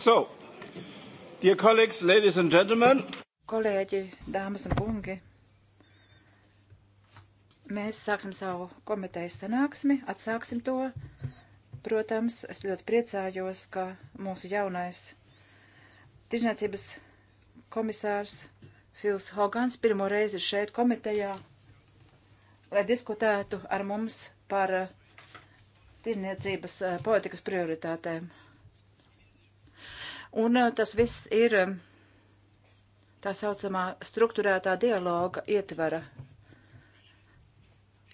So, dear colleagues, ladies and gentlemen. Kolēģi, dāmas un kungi, mēs sāksim savu komitejas sanāksmi, atsāksim to. Protams, es ļoti priecājos, ka mūsu jaunais tirzniecības komisārs Fils Hogans pirmo reizi ir šeit komitejā, lai diskutētu ar mums par eh, tirniecības eh, politikas prioritātēm. Un eh, tas viss ir eh, tā saucamā struktūrētā dialoga ietvara.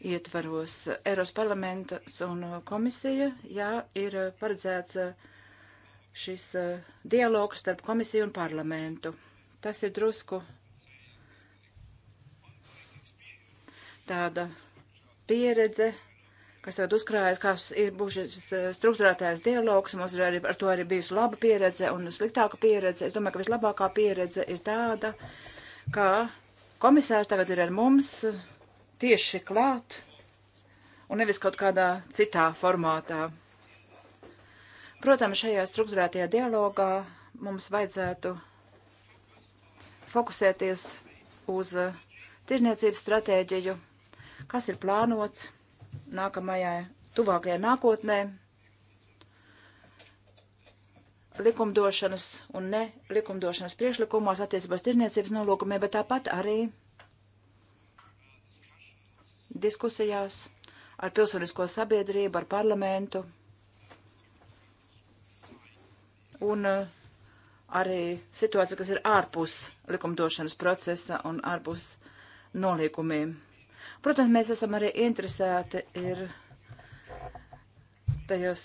Ietvaros Eiros parlaments un eh, komisija, jā, ir paredzēts šis dialogs starp komisiju un parlamentu. Tas ir drusku tāda pieredze, kas tagad uzkrājas, kas ir būšas eh, struktūrētājs dialogs, mums ir arī ar to arī bijusi laba pieredze un sliktāka pieredze. Es domāju, ka vislabākā pieredze ir tāda, ka komisārs tagad ir ar mums tieši klāt un nevis kaut kādā citā formātā. Protams, šajā struktūrētajā dialogā mums vajadzētu fokusēties uz eh, tirzniecības stratēģiju, kas ir plānots, nākamajai, tuvākajai nākotnē likumdošanas un ne likumdošanas priekšlikumos attiecībās tirniecības nolūkumiem, bet tāpat arī diskusijās ar pilsonisko sabiedrību, ar parlamentu un eh, arī situācija, kas ir ārpus likumdošanas procesa un ārpus nolīkumiem. Protams, mēs esam arī interesēti ir tajos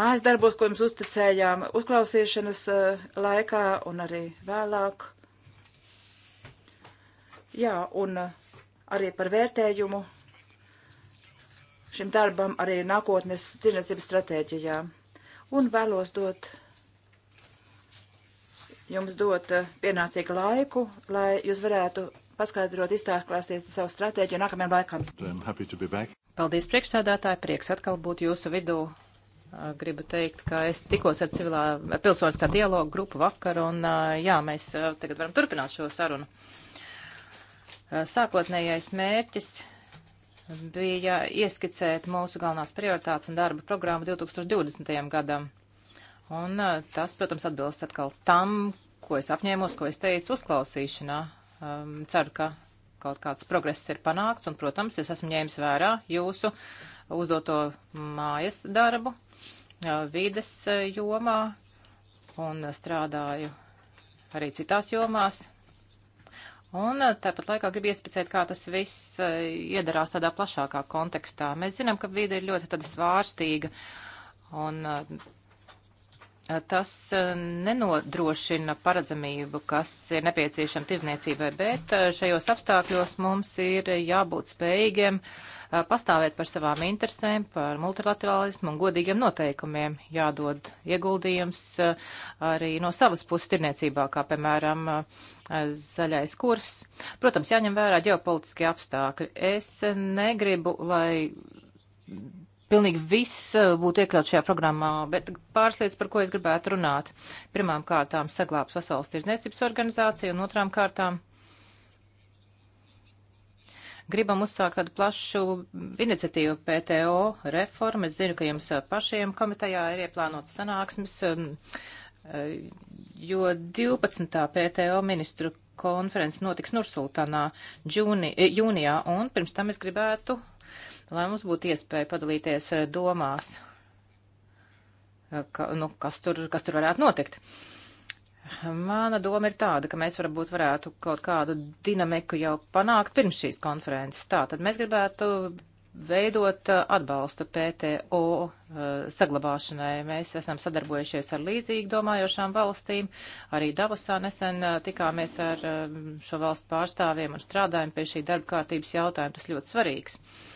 mājas darbos, ko jums uzticējām uzklausīšanas eh, laikā un arī vēlāk. Jā, un eh, arī par vērtējumu šim darbam arī nākotnes tirnēcības stratēģijā. Un vēlos dot jums dot eh, pienācīgu laiku, lai jūs varētu paskaidrot, izstāstīt savu stratēģiju nākamajam laikam. Paldies, priekšsādātāji, prieks atkal būt jūsu vidū. Gribu teikt, ka es tikos ar civilā pilsoniskā dialogu grupu vakar, un jā, mēs tagad varam turpināt šo sarunu. Sākotnējais mērķis bija ieskicēt mūsu galvenās prioritātes un darba programmu 2020. gadam. Un tas, protams, atbilst atkal tam, ko es apņēmos, ko es teicu uzklausīšanā um, ceru, ka kaut kāds progress ir panākts, un, protams, es esmu ņēmis vērā jūsu uzdoto mājas darbu uh, vides uh, jomā un strādāju arī citās jomās. Un uh, tāpat laikā gribu iespicēt, kā tas viss iedarās tādā plašākā kontekstā. Mēs zinām, ka vide ir ļoti tāda svārstīga, un tas eh, nenodrošina paredzamību, kas ir nepieciešama tirzniecībai, bet eh, šajos apstākļos mums ir jābūt spējīgiem eh, pastāvēt par savām interesēm, par multilaterālismu un godīgiem noteikumiem, jādod ieguldījums arī no savas puses tirniecībā, kā piemēram zaļais kurs. Protams, jāņem vērā ģeopolitiskie apstākļi. Es negribu, lai pilnīgi viss uh, būtu iekļauts šajā programmā, bet pāris lietas, par ko es gribētu runāt. Pirmām kārtām saglābs Pasaules tirzniecības organizācija un otrām kārtām gribam uzsākt tādu plašu iniciatīvu PTO reformu. Es zinu, ka jums uh, pašiem komitejā ir ieplānotas sanāksmes, um, uh, jo 12. PTO ministru konferences notiks Nursultanā džūni, eh, jūnijā, un pirms tam es gribētu lai mums būtu iespēja padalīties eh, domās, eh, ka, nu, kas, tur, kas tur varētu notikt. Mana doma ir tāda, ka mēs varbūt varētu kaut kādu dinamiku jau panākt pirms šīs konferences. Tā tad mēs gribētu veidot eh, atbalstu PTO uh, saglabāšanai. Mēs esam sadarbojušies ar līdzīgi domājošām valstīm. Arī Davosā nesen uh, tikāmies ar uh, šo valstu pārstāvjiem un strādājam pie šī darba kārtības jautājuma. Tas ļoti svarīgs. Uh,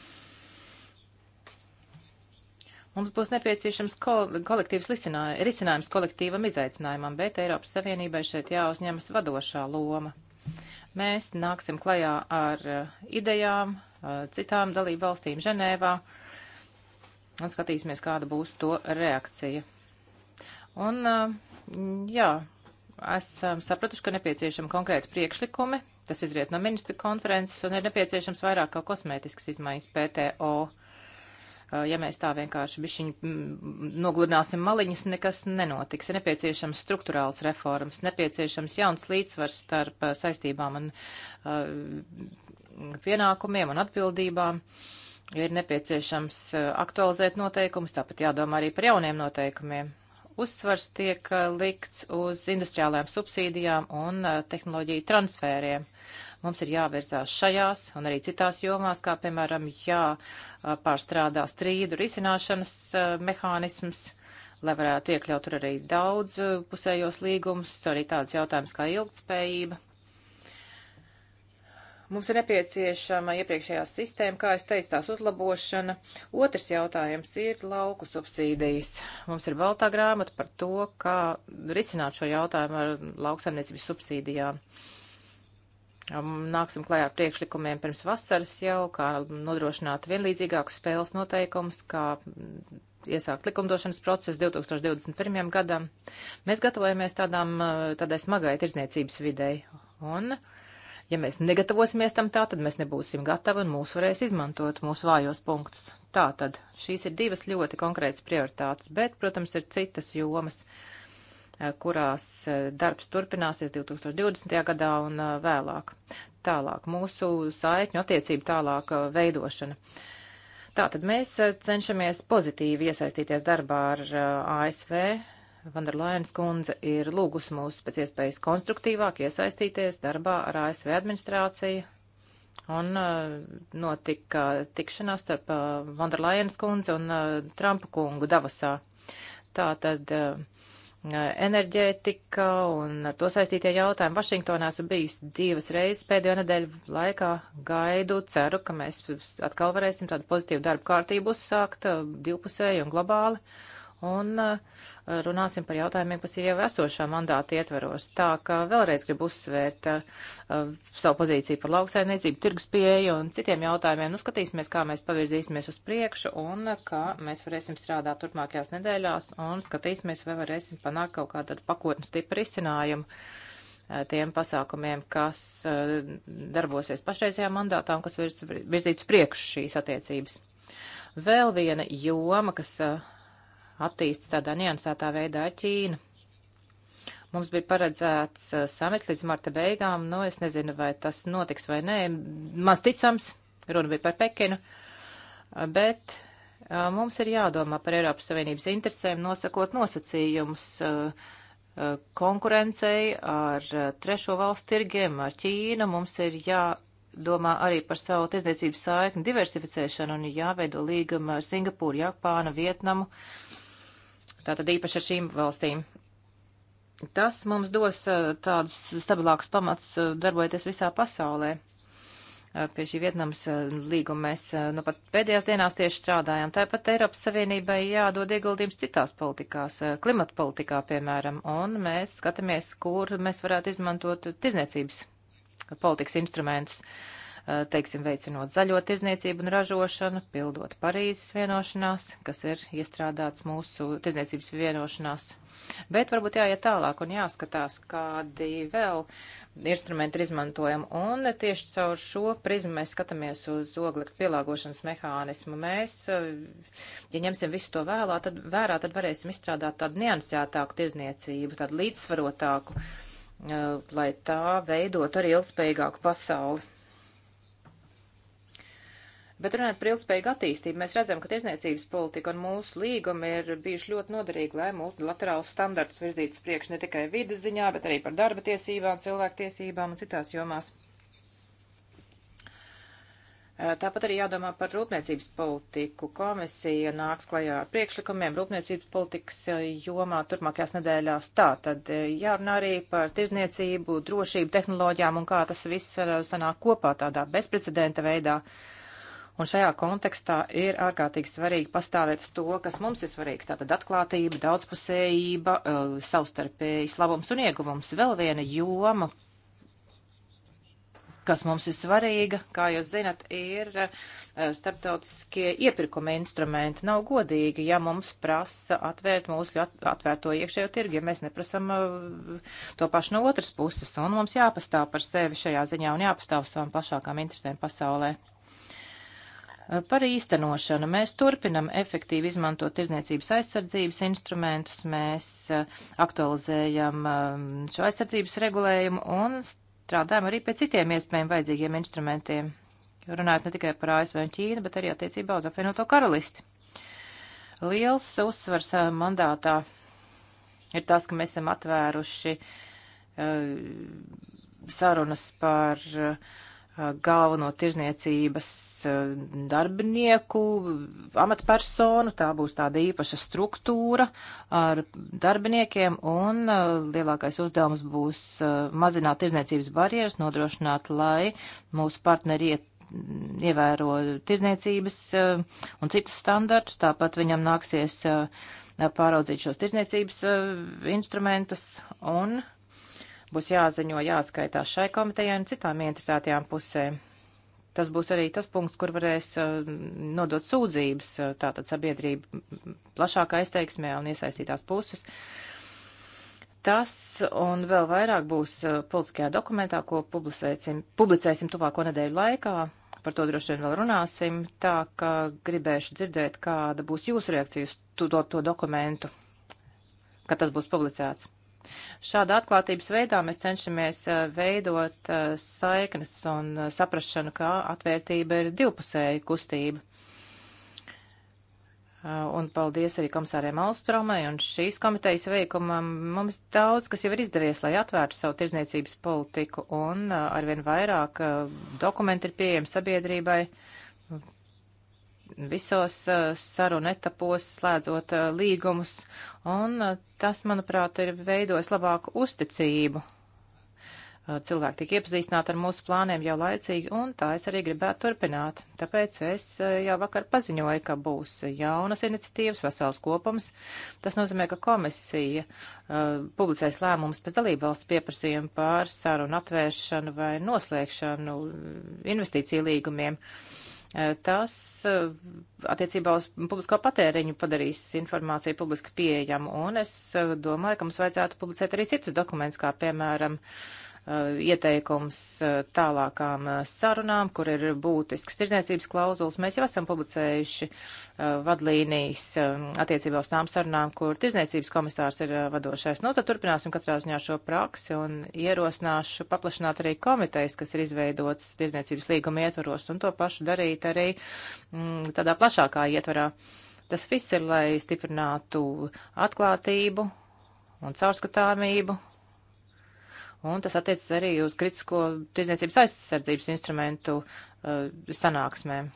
Mums būs nepieciešams kol kolektīvs risinājums kolektīvam izaicinājumam, bet Eiropas Savienībai šeit jāuzņemas vadošā loma. Mēs nāksim klajā ar uh, idejām uh, citām dalību valstīm Ženēvā un skatīsimies, kāda būs to reakcija. Un, uh, jā, esam sapratuši, ka nepieciešami konkrēti priekšlikumi, tas izriet no ministra konferences un ir nepieciešams vairāk kā kosmētisks izmaiņas PTO. Uh, Eh, ja mēs tā vienkārši bišķiņ mm, nogludināsim maliņas, nekas nenotiks. Ir nepieciešams struktūrāls reformas, nepieciešams jauns līdzsvars starp eh, saistībām un eh, pienākumiem un atbildībām. Ir nepieciešams aktualizēt noteikumus, tāpat jādomā arī par jauniem noteikumiem uzsvars tiek likts uz industriālajām subsīdijām un tehnoloģiju transfēriem. Mums ir jāvērsās šajās un arī citās jomās, kā piemēram jāpārstrādā strīdu risināšanas mehānisms lai varētu iekļaut tur arī daudz pusējos līgumus, arī tāds jautājums kā ilgtspējība. Mums ir nepieciešama iepriekšējā sistēma, kā es teicu, tās uzlabošana. Otrs jautājums ir lauku subsīdijas. Mums ir baltā grāmata par to, kā risināt šo jautājumu ar lauksaimniecības subsīdijām. Uh, Um, nāksim klajā ar priekšlikumiem pirms vasaras jau, kā nodrošināt vienlīdzīgākus spēles noteikumus, kā iesākt likumdošanas procesu 2021. gadam. Mēs gatavojamies tādām, uh, tādai smagai tirdzniecības videi. Un, ja mēs negatavosimies tam tā, tad mēs nebūsim gatavi un mūs varēs izmantot mūsu vājos punktus. Tā tad šīs ir divas ļoti konkrētas prioritātes, bet, protams, ir citas jomas. Uh, Eh, kurās eh, darbs turpināsies 2020. gadā un eh, vēlāk. Tālāk mūsu saikņu attiecību tālāk veidošana. Tātad mēs cenšamies pozitīvi iesaistīties darbā ar ASV. Vanderlainas kundze ir lūgus mūs pēc iespējas konstruktīvāk iesaistīties darbā ar ASV administrāciju, Un uh, notika tikšanās starp uh, Vanderlainas kundzi un uh, Trumpa kungu Davosā. Tā tad uh, enerģētika un ar to saistītie jautājumi. Vašingtonā esmu bijis divas reizes pēdējo nedēļu laikā. Gaidu, ceru, ka mēs atkal varēsim tādu pozitīvu darbu kārtību uzsākt uh, divpusēji un globāli. Uh, un eh, runāsim par jautājumiem, kas ir jau esošā mandāta ietveros. Tā kā vēlreiz gribu uzsvērt uh, savu pozīciju par lauksainiecību, tirgus pieeju un citiem jautājumiem. Nu, skatīsimies, kā mēs pavirzīsimies uz priekšu un eh, kā mēs varēsim strādāt turpmākajās nedēļās un skatīsimies, vai varēsim panākt kaut kādu pakotnu stipru izcinājumu tiem pasākumiem, kas uh, darbosies pašreizajā mandātā un kas virzītu uz priekšu šīs attiecības. Vēl viena joma, kas uh, attīstīts tādā niansētā veidā Ķīna. Mums bija paredzēts uh, samits līdz marta beigām, nu es nezinu, vai tas notiks vai nē, maz ticams, runa bija par Pekinu, uh, bet uh, mums ir jādomā par Eiropas Savienības interesēm, nosakot nosacījumus konkurencei ar trešo valstu tirgiem, ar Ķīnu. Mums ir jādomā arī par savu tirdzniecības saikni diversificēšanu un jāveido līguma ar Singapūru, Japānu, Vietnamu. Uh, tātad īpaši ar šīm valstīm. Tas mums dos tādus stabilākus pamats darbojoties visā pasaulē. Pie šī Vietnamas līguma mēs nu pat pēdējās dienās tieši strādājām. Tāpat Eiropas Savienībai jādod ieguldījums citās politikās, klimata politikā, piemēram, un mēs skatāmies, kur mēs varētu izmantot tirzniecības politikas instrumentus. Uh, Eh, teiksim, veicinot zaļo tirzniecību un ražošanu, pildot Parīzes vienošanās, kas ir iestrādāts mūsu tirzniecības vienošanās. Bet varbūt jāiet tālāk un jāskatās, kādi vēl instrumenti ir izmantojami. Un tieši caur šo prizmu mēs skatāmies uz oglekļa pielāgošanas mehānismu. Mēs, eh, ja ņemsim visu to vēlā, tad vērā, tad varēsim izstrādāt tādu niansētāku tirzniecību, tādu līdzsvarotāku, eh, lai tā veidot arī ilgspējīgāku pasauli. Bet runājot par ilgspējīgu attīstību, mēs redzam, ka tiesniecības politika un mūsu līgumi ir bijuši ļoti noderīgi, lai multilaterāls standarts virzītu uz priekšu ne tikai vidas ziņā, bet arī par darba tiesībām, cilvēktiesībām un citās jomās. Tāpat arī jādomā par rūpniecības politiku. Komisija nāks klajā ar priekšlikumiem rūpniecības politikas jomā turpmākajās nedēļās. Tā tad jārunā arī par tirzniecību, drošību, tehnoloģijām un kā tas viss sanāk kopā tādā bezprecedenta veidā. Uh, Un šajā kontekstā ir ārkārtīgi svarīgi pastāvēt uz to, kas mums ir svarīgs. Tātad atklātība, daudzpusējība, eh, savstarpēji slavums un ieguvums. Vēl viena joma, kas mums ir svarīga, kā jūs zinat, ir eh, starptautiskie iepirkuma instrumenti. Nav godīgi, ja mums prasa atvērt mūsu atvērto iekšējo tirgu, ja mēs neprasam eh, to pašu no otras puses, un mums jāpastāv par sevi šajā ziņā un jāpastāv savām plašākām interesēm pasaulē. Eh, par īstenošanu mēs turpinam efektīvi izmantot tirzniecības aizsardzības instrumentus, mēs eh, aktualizējam eh, šo aizsardzības regulējumu un strādājam arī pie citiem iespējām vajadzīgiem instrumentiem. Runājot ne tikai par ASV un Ķīnu, bet arī attiecībā uz apvienoto karalisti. Liels uzsvars mandātā ir tas, ka mēs esam atvēruši sarunas par uh, Eh, galveno tirzniecības eh, darbinieku, eh, amatpersonu, tā būs tāda īpaša struktūra ar darbiniekiem, un lielākais uzdevums būs mazināt tirzniecības barjeras, nodrošināt, lai mūsu partneri iet mm, ievēro tirzniecības un citus standartus, tāpat viņam nāksies pāraudzīt šos tirzniecības instrumentus un Būs jāziņo, jāatskaitās šai komitejai un citām interesētajām pusēm. Tas būs arī tas punkts, kur varēs uh, nodot sūdzības uh, tātad sabiedrība plašākā izteiksmē un iesaistītās puses. Tas un vēl vairāk būs uh, politiskajā dokumentā, ko publicēsim, publicēsim tuvāko nedēļu laikā. Par to droši vien vēl runāsim, tā ka gribēšu dzirdēt, kāda būs jūsu reakcija uz to, to dokumentu, kad tas būs publicēts. Šādā atklātības veidā mēs cenšamies eh, veidot eh, saiknes un eh, saprašanu, kā atvērtība ir divpusēja kustība. Un paldies arī komisāriem Alstromai un šīs komitejas veikumam. Mums daudz, kas jau ir izdevies, lai atvērtu savu tirzniecības politiku, un arvien vairāk dokumenti ir pieejami sabiedrībai. Uh, visos eh, sarunu etapos, slēdzot eh, līgumus, un eh, tas, manuprāt, ir veidojis labāku uzticību. Cilvēki tiek iepazīstināti ar mūsu plāniem jau laicīgi, un tā es arī gribētu turpināt. Tāpēc es jau vakar paziņoju, ka būs jaunas iniciatīvas, vesels kopums. Tas nozīmē, ka komisija uh, publicēs lēmumus pēc dalībvalstu pieprasījumu pār sarunu atvēršanu vai noslēgšanu investīciju līgumiem. Uh, tas eh, attiecībā uz publisko patēriņu padarīs informāciju publiski pieejamu, un es eh, domāju, ka mums vajadzētu publicēt arī citus dokumentus, kā piemēram Uh, ieteikums uh, tālākām uh, sarunām, kur ir būtisks tirdzniecības klauzulas. Mēs jau esam publicējuši vadlīnijas um, attiecībā uz tām sarunām, kur tirdzniecības komisārs ir vadošais. Nu, tad turpināsim katrā ziņā šo praksi un ierosināšu paplašināt arī komitejas, kas ir izveidotas tirdzniecības līguma ietvaros, un to pašu darīt arī m, mm, tādā plašākā ietvarā. Tas viss ir, lai stiprinātu atklātību un caurskatāmību un tas attiecas arī uz kritisko tirdzniecības aizsardzības instrumentu uh, sanāksmēm.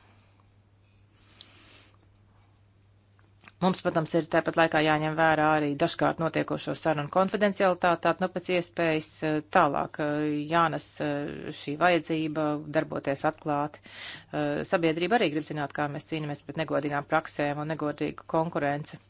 Mums, protams, ir tāpat laikā jāņem vērā arī dažkārt notiekošo sarunu konfidencialitāti, tātad nu pēc iespējas uh, tālāk uh, jānes uh, šī vajadzība darboties atklāti. Sabiedrība arī grib zināt, kā mēs cīnāmies pret negodīgām praksēm un negodīgu konkurenci.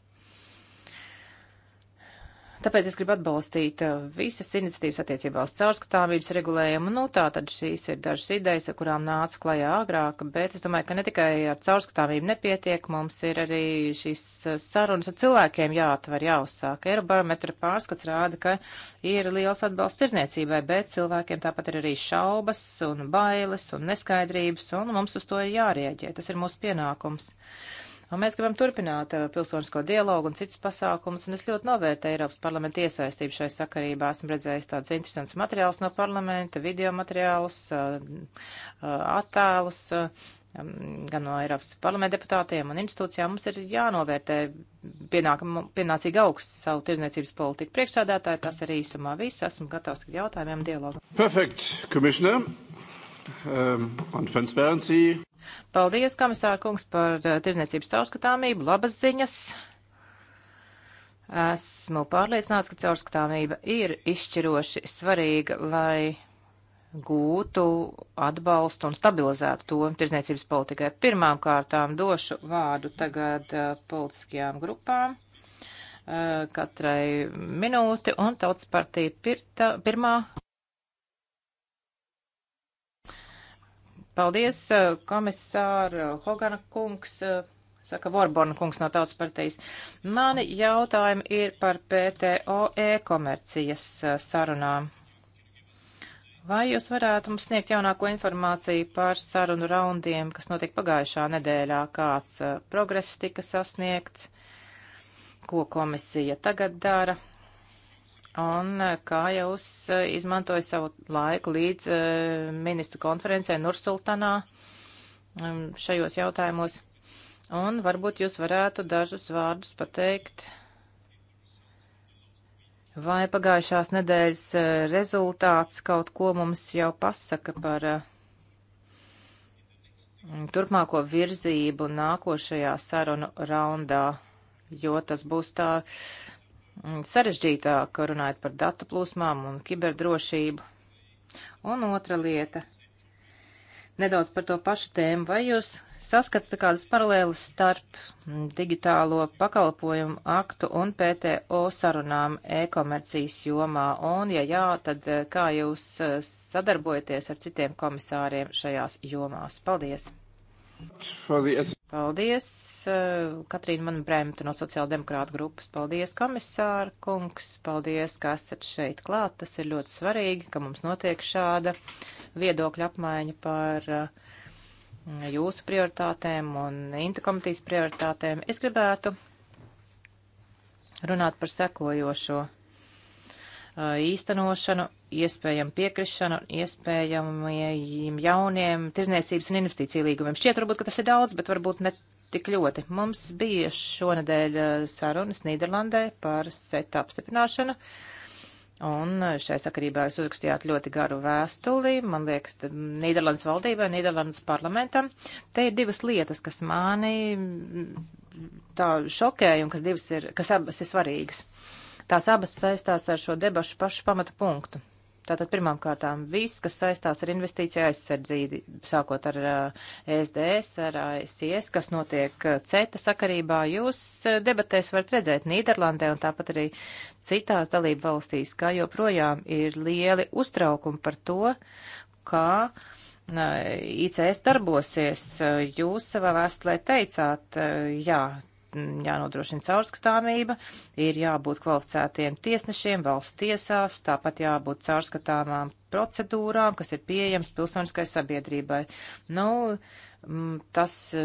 Tāpēc es gribu atbalstīt uh, visas iniciatīvas attiecībā uz caurskatāmības regulējumu. Nu, tā tad šīs ir dažas idejas, ar kurām nāca klajā agrāk, bet es domāju, ka ne tikai ar caurskatāmību nepietiek, mums ir arī šīs uh, sarunas ar cilvēkiem jāatver, jāuzsāk. Eirobarometra pārskats rāda, ka ir liels atbalsts tirzniecībai, bet cilvēkiem tāpat ir arī šaubas un bailes un neskaidrības, un mums uz to ir jārieģē. Tas ir mūsu pienākums. Uh, Un mēs gribam turpināt eh, pilsonisko dialogu un citus pasākumus, un es ļoti novērtēju Eiropas parlamenta iesaistību šai sakarībā. Esmu redzējis tādus interesants materiālus no parlamenta, video materiālus, eh, eh, attēlus, gan no Eiropas parlamenta deputātiem un institūcijām. Mums ir jānovērtē pienācīgi augsts savu tirzniecības politiku priekšsādātāju. Tas arī īsumā viss. Esmu gatavs jautājumiem dialogam. Perfekt, komisār. Um, un Transparency. Paldies, komisāra kungs, par eh, tirzniecības caurskatāmību. Labas ziņas. Esmu pārliecināts, ka caurskatāmība ir izšķiroši svarīga, lai gūtu atbalstu un stabilizētu to tirzniecības politikai. Pirmām kārtām došu vārdu tagad eh, politiskajām grupām eh, katrai minūti un tautas partija pirta, pirmā Paldies, komisāra Hogana kungs, saka Vorbona kungs no Tautas partijas. Mani jautājumi ir par PTO e-komercijas sarunām. Vai jūs varētu mums sniegt jaunāko informāciju par sarunu raundiem, kas notika pagājušā nedēļā, kāds progress tika sasniegts, ko komisija tagad dara, Un eh, kā jau es eh, izmantoju savu laiku līdz eh, ministru konferencē Nursultanā mm, šajos jautājumos, un varbūt jūs varētu dažus vārdus pateikt Vai pagājušās nedēļas rezultāts kaut ko mums jau pasaka par turpmāko virzību nākošajā sarunu raundā, jo tas būs tā Mm, sarežģītāk runājot par datu plūsmām un kiberdrošību. Un otra lieta - nedaudz par to pašu tēmu. Vai jūs saskatāt kādas paralēles starp mm, digitālo pakalpojumu aktu un PTO sarunām e-komercijas jomā? Un, ja jā, tad eh, kā jūs eh, sadarbojaties ar citiem komisāriem šajās jomās? Paldies! Paldies, eh, Katrīna Manbremta no sociāldemokrāta grupas. Paldies, komisāra kungs, paldies, ka esat šeit klāt. Tas ir ļoti svarīgi, ka mums notiek šāda viedokļa apmaiņa par eh, jūsu prioritātēm un interkomitīs prioritātēm. Es gribētu runāt par sekojošo eh, īstenošanu iespējama piekrišana un iespējamiem jauniem tirzniecības un investīciju līgumiem. Šķiet, varbūt, ka tas ir daudz, bet varbūt ne tik ļoti. Mums bija šonadēļ uh, sarunas Nīderlandē par seta apstiprināšanu. Un uh, šai sakarībā jūs uzrakstījāt ļoti garu vēstuli, man liekas, Nīderlandes valdībai, Nīderlandes parlamentam. Te ir divas lietas, kas mani mm, tā šokēja un kas divas ir, kas abas ir svarīgas. Tās abas saistās ar šo debašu pašu pamatu punktu. Tātad pirmām kārtām viss, kas saistās ar investīciju aizsardzību, sākot ar SDS, eh, ar ASIS, kas notiek eh, CETA sakarībā, jūs eh, debatēs varat redzēt Nīderlandē un tāpat arī citās dalību valstīs, kā joprojām ir lieli uztraukumi par to, kā ICS darbosies. Jūs savā vēstulē teicāt, jā, jānodrošina caurskatāmība, ir jābūt kvalificētiem tiesnešiem valsts tiesās, tāpat jābūt caurskatāmām procedūrām, kas ir pieejams pilsoniskai sabiedrībai. Nu, tas e,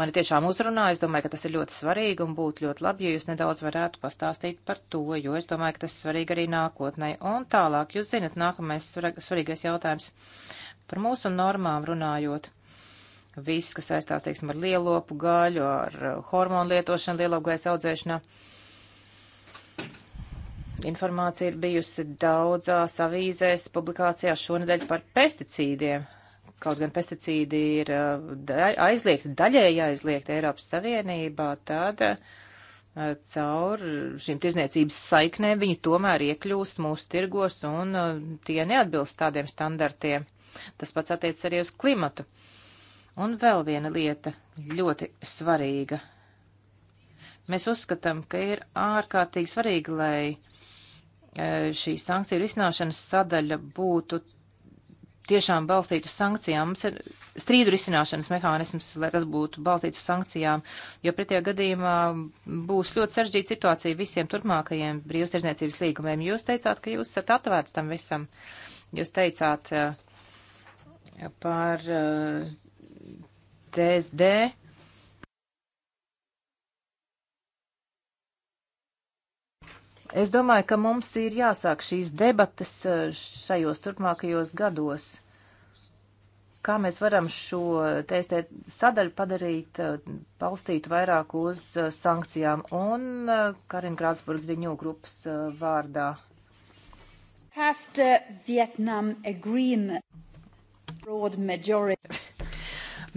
mani tiešām uzrunā, es domāju, ka tas ir ļoti svarīgi un būtu ļoti labi, ja jūs nedaudz varētu pastāstīt par to, jo es domāju, ka tas ir svarīgi arī nākotnē. Un tālāk, jūs zinat, nākamais svarīgais jautājums par mūsu normām runājot viss, kas saistās, teiksim, ar lielopu gaļu, ar uh, hormonu lietošanu, lielopu gaisa audzēšanā. Informācija ir bijusi daudzās avīzēs, publikācijās šonadēļ par pesticīdiem. Kaut gan pesticīdi ir uh, aizliegti, daļēji aizliegti Eiropas Savienībā, tad uh, caur šīm tirzniecības saiknēm viņi tomēr iekļūst mūsu tirgos un tie neatbilst tādiem standartiem. Tas pats attiec arī uz klimatu. Uh, Un vēl viena lieta ļoti svarīga. Mēs uzskatām, ka ir ārkārtīgi svarīgi, lai e, šī sankciju risināšanas sadaļa būtu tiešām balstītu sankcijām. Mums ir strīdu risināšanas mehānisms, lai tas būtu balstīts uz sankcijām, jo pretie gadījumā būs ļoti saržģīta situācija visiem turpmākajiem brīvstirdzniecības līgumiem. Jūs teicāt, ka jūs esat atvērts tam visam. Jūs teicāt e, par uh, CSD. Es domāju, ka mums ir jāsāk šīs debatas eh, šajos turpmākajos gados. Kā mēs varam šo teistē sadaļu padarīt, palstīt eh, vairāk uz eh, sankcijām un Karin Krātsburg riņu grupas vārdā. Past Vietnam agreement broad majority.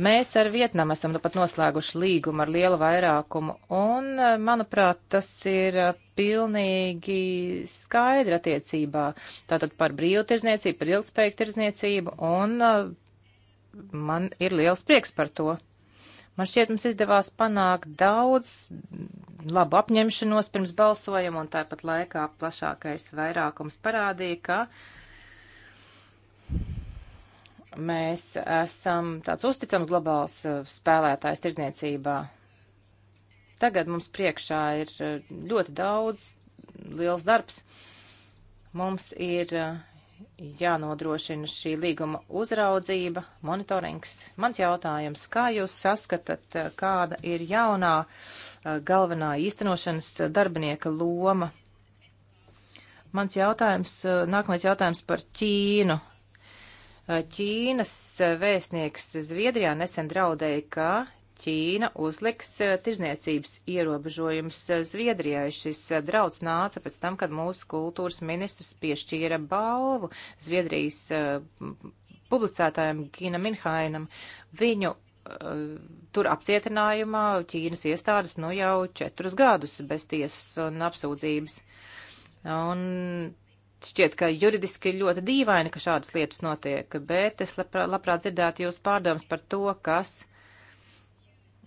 Mēs ar Vietnamu esam nu pat noslēguši līgumu ar lielu vairākumu, un, eh, manuprāt, tas ir eh, pilnīgi skaidri attiecībā tātad par brīvtirzniecību, par ilgspējīgu tirzniecību, un eh, man ir liels prieks par to. Man šķiet, mums izdevās panākt daudz mm, labu apņemšanos pirms balsojuma, un tāpat laikā plašākais vairākums parādīja, ka mēs esam tāds uzticams globāls uh, spēlētājs tirdzniecībā. Tagad mums priekšā ir uh, ļoti daudz, liels darbs. Mums ir uh, jānodrošina šī līguma uzraudzība, monitorings. Mans jautājums, kā jūs saskatat, kāda ir jaunā galvenā īstenošanas darbinieka loma Mans jautājums, nākamais jautājums par Ķīnu. Ķīnas vēstnieks Zviedrijā nesen draudēja, ka Ķīna uzliks eh, tirzniecības ierobežojums Zviedrijai. Šis eh, drauds nāca pēc tam, kad mūsu kultūras ministrs piešķīra balvu Zviedrijas eh, publicētājiem Gīnam Minhainam. Viņu tur apcietinājumā Ķīnas iestādes nu jau četrus gadus bez tiesas un apsūdzības. Un šķiet, ka juridiski ļoti dīvaini, ka šādas lietas notiek, bet es labprāt, labprāt dzirdētu jūs pārdomas par to, kas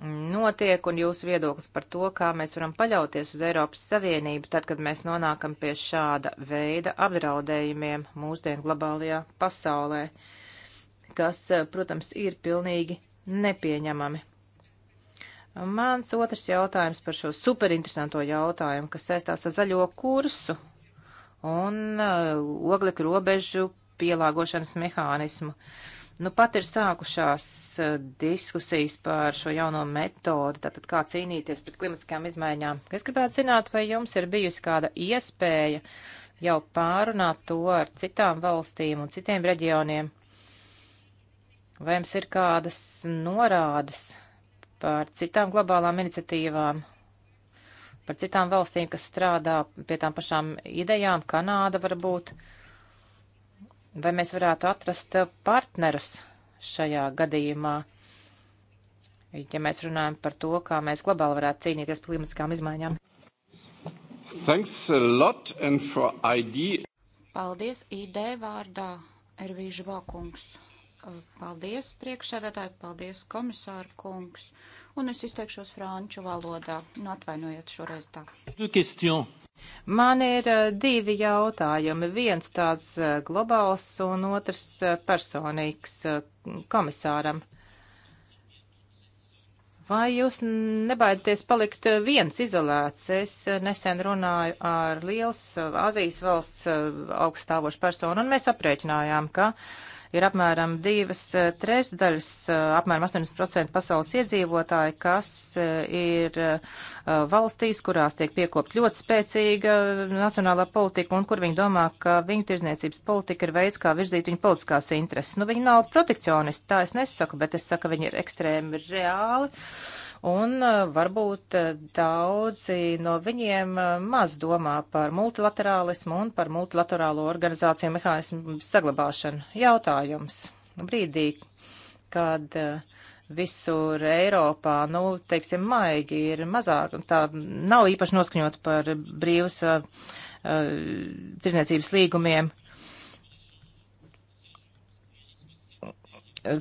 notiek un jūsu viedoklis par to, kā mēs varam paļauties uz Eiropas Savienību tad, kad mēs nonākam pie šāda veida apdraudējumiem mūsdienu globālajā pasaulē, kas, protams, ir pilnīgi nepieņemami. Mans otrs jautājums par šo superinteresanto jautājumu, kas saistās ar zaļo kursu un uh, oglekļa robežu pielāgošanas mehānismu. Nu, pat ir sākušās uh, diskusijas par šo jauno metodi, tātad kā cīnīties pret klimatiskām izmaiņām. Es gribētu zināt, vai jums ir bijusi kāda iespēja jau pārunāt to ar citām valstīm un citiem reģioniem? Vai jums ir kādas norādes par citām globālām iniciatīvām par citām valstīm, kas strādā pie tām pašām idejām, Kanāda varbūt. Vai mēs varētu atrast partnerus šajā gadījumā, ja mēs runājam par to, kā mēs globāli varētu cīnīties par klimatiskām izmaiņām? Thanks a lot and for ID. Paldies ID vārdā, Ervīžu Vākungs. Paldies priekšsēdētāji, paldies komisāru kungs un es izteikšos franču valodā. Nu, atvainojiet šoreiz tā. Man ir eh, divi jautājumi. Viens tāds eh, globāls un otrs eh, personīgs komisāram. Vai jūs nebaidieties palikt viens izolēts? Es nesen runāju ar liels Azijas valsts augstāvošu personu, un mēs aprēķinājām, ka uh, ir apmēram divas eh, trešdaļas, eh, apmēram 80% pasaules iedzīvotāji, kas eh, ir valstīs, kurās tiek piekopt ļoti spēcīga nacionālā politika un kur viņi domā, ka viņu tirzniecības politika ir veids, kā virzīt viņu politiskās intereses. Nu, viņi nav protekcionisti, tā es nesaku, bet es saku, ka viņi ir ekstrēmi reāli un eh, varbūt eh, daudzi no viņiem eh, maz domā par multilaterālismu un par multilaterālo organizāciju mehānismu saglabāšanu. Jautājums brīdī, kad visur Eiropā, nu, teiksim, maigi ir mazāk, un tā nav īpaši noskaņot par brīvas uh, tirzniecības līgumiem.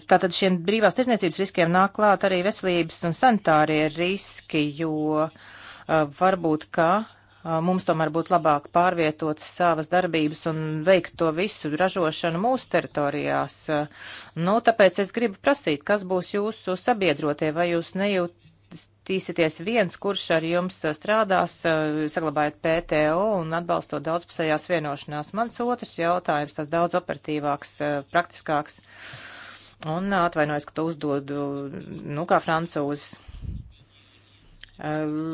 Tātad šiem brīvās tirzniecības riskiem nāk klāt arī veselības un sanitārie riski, jo uh, varbūt, ka uh, mums tomēr būtu labāk pārvietot savas darbības un veikt to visu ražošanu mūsu teritorijās. Uh, nu, tāpēc es gribu prasīt, kas būs jūsu sabiedrotie, vai jūs nejūtīsieties viens, kurš ar jums strādās, saglabājot PTO un atbalstot daudzpusējās vienošanās. Mans otrs jautājums, tas daudz operatīvāks, praktiskāks. Uh, Un atvainojos, ka to uzdodu, nu, kā francūzis.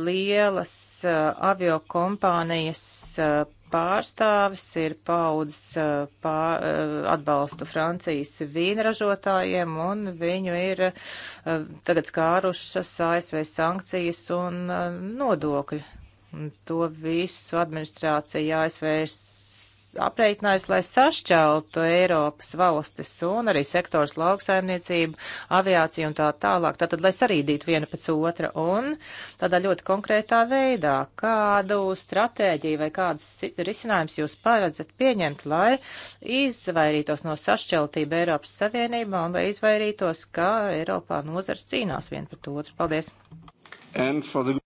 Lielas avio kompānijas pārstāvis ir paudzes pār, atbalstu Francijas vīnražotājiem, un viņu ir tagad skārušas ASV sankcijas un nodokļi. To visu administrācija ASV aprēķinājis, lai sašķeltu Eiropas valstis un arī sektors lauksaimniecību, aviāciju un tā tālāk. Tātad, lai sarīdītu viena pēc otra un tādā ļoti konkrētā veidā, kādu stratēģiju vai kādus risinājumus jūs paredzat pieņemt, lai izvairītos no sašķeltība Eiropas Savienībā un lai izvairītos, ka Eiropā nozars cīnās viena pret otru. Paldies! The...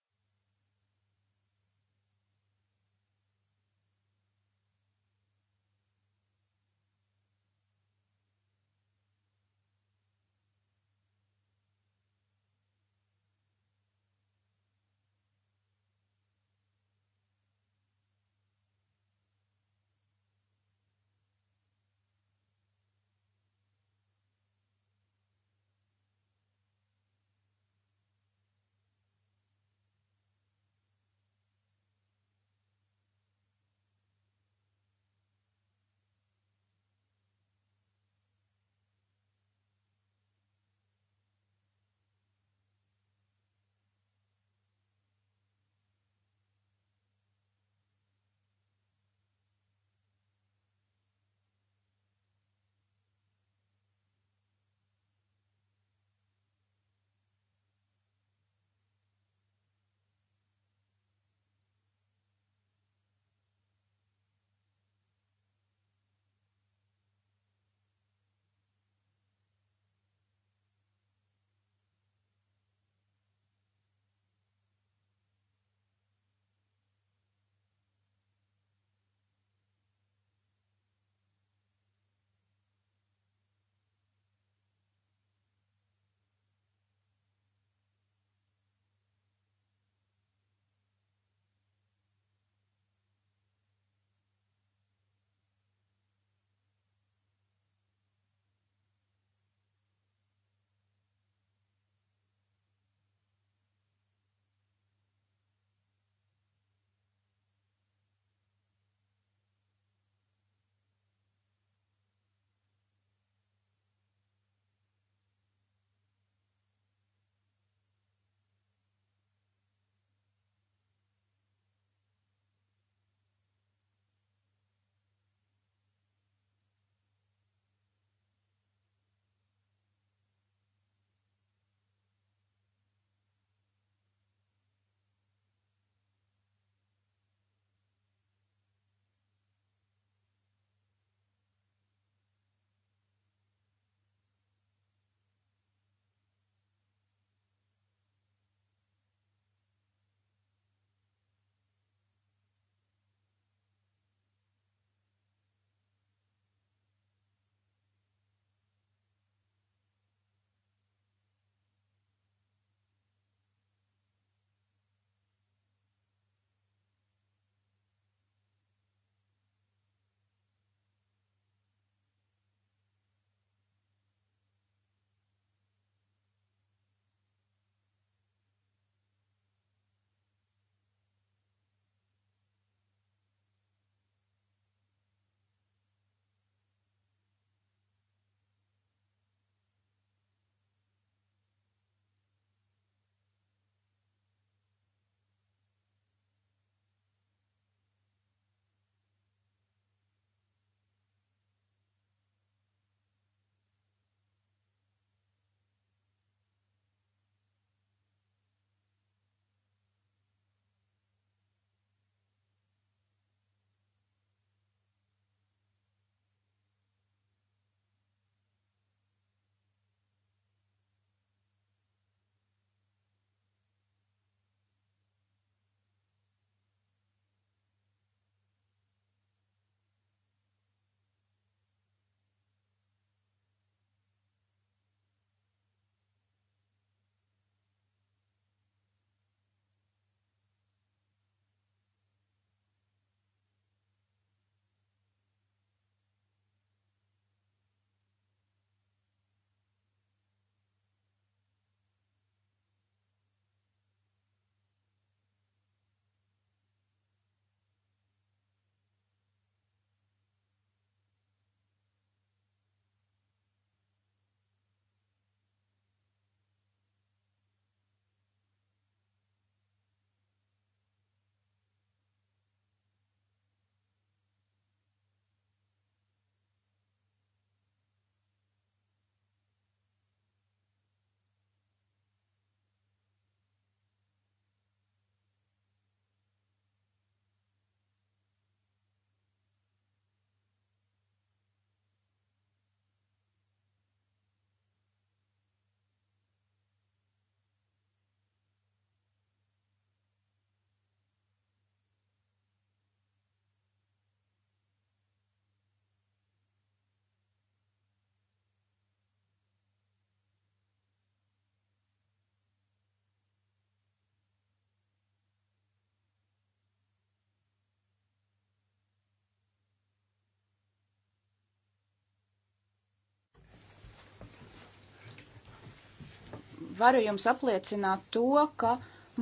varu jums apliecināt to, ka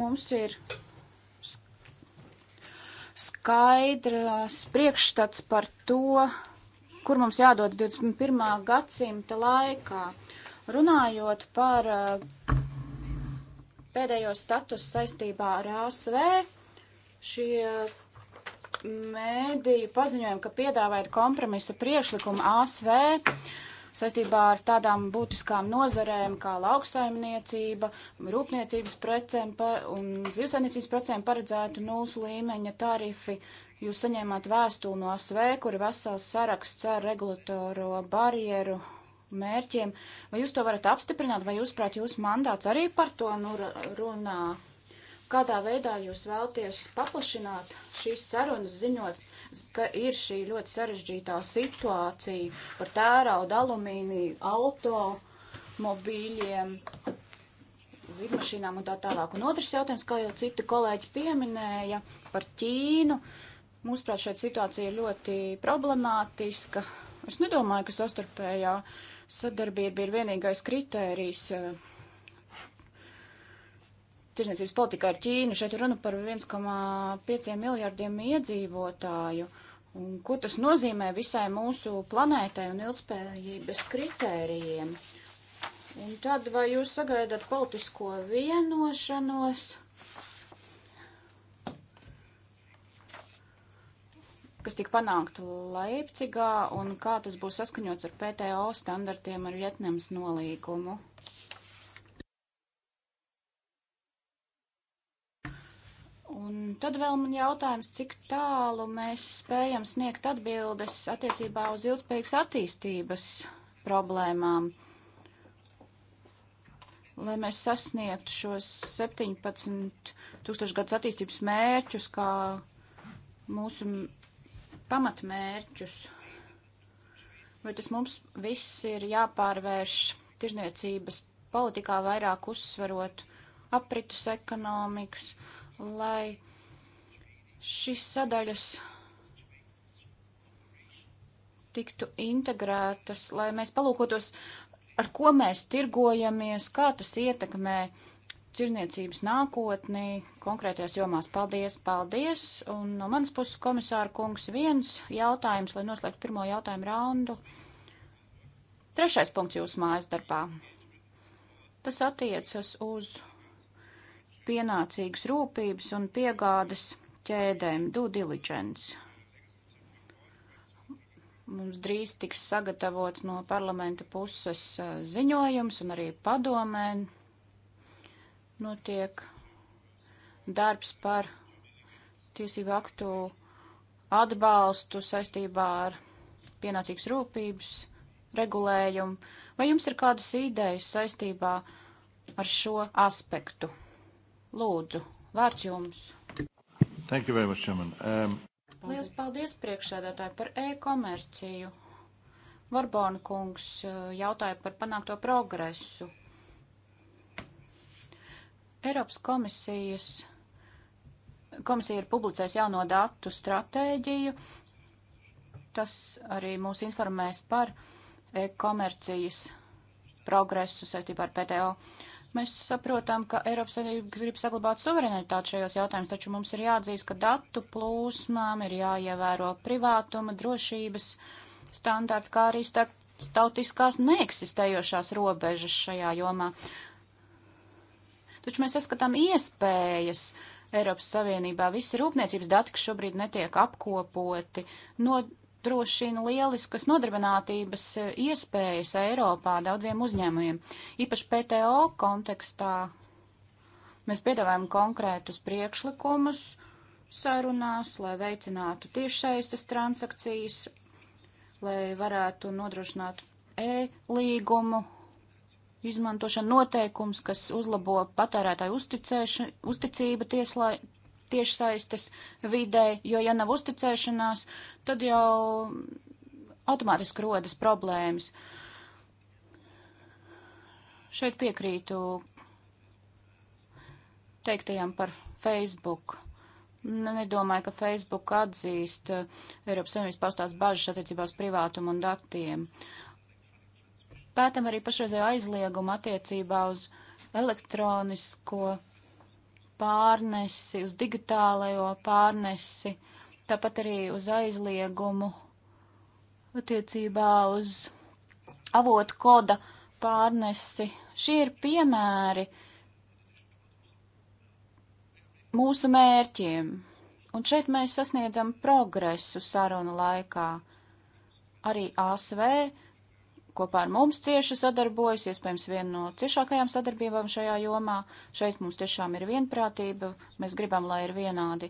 mums ir skaidrs priekšstats par to, kur mums jādod 21. gadsimta laikā. Runājot par eh, pēdējo statusu saistībā ar ASV, šie mm, mēdīju paziņojumi, ka piedāvājat kompromisa priekšlikumu ASV, saistībā ar tādām būtiskām nozarēm kā lauksaimniecība, rūpniecības precēm un zivsainiecības precēm paredzētu nulles līmeņa tarifi. Jūs saņēmāt vēstuli no ASV, kur ir vesels saraksts ar regulatoro barjeru mērķiem. Vai jūs to varat apstiprināt, vai jūs prāt jūsu mandāts arī par to nu runā? Kādā veidā jūs vēlties paplašināt šīs sarunas, ziņot ka ir šī ļoti sarežģītā situācija par tērauda alumīniju, automobīļiem, lidmašīnām un tā tālāk. Un otrs jautājums, kā jau citi kolēģi pieminēja, par Ķīnu. Mūsuprāt, šeit situācija ir ļoti problemātiska. Es nedomāju, ka sastarpējā sadarbība ir vienīgais kritērijs eh, tirsniecības politikā ar Ķīnu. Šeit runa par 1,5 miljārdiem iedzīvotāju. Un ko tas nozīmē visai mūsu planētai un ilgspējības kritērijiem? Un tad vai jūs sagaidat politisko vienošanos, kas tika panākta Leipcigā, un kā tas būs saskaņots ar PTO standartiem ar Vietnams nolīgumu? Un tad vēl man jautājums, cik tālu mēs spējam sniegt atbildes attiecībā uz ilgspējīgas attīstības problēmām, lai mēs sasniegtu šos 17 tūkstošu gadus attīstības mērķus, kā mūsu pamatmērķus. Vai tas mums viss ir jāpārvērš tirzniecības politikā vairāk uzsverot apritus ekonomikas? Uh, lai šis sadaļas tiktu integrētas, lai mēs palūkotos, ar ko mēs tirgojamies, kā tas ietekmē tirniecības nākotnī konkrētajās jomās. Paldies, paldies! Un no manas puses komisāra kungs viens jautājums, lai noslēgtu pirmo jautājumu raundu. Trešais punkts jūsu mājas darbā. Tas attiecas uz pienācīgas rūpības un piegādes ķēdēm, due diligence. Mums drīz tiks sagatavots no parlamenta puses ziņojums un arī padomē notiek darbs par tiesību aktu atbalstu saistībā ar pienācīgas rūpības regulējumu. Vai jums ir kādas idejas saistībā ar šo aspektu? Lūdzu, vārds jums. Thank you very much, Chairman. Um... Liels paldies priekšsēdētāji par e-komerciju. Varbona kungs uh, jautāja par panākto progresu. Eiropas komisijas komisija ir publicējusi jauno datu stratēģiju. Tas arī mūs informēs par e komercijas progresu saistībā ar PTO. Uh, Mēs saprotam, ka Eiropas Savienība grib saglabāt suverenitāti šajos jautājumos, taču mums ir jāatzīst, ka datu plūsmām ir jāievēro privātuma, drošības standarti, kā arī starptautiskās neeksistējošās robežas šajā jomā. Taču mēs saskatām iespējas Eiropas Savienībā. Visi rūpniecības dati, kas šobrīd netiek apkopoti, no nodrošina lieliskas nodarbinātības e, iespējas Eiropā daudziem uzņēmumiem. Īpaši PTO kontekstā mēs piedāvājam konkrētus priekšlikumus sarunās, lai veicinātu tiešsaistes transakcijas, lai varētu nodrošināt e-līgumu izmantošana noteikums, kas uzlabo patērētāju uzticību tieslai, tiešsaistes vidē, jo ja nav uzticēšanās, tad jau automātiski rodas problēmas. Šeit piekrītu teiktajam par Facebook. Nedomāju, ka Facebook atzīst eh, Eiropas Savienības paustās bažas attiecībā uz privātumu un datiem. Pētam arī pašreizējo aizliegumu attiecībā uz elektronisko pārnesi, uz digitālajo pārnesi, tāpat arī uz aizliegumu attiecībā uz avotu koda pārnesi. Šie ir piemēri mūsu mērķiem, un šeit mēs sasniedzam progresu sarunu laikā. Arī ASV kopā ar mums cieši sadarbojas, iespējams, viena no ciešākajām sadarbībām šajā jomā. Šeit mums tiešām ir vienprātība, mēs gribam, lai ir vienādi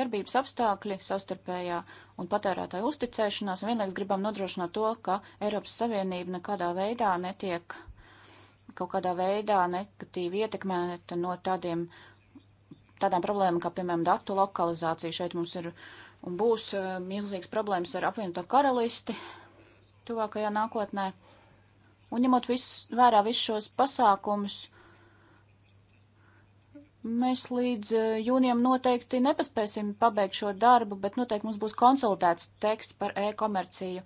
darbības apstākļi savstarpējā un patērētāja uzticēšanās, un vienlaikus gribam nodrošināt to, ka Eiropas Savienība nekādā veidā netiek kaut kādā veidā negatīvi ietekmēta no tādiem, tādām problēmām, kā, piemēram, datu lokalizācija. Šeit mums ir un būs eh, milzīgs problēmas ar apvienoto karalisti, tuvākajā nākotnē. Un ņemot vis, vērā visus šos pasākumus, mēs līdz eh, jūnijam noteikti nepaspēsim pabeigt šo darbu, bet noteikti mums būs konsultēts teksts par e-komerciju.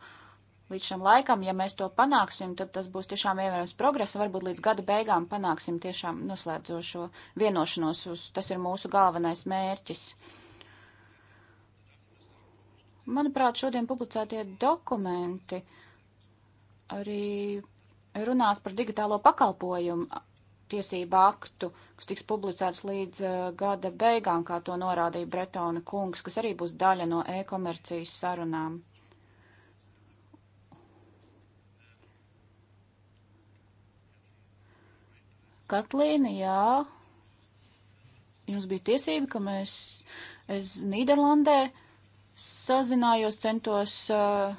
Līdz šim laikam, ja mēs to panāksim, tad tas būs tiešām ievērojams progress. Varbūt līdz gada beigām panāksim tiešām noslēdzošo vienošanos. Uz, tas ir mūsu galvenais mērķis. Manuprāt, šodien publicētie dokumenti uh, arī runās par digitālo pakalpojumu tiesību aktu, kas tiks publicēts līdz uh, gada beigām, kā to norādīja Bretona kungs, kas arī būs daļa no e-komercijas sarunām. Katlīna, jā, jums bija tiesība, ka mēs, es Nīderlandē sazinājos, centos uh,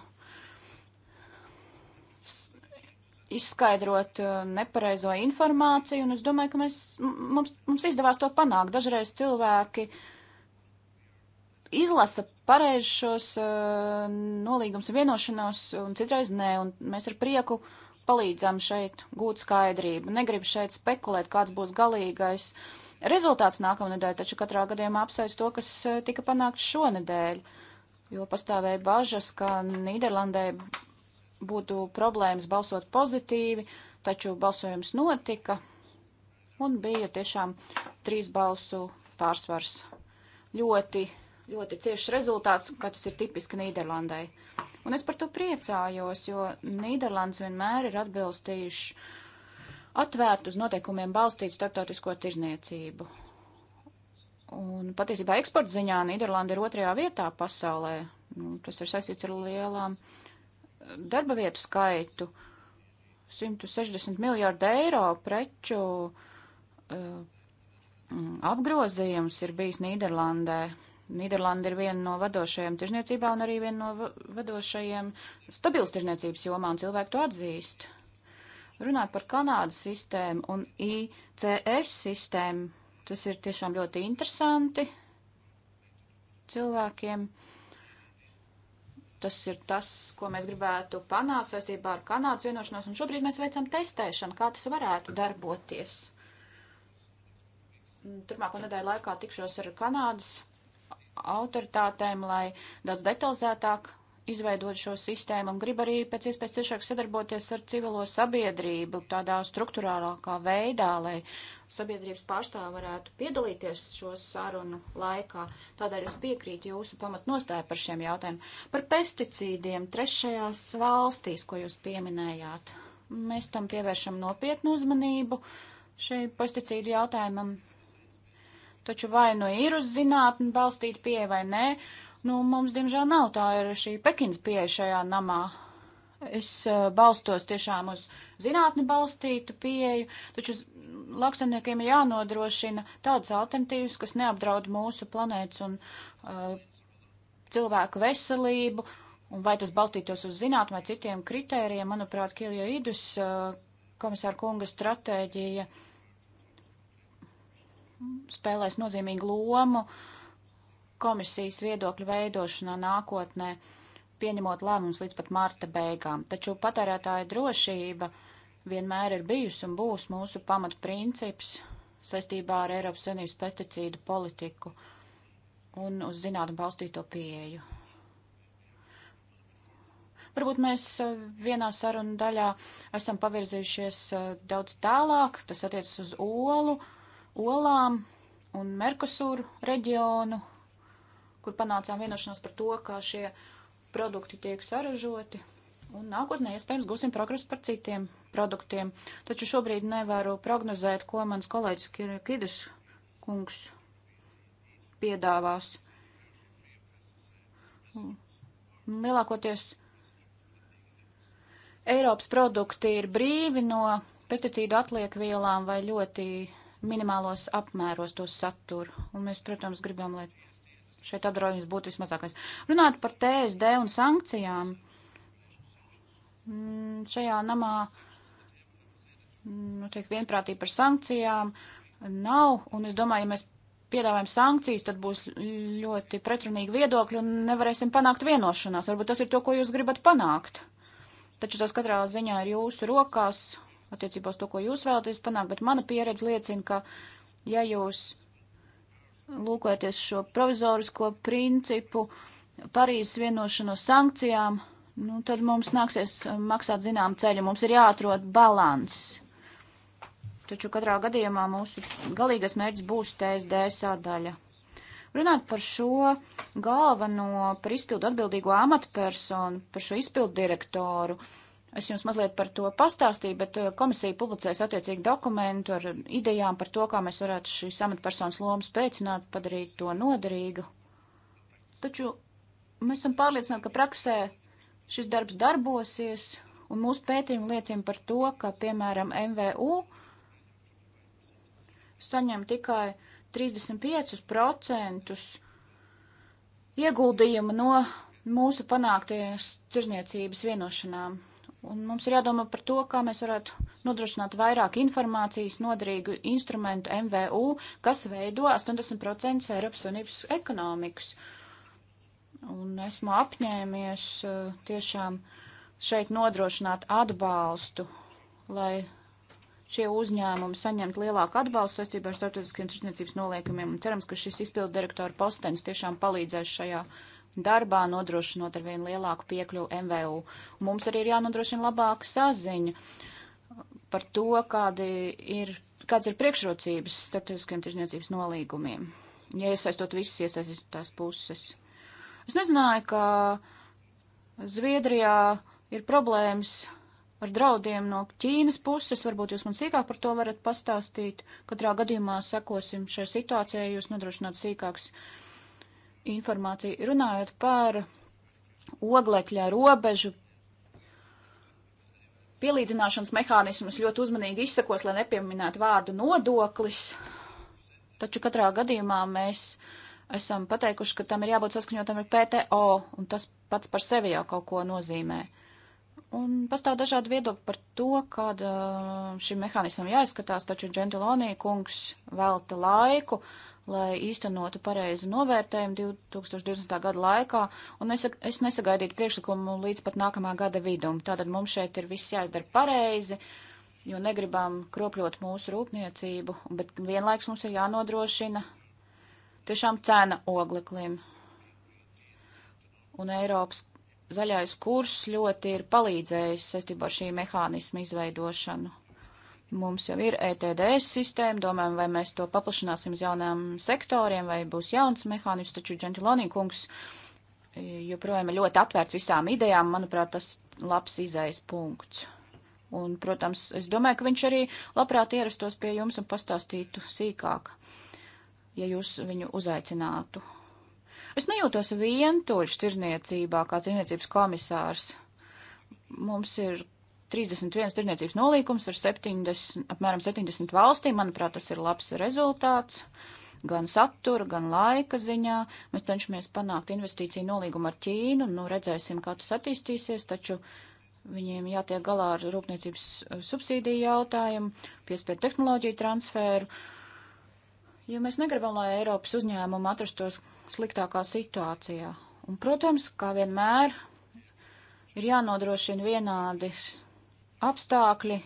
izskaidrot uh, nepareizo informāciju, un es domāju, ka mēs, mums, mums izdevās to panākt. Dažreiz cilvēki izlasa pareizi šos uh, nolīgums un vienošanos, un citreiz nē, un mēs ar prieku palīdzam šeit gūt skaidrību. Negribu šeit spekulēt, kāds būs galīgais rezultāts nākamnedēļ, taču katrā gadījumā apsveic to, kas uh, tika panākts šonedēļ, jo pastāvēja bažas, ka Nīderlandē būtu problēmas balsot pozitīvi, taču balsojums notika un bija tiešām trīs balsu pārsvars. Ļoti, ļoti ciešs rezultāts, kā tas ir tipiski Nīderlandai. Un es par to priecājos, jo Nīderlands vienmēr ir atbilstījuši atvērtu uz noteikumiem balstītu starptautisko tirzniecību. Un patiesībā eksporta ziņā Nīderlanda ir otrajā vietā pasaulē. Nu, tas ir saistīts ar lielām uh, darba vietu skaitu, 160 miljārdu eiro preču uh, apgrozījums ir bijis Nīderlandē. Nīderlanda ir viena no vadošajām tirzniecībā un arī viena no vadošajiem stabils tirzniecības jomā, un cilvēki to atzīst. Runāt par Kanādas sistēmu un ICS sistēmu, tas ir tiešām ļoti interesanti cilvēkiem. Uh, Tas ir tas, ko mēs gribētu panākt saistībā ar Kanādas vienošanos, un šobrīd mēs veicam testēšanu, kā tas varētu darboties. Turmāko nedēļu laikā tikšos ar Kanādas autoritātēm, lai daudz detalizētāk izveidot šo sistēmu un grib arī pēc iespējas ciešāk sadarboties ar civilo sabiedrību tādā struktūrālākā veidā, lai sabiedrības pārstāvi varētu piedalīties šo sarunu laikā. Tādēļ es piekrītu jūsu pamatnostāju par šiem jautājumiem. Par pesticīdiem trešajās valstīs, ko jūs pieminējāt. Mēs tam pievēršam nopietnu uzmanību šai pesticīdu jautājumam. Taču vai nu ir uz zinātni balstīta pieeja vai nē, Nu, mums, diemžēl, nav tā ir šī Pekins pieeja šajā namā. Es uh, balstos tiešām uz zinātni balstītu pieeju, taču lauksaimniekiem ir jānodrošina tādas alternatīvas, kas neapdraud mūsu planētas un uh, cilvēku veselību, un vai tas balstītos uz zinātni vai citiem kritērijiem, manuprāt, Kilja Idus uh, komisāra kunga stratēģija spēlēs nozīmīgu lomu. Uh, komisijas viedokļu veidošanā nākotnē, pieņemot lēmumus līdz pat marta beigām. Taču patērētāja drošība vienmēr ir bijusi un būs mūsu pamatprincips saistībā ar Eiropas Savienības pesticīdu politiku un uz zinātnē balstīto pieeju. Varbūt mēs eh, vienā sarunu daļā esam pavirzījušies eh, daudz tālāk, tas attiecas uz olu, olām un Merkusūru reģionu, kur panācām vienošanos par to, kā šie produkti tiek saražoti. Un nākotnē iespējams gūsim progresu par citiem produktiem. Taču šobrīd nevaru prognozēt, ko mans kolēģis Kidus kungs piedāvās. Lielākoties Eiropas produkti ir brīvi no pesticīdu atliekvielām vai ļoti minimālos apmēros tos satur. Un mēs, protams, gribam, lai šeit apdraudējums būtu vismazākais. Runāt par TSD un sankcijām. Mm, šajā namā mm, nu, tiek vienprātība par sankcijām. Nav, un es domāju, ja mēs piedāvājam sankcijas, tad būs ļoti pretrunīgi viedokļi un nevarēsim panākt vienošanās. Varbūt tas ir to, ko jūs gribat panākt. Taču tas katrā ziņā ir jūsu rokās attiecībā uz to, ko jūs vēlaties panākt, bet mana pieredze liecina, ka ja jūs lūkojoties šo provizorisko principu, Parīzes vienošanos sankcijām, nu, tad mums nāksies eh, maksāt zinām ceļu. Mums ir jāatrod balans. Taču katrā gadījumā mūsu galīgais mērķis būs TSD sadaļa. Runāt par šo galveno, par izpildu atbildīgo amatpersonu, par šo izpildu direktoru. Uh, Es jums mazliet par to pastāstīju, bet eh, komisija publicēs attiecīgi dokumentu ar idejām par to, kā mēs varētu šīs amatpersonas lomas pēcināt, padarīt to noderīgu. Taču mēs esam pārliecināti, ka praksē šis darbs darbosies, un mūsu pētījumi liecina par to, ka, piemēram, MVU saņem tikai 35% ieguldījumu no mūsu panāktajās tirzniecības vienošanām. Un mums ir jādomā par to, kā mēs varētu nodrošināt vairāk informācijas noderīgu instrumentu MVU, kas veido 80% Eiropas Savienības ekonomikas. Un esmu apņēmies eh, tiešām šeit nodrošināt atbalstu, lai šie uzņēmumi saņemtu lielāku atbalstu saistībā ar starptautiskiem tirsniecības noliekumiem. Un cerams, ka šis izpildu direktora postenis tiešām palīdzēs šajā darbā, nodrošinot ar vien lielāku piekļuvu MVU. Mums arī ir jānodrošina labāka saziņa par to, kādi ir, kāds ir priekšrocības starptautiskiem tirzniecības nolīgumiem, ja iesaistot visas iesaistītās puses. Es nezināju, ka Zviedrijā ir problēmas ar draudiem no Ķīnas puses. Varbūt jūs man sīkāk par to varat pastāstīt. Katrā gadījumā sekosim šai situācijai, jūs nodrošināt sīkāks uh, informāciju. Runājot par oglekļa robežu pielīdzināšanas mehānismus, ļoti uzmanīgi izsakos, lai nepieminētu vārdu nodoklis. Taču katrā gadījumā mēs esam pateikuši, ka tam ir jābūt saskaņotam ar PTO, un tas pats par sevi jau kaut ko nozīmē. Un pastāv dažādi viedokļi par to, kāda uh, šim mehānismam jāizskatās, taču Džentilonī kungs velta laiku, lai īstenotu pareizi novērtējumu 2020. gada laikā, un es, es nesagaidītu priekšlikumu līdz pat nākamā gada vidum. Tātad mums šeit ir viss jāizdara pareizi, jo negribam kropļot mūsu rūpniecību, bet vienlaiks mums ir jānodrošina tiešām cena ogleklim. Un Eiropas zaļais kurs ļoti ir palīdzējis saistībā ar šī mehānismu izveidošanu. Mums jau ir ETDS sistēma, domājam, vai mēs to paplašināsim uz jaunām sektoriem, vai būs jauns mehānisms, taču Džentilonī kungs e, joprojām ir ļoti atvērts visām idejām, manuprāt, tas labs izējas punkts. Un, protams, es domāju, ka viņš arī labprāt ierastos pie jums un pastāstītu sīkāk, ja jūs viņu uzaicinātu. Es nejūtos vientuļš tirniecībā, kā tirniecības komisārs. Mums ir 31 tirniecības nolīkums ar 70, apmēram 70 valstīm. Manuprāt, tas ir labs rezultāts gan satura, gan laika ziņā. Mēs cenšamies panākt investīciju nolīgumu ar Ķīnu, nu redzēsim, kā tas attīstīsies, taču viņiem jātiek galā ar rūpniecības eh, subsīdiju jautājumu, piespiedu tehnoloģiju transferu, jo mēs negribam, lai Eiropas uzņēmumi atrastos sliktākā situācijā. Un, protams, kā vienmēr, ir jānodrošina vienādi apstākļi,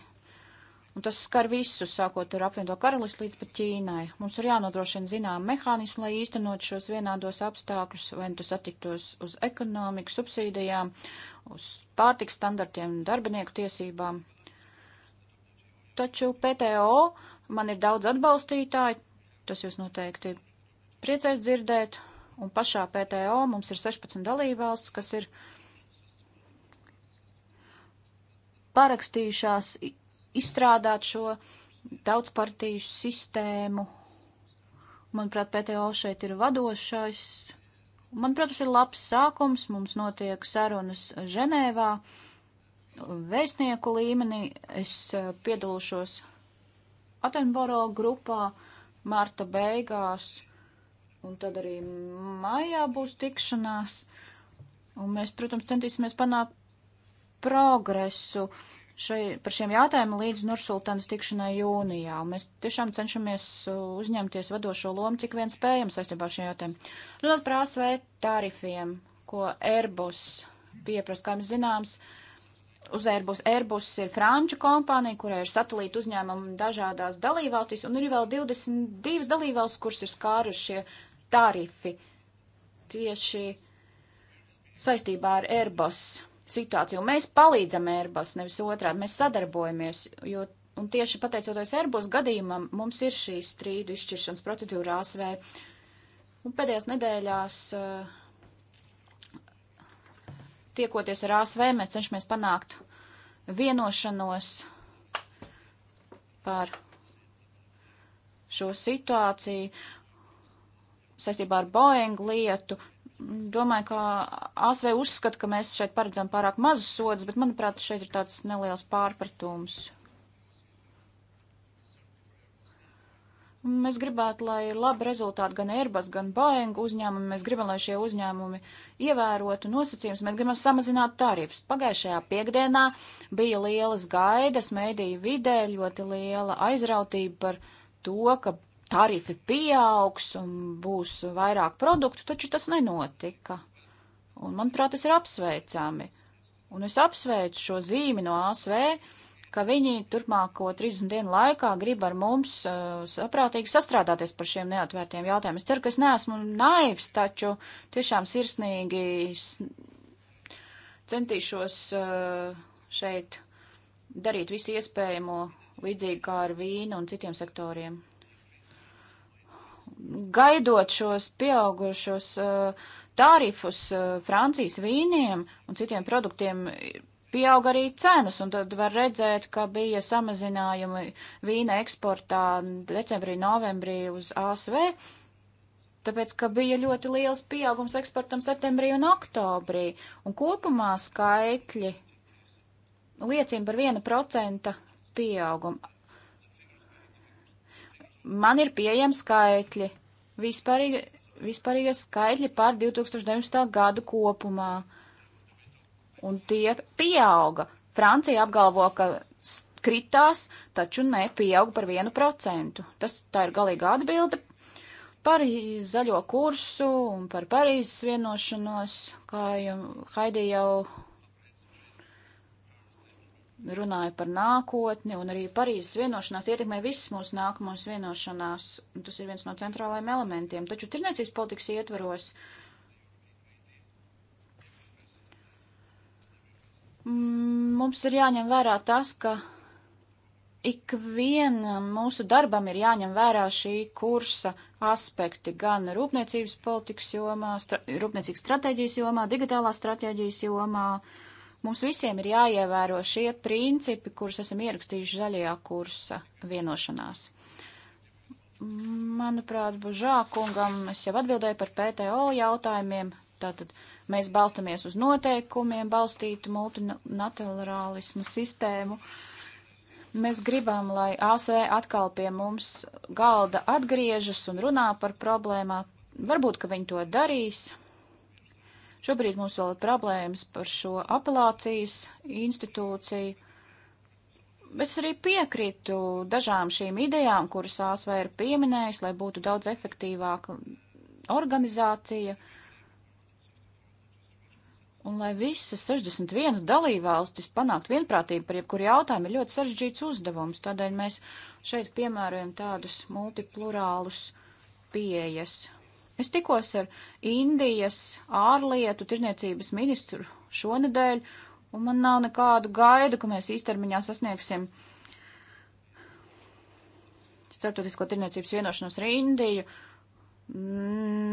Un tas skar visus, sākot ar apvienoto karalistu līdz pat Ķīnai. Mums ir jānodrošina zinām mehānismu, lai īstenot šos vienādos apstākļus, vai nu tas attiktos uz ekonomiku, subsīdijām, uz pārtiks standartiem, darbinieku tiesībām. Taču PTO man ir daudz atbalstītāji, tas jūs noteikti priecēs dzirdēt, un pašā PTO mums ir 16 dalībvalsts, kas ir parakstījušās izstrādāt šo daudzpartiju sistēmu. Manuprāt, PTO šeit ir vadošais. Manuprāt, tas ir labs sākums. Mums notiek sarunas Ženēvā. Vēstnieku līmenī es e, piedalīšos Atenboro grupā marta beigās, un tad arī maijā būs tikšanās. Un mēs, protams, centīsimies panākt progresu šai, par šiem jautājumiem līdz Nursultānas tikšanai jūnijā. Un mēs tiešām cenšamies uh, uzņemties vadošo lomu, cik vien spējam saistībā ar šiem jautājumiem. Runāt par ASV tarifiem, ko Airbus pieprasa, kā jums zināms. Uz Airbus. Airbus ir franču kompānija, kurai ir satelīta uzņēmumi dažādās dalībvalstīs, un ir vēl 22 dalībvalstis, kuras ir skārušie tarifi tieši saistībā ar Airbus situāciju. Mēs palīdzam Airbus, nevis otrādi, mēs sadarbojamies, jo un tieši pateicoties Airbus gadījumam mums ir šī strīdu izšķiršanas procedūra ASV. Un pēdējās nedēļās eh, tiekoties ar ASV, mēs cenšamies panākt vienošanos par šo situāciju saistībā ar Boeing lietu domāju, ka ASV uzskata, ka mēs šeit paredzam pārāk mazus sodus, bet, manuprāt, šeit ir tāds neliels pārpratums. Mēs gribētu, lai labi rezultāti gan Airbus, gan Boeing uzņēmumi, mēs gribam, lai šie uzņēmumi ievērotu nosacījumus, mēs gribam samazināt tarifus. Pagājušajā piekdienā bija lielas gaidas, mēdīja vidē ļoti liela aizrautība par to, ka tarifi pieaugs un būs vairāk produktu, taču tas nenotika. Un, manuprāt, tas ir apsveicami. Un es apsveicu šo zīmi no ASV, ka viņi turpmāko 30 dienu laikā grib ar mums uh, saprātīgi sastrādāties par šiem neatvērtiem jautājumiem. Es ceru, ka es neesmu naivs, taču tiešām sirsnīgi centīšos uh, šeit darīt visu iespējamo, līdzīgi kā ar vīnu un citiem sektoriem gaidot šos pieaugušos uh, tarifus uh, Francijas vīniem un citiem produktiem, pieauga arī cenas, un tad var redzēt, ka bija samazinājumi vīna eksportā decembrī, novembrī uz ASV, tāpēc, ka bija ļoti liels pieaugums eksportam septembrī un oktobrī, un kopumā skaitļi liecina par 1% pieaugumu man ir pieejami skaitļi, vispārīgi, vispārīgie skaitļi par 2019. gadu kopumā. Un tie pieauga. Francija apgalvo, ka kritās, taču nepieauga par vienu procentu. Tas tā ir galīga atbilde par zaļo kursu un par Parīzes vienošanos, kā jau Haidī jau runāja par nākotni, un arī Parīzes vienošanās ietekmē visas mūsu nākamos vienošanās, un tas ir viens no centrālajiem elementiem. Taču tirniecības politikas ietvaros mums ir jāņem vērā tas, ka ikvienam mūsu darbam ir jāņem vērā šī kursa aspekti gan rūpniecības politikas jomā, stra rūpniecības stratēģijas jomā, digitālās stratēģijas jomā, uh, Mums visiem ir jāievēro šie principi, kurus esam ierakstījuši zaļajā kursa vienošanās. Manuprāt, Bužā kungam es jau atbildēju par PTO jautājumiem. Tātad mēs balstamies uz noteikumiem, balstītu multilaterālismu sistēmu. Mēs gribam, lai ASV atkal pie mums galda atgriežas un runā par problēmām. Varbūt, ka viņi to darīs, Šobrīd mums vēl ir problēmas par šo apelācijas institūciju, bet es arī piekrītu dažām šīm idejām, kuras ASV ir pieminējis, lai būtu daudz efektīvāka organizācija un lai visas 61 dalībvalstis panāktu vienprātību par jebkuru jautājumu, ir ļoti sarežģīts uzdevums. Tādēļ mēs šeit piemērojam tādus multiplurālus pieejas. Es tikos ar Indijas ārlietu tirzniecības ministru šonadēļ, un man nav nekādu gaidu, ka mēs īstermiņā sasniegsim starptautisko tirzniecības vienošanos ar Indiju.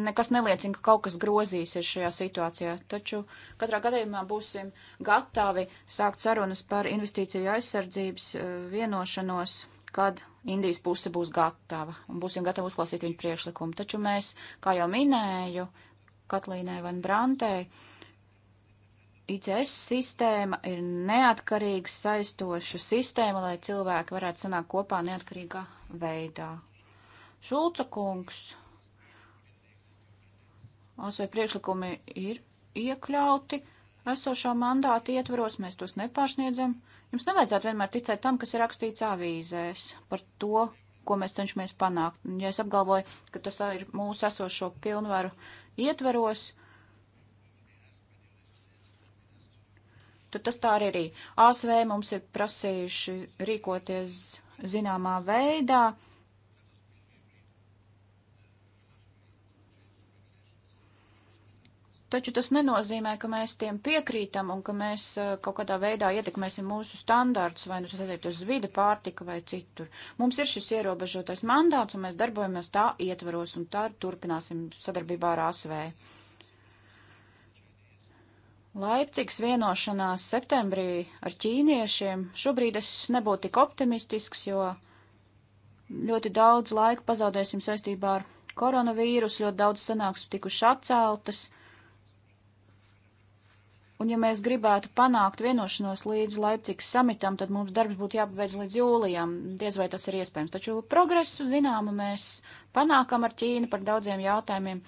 Nekas neliecina, ka kaut kas grozīsies šajā situācijā, taču katrā gadījumā būsim gatavi sākt sarunas par investīciju aizsardzības eh, vienošanos kad Indijas puse būs gatava un būsim gatavi uzklausīt viņu priekšlikumu. Taču mēs, kā jau minēju, Katlīnai Van Brantei, ICS sistēma ir neatkarīga saistoša sistēma, lai cilvēki varētu sanākt kopā neatkarīgā veidā. Šulca kungs, ASV priekšlikumi ir iekļauti esošā mandāta ietvaros, mēs tos nepārsniedzam. Uh, Jums nevajadzētu vienmēr ticēt tam, kas ir rakstīts avīzēs par to, ko mēs cenšamies panākt. Un, ja es apgalvoju, ka tas ir mūsu esošo pilnvaru ietveros, tad tas tā arī ir. ASV mums ir prasījuši rīkoties zināmā veidā. Taču tas nenozīmē, ka mēs tiem piekrītam un ka mēs eh, kaut kādā veidā ietekmēsim mūsu standārtus, vai nu tas attiektos uz vidi, pārtika vai citur. Mums ir šis ierobežotais mandāts, un mēs darbojamies tā ietvaros, un tā turpināsim sadarbībā ar ASV. Laipcigs vienošanās septembrī ar ķīniešiem. Šobrīd es nebūtu tik optimistisks, jo ļoti daudz laika pazaudēsim saistībā ar koronavīrusu, ļoti daudz sanāksmes tikuši atceltas Un ja mēs gribētu panākt vienošanos līdz Leipcikas samitam, tad mums darbs būtu jāpabeidz līdz jūlijam. Diez vai tas ir iespējams. Taču progresu zināmu mēs panākam ar Ķīnu par daudziem jautājumiem.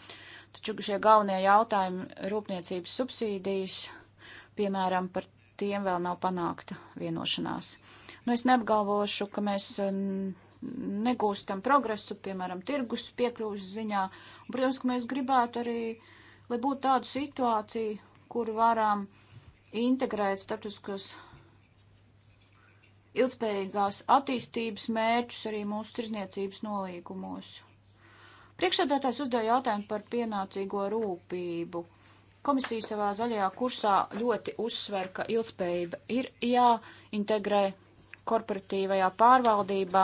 Taču šie galvenie jautājumi rūpniecības subsīdijas, piemēram, par tiem vēl nav panākta vienošanās. Nu, es neapgalvošu, ka mēs negūstam progresu, piemēram, tirgus piekļuvis ziņā. Un, protams, ka mēs gribētu arī, lai būtu tāda situācija, kur varam integrēt starptautiskos ilgspējīgās attīstības mērķus arī mūsu tirzniecības nolīgumos. Priekšsēdētājs uzdeva jautājumu par pienācīgo rūpību. Komisija savā zaļajā kursā ļoti uzsver, ka ilgspējība ir jāintegrē korporatīvajā pārvaldībā,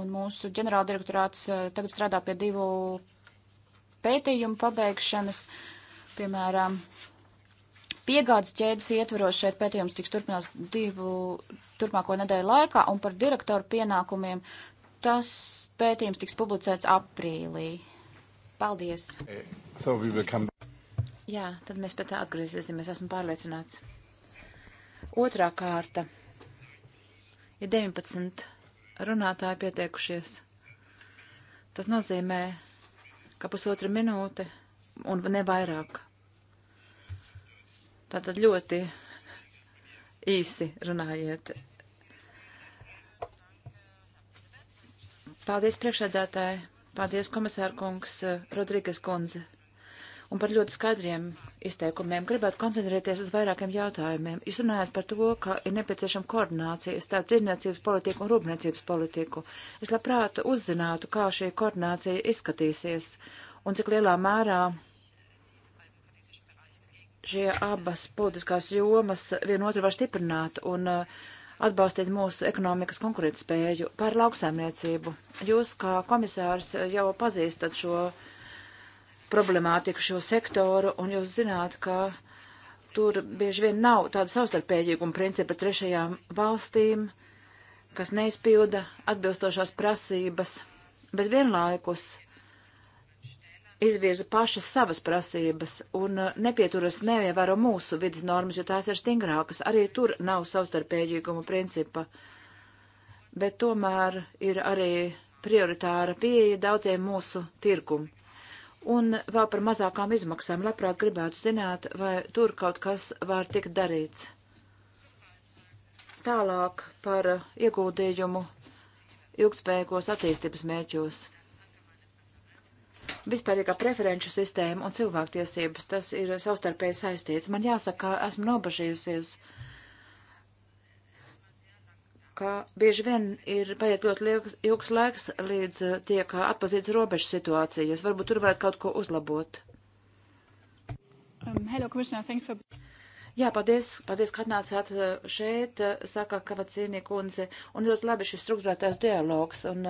un mūsu ģenerāldirektorāts eh, tagad strādā pie divu pētījumu pabeigšanas, piemēram, Piegādes ķēdes ietvaros šeit pētījums tiks turpinās divu turpmāko nedēļu laikā, un par direktoru pienākumiem tas pētījums tiks publicēts aprīlī. Paldies! Eh, so come... Jā, tad mēs pēc tā atgriezīsimies, esmu pārliecināts. Otrā kārta. Ir 19 runātāji pieteikušies. Tas nozīmē, ka pusotra minūte un ne vairāk Tātad ļoti īsi runājiet. Paldies priekšēdētāji, paldies komisāra kungs eh, Rodrīgas kundze. Un par ļoti skaidriem izteikumiem gribētu koncentrēties uz vairākiem jautājumiem. Jūs runājat par to, ka ir nepieciešama koordinācija starp tirniecības politiku un rūpniecības politiku. Es labprāt uzzinātu, kā šī koordinācija izskatīsies un cik lielā mērā šie abas politiskās jomas vienotru var stiprināt un uh, atbalstīt mūsu ekonomikas konkurētspēju par lauksaimniecību. Jūs kā komisārs jau pazīstat šo problemātiku, šo sektoru, un jūs zināt, ka tur bieži vien nav tāda savstarpējīguma principa trešajām valstīm, kas neizpilda atbilstošās prasības, bet vienlaikus izvirza pašas savas prasības un uh, nepieturas neievēro mūsu vidas normas, jo tās ir stingrākas. Arī tur nav savstarpējīguma principa. Bet tomēr ir arī prioritāra pieeja daudziem mūsu tirgumu. Un vēl par mazākām izmaksām labprāt gribētu zināt, vai tur kaut kas var tikt darīts. Tālāk par ieguldījumu ilgspējīgos attīstības mērķos vispārīgā preferenču sistēma un cilvēktiesības, tas ir savstarpēji saistīts. Man jāsaka, esmu nobažījusies, ka bieži vien ir paiet ļoti ilgs laiks, līdz uh, tiek uh, atpazīts robežu situācijas. Varbūt tur varētu kaut ko uzlabot. Um, hello, for... Jā, paldies, paldies, ka atnācāt uh, šeit, saka Kavacīnī kundze, un ļoti labi šis struktūrētās dialogs. Un,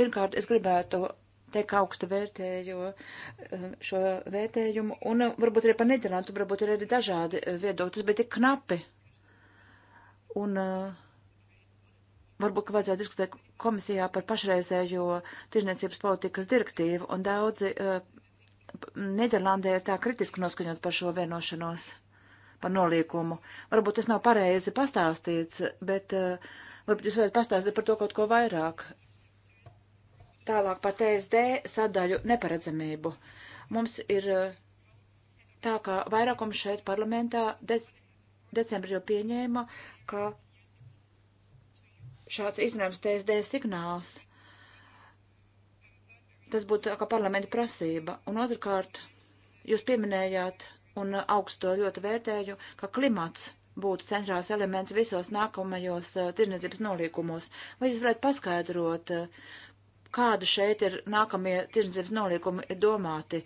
pirmkārt, es gribētu tiek augstu vērtēju eh, šo vērtējumu, un eh, varbūt arī par Nīderlandu, varbūt ir arī dažādi eh, viedokļi, tas bija tik knapi. Un varbūt, ka vajadzētu diskutēt komisijā par pašreizējo tirzniecības politikas direktīvu, un daudzi Nīderlandē ir tā kritiski noskaņot par šo vienošanos, par nolīkumu. Varbūt tas nav pareizi pastāstīts, bet varbūt jūs varat pastāstīt par to kaut ko vairāk. Tālāk par TSD sadaļu neparedzamību. Mums ir eh, tā, ka vairākums šeit parlamentā dec decembrī jau pieņēma, ka šāds izņēmums TSD signāls. Tas būtu tā kā parlamenta prasība. Un otrkārt, jūs pieminējāt un augsto ļoti vērtēju, ka klimats būtu centrāls elements visos nākamajos uh, eh, tirnedzības nolīkumos. Vai jūs varētu paskaidrot, uh, kādu šeit ir nākamie tirdzniecības nolīgumi ir domāti.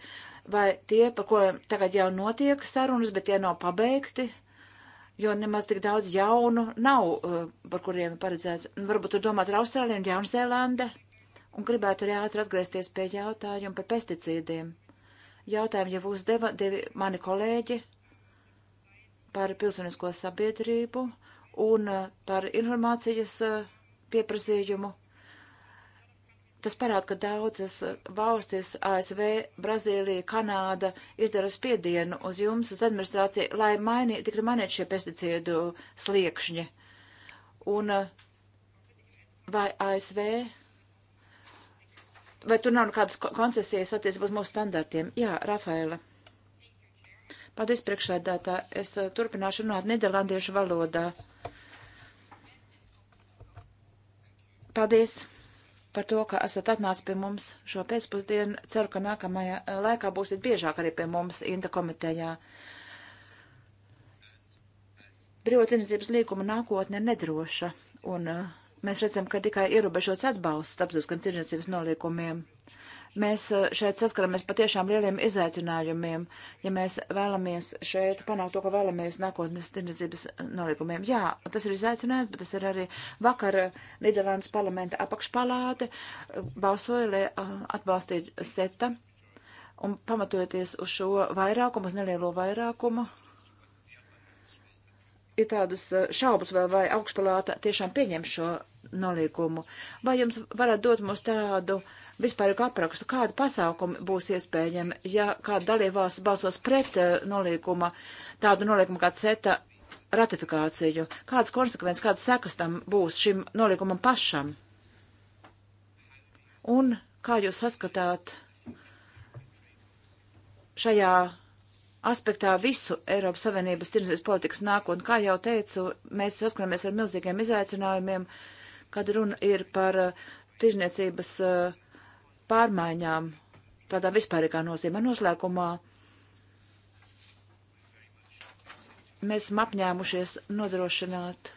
Vai tie, par ko tagad jau notiek sarunas, bet tie nav pabeigti, jo nemaz tik daudz jaunu nav, uh, par kuriem ir paredzēts. Nu, varbūt tur domāt ar Austrāliju un Jaunzēlande, un gribētu arī ātri atgriezties pie jautājuma par pesticīdiem. Jautājumu jau uzdeva divi mani kolēģi par pilsonisko sabiedrību un uh, par informācijas uh, pieprasījumu Tas parāda, ka daudzas valstis, ASV, Brazīlija, Kanāda izdara spiedienu uz jums, uz administrāciju, lai mainī, tiktu mainīt šie pesticīdu sliekšņi. Un eh, vai ASV, vai tur nav nekādas koncesijas attiecībā uz mūsu standartiem? Jā, Rafaela. Paldies priekšādātā. Es eh, turpināšu runāt nederlandiešu valodā. Paldies! par to, ka esat atnācis pie mums šo pēcpusdienu. Ceru, ka nākamajā eh, laikā būsiet biežāk arī pie mums Inta komitejā. Brīvotirdzības līguma nākotne ir nedroša, un eh, mēs redzam, ka tikai ierobežots atbalsts starptautiskam tirdzniecības noliekumiem. Uh, Mēs eh, šeit saskaramies patiešām lieliem izaicinājumiem, ja mēs vēlamies šeit panākt to, ko vēlamies nākotnes tirdzniecības nolīgumiem. Jā, tas ir izaicinājums, bet tas ir arī vakar Nīderlandes parlamenta apakšpalāte eh, balsoja, lai eh, atbalstītu SETA un pamatojoties uz šo vairākumu, uz nelielo vairākumu ir tādas šaubas, vai, vai augšpalāta tiešām pieņem šo nolīgumu. Vai jums varat dot mums tādu vispār aprakstu, kāda pasākuma būs iespējama, ja kāda dalībvalsts balsos pret eh, nolīguma, tādu nolīgumu kā CETA ratifikāciju. Kādas konsekvences, kādas sekas tam būs šim nolīgumam pašam? Un kā jūs saskatāt šajā aspektā visu Eiropas Savienības tirdzniecības politikas nākotni. Kā jau teicu, mēs saskaramies ar milzīgiem izaicinājumiem, kad runa ir par eh, tirdzniecības uh, pārmaiņām tādā vispārīgā nozīmē noslēgumā. Mēs esam apņēmušies nodrošināt,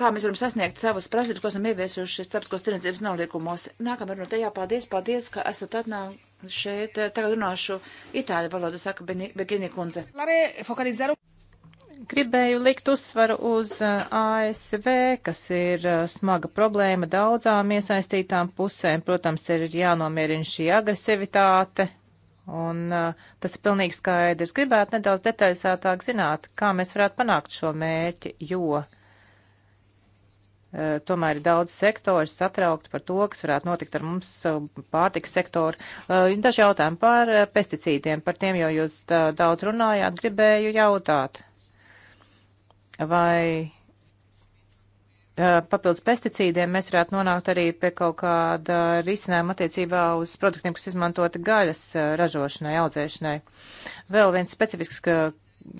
kā mēs varam sasniegt savas prasības, ko esam ieviesuši starptautiskos tirdzniecības nolīkumos. Nākamā runā tajā paldies, paldies, ka esat atnākuši. Šeit tagad runāšu itāļu valodu, saka Begini kundze. Gribēju likt uzsvaru uz uh, ASV, kas ir uh, smaga problēma daudzām iesaistītām pusēm. Protams, ir jānomierina šī agresivitāte, un uh, tas ir pilnīgi skaidrs. Gribētu nedaudz detalizētāk zināt, kā mēs varētu panākt šo mērķi, jo tomēr ir daudz sektori satraukti par to, kas varētu notikt ar mums pārtiks sektoru. Daži jautājumi par pesticīdiem, par tiem jau jūs daudz runājāt, gribēju jautāt vai papildus pesticīdiem mēs varētu nonākt arī pie kaut kāda risinājuma attiecībā uz produktiem, kas izmantoti gaļas ražošanai, audzēšanai. Vēl viens specifisks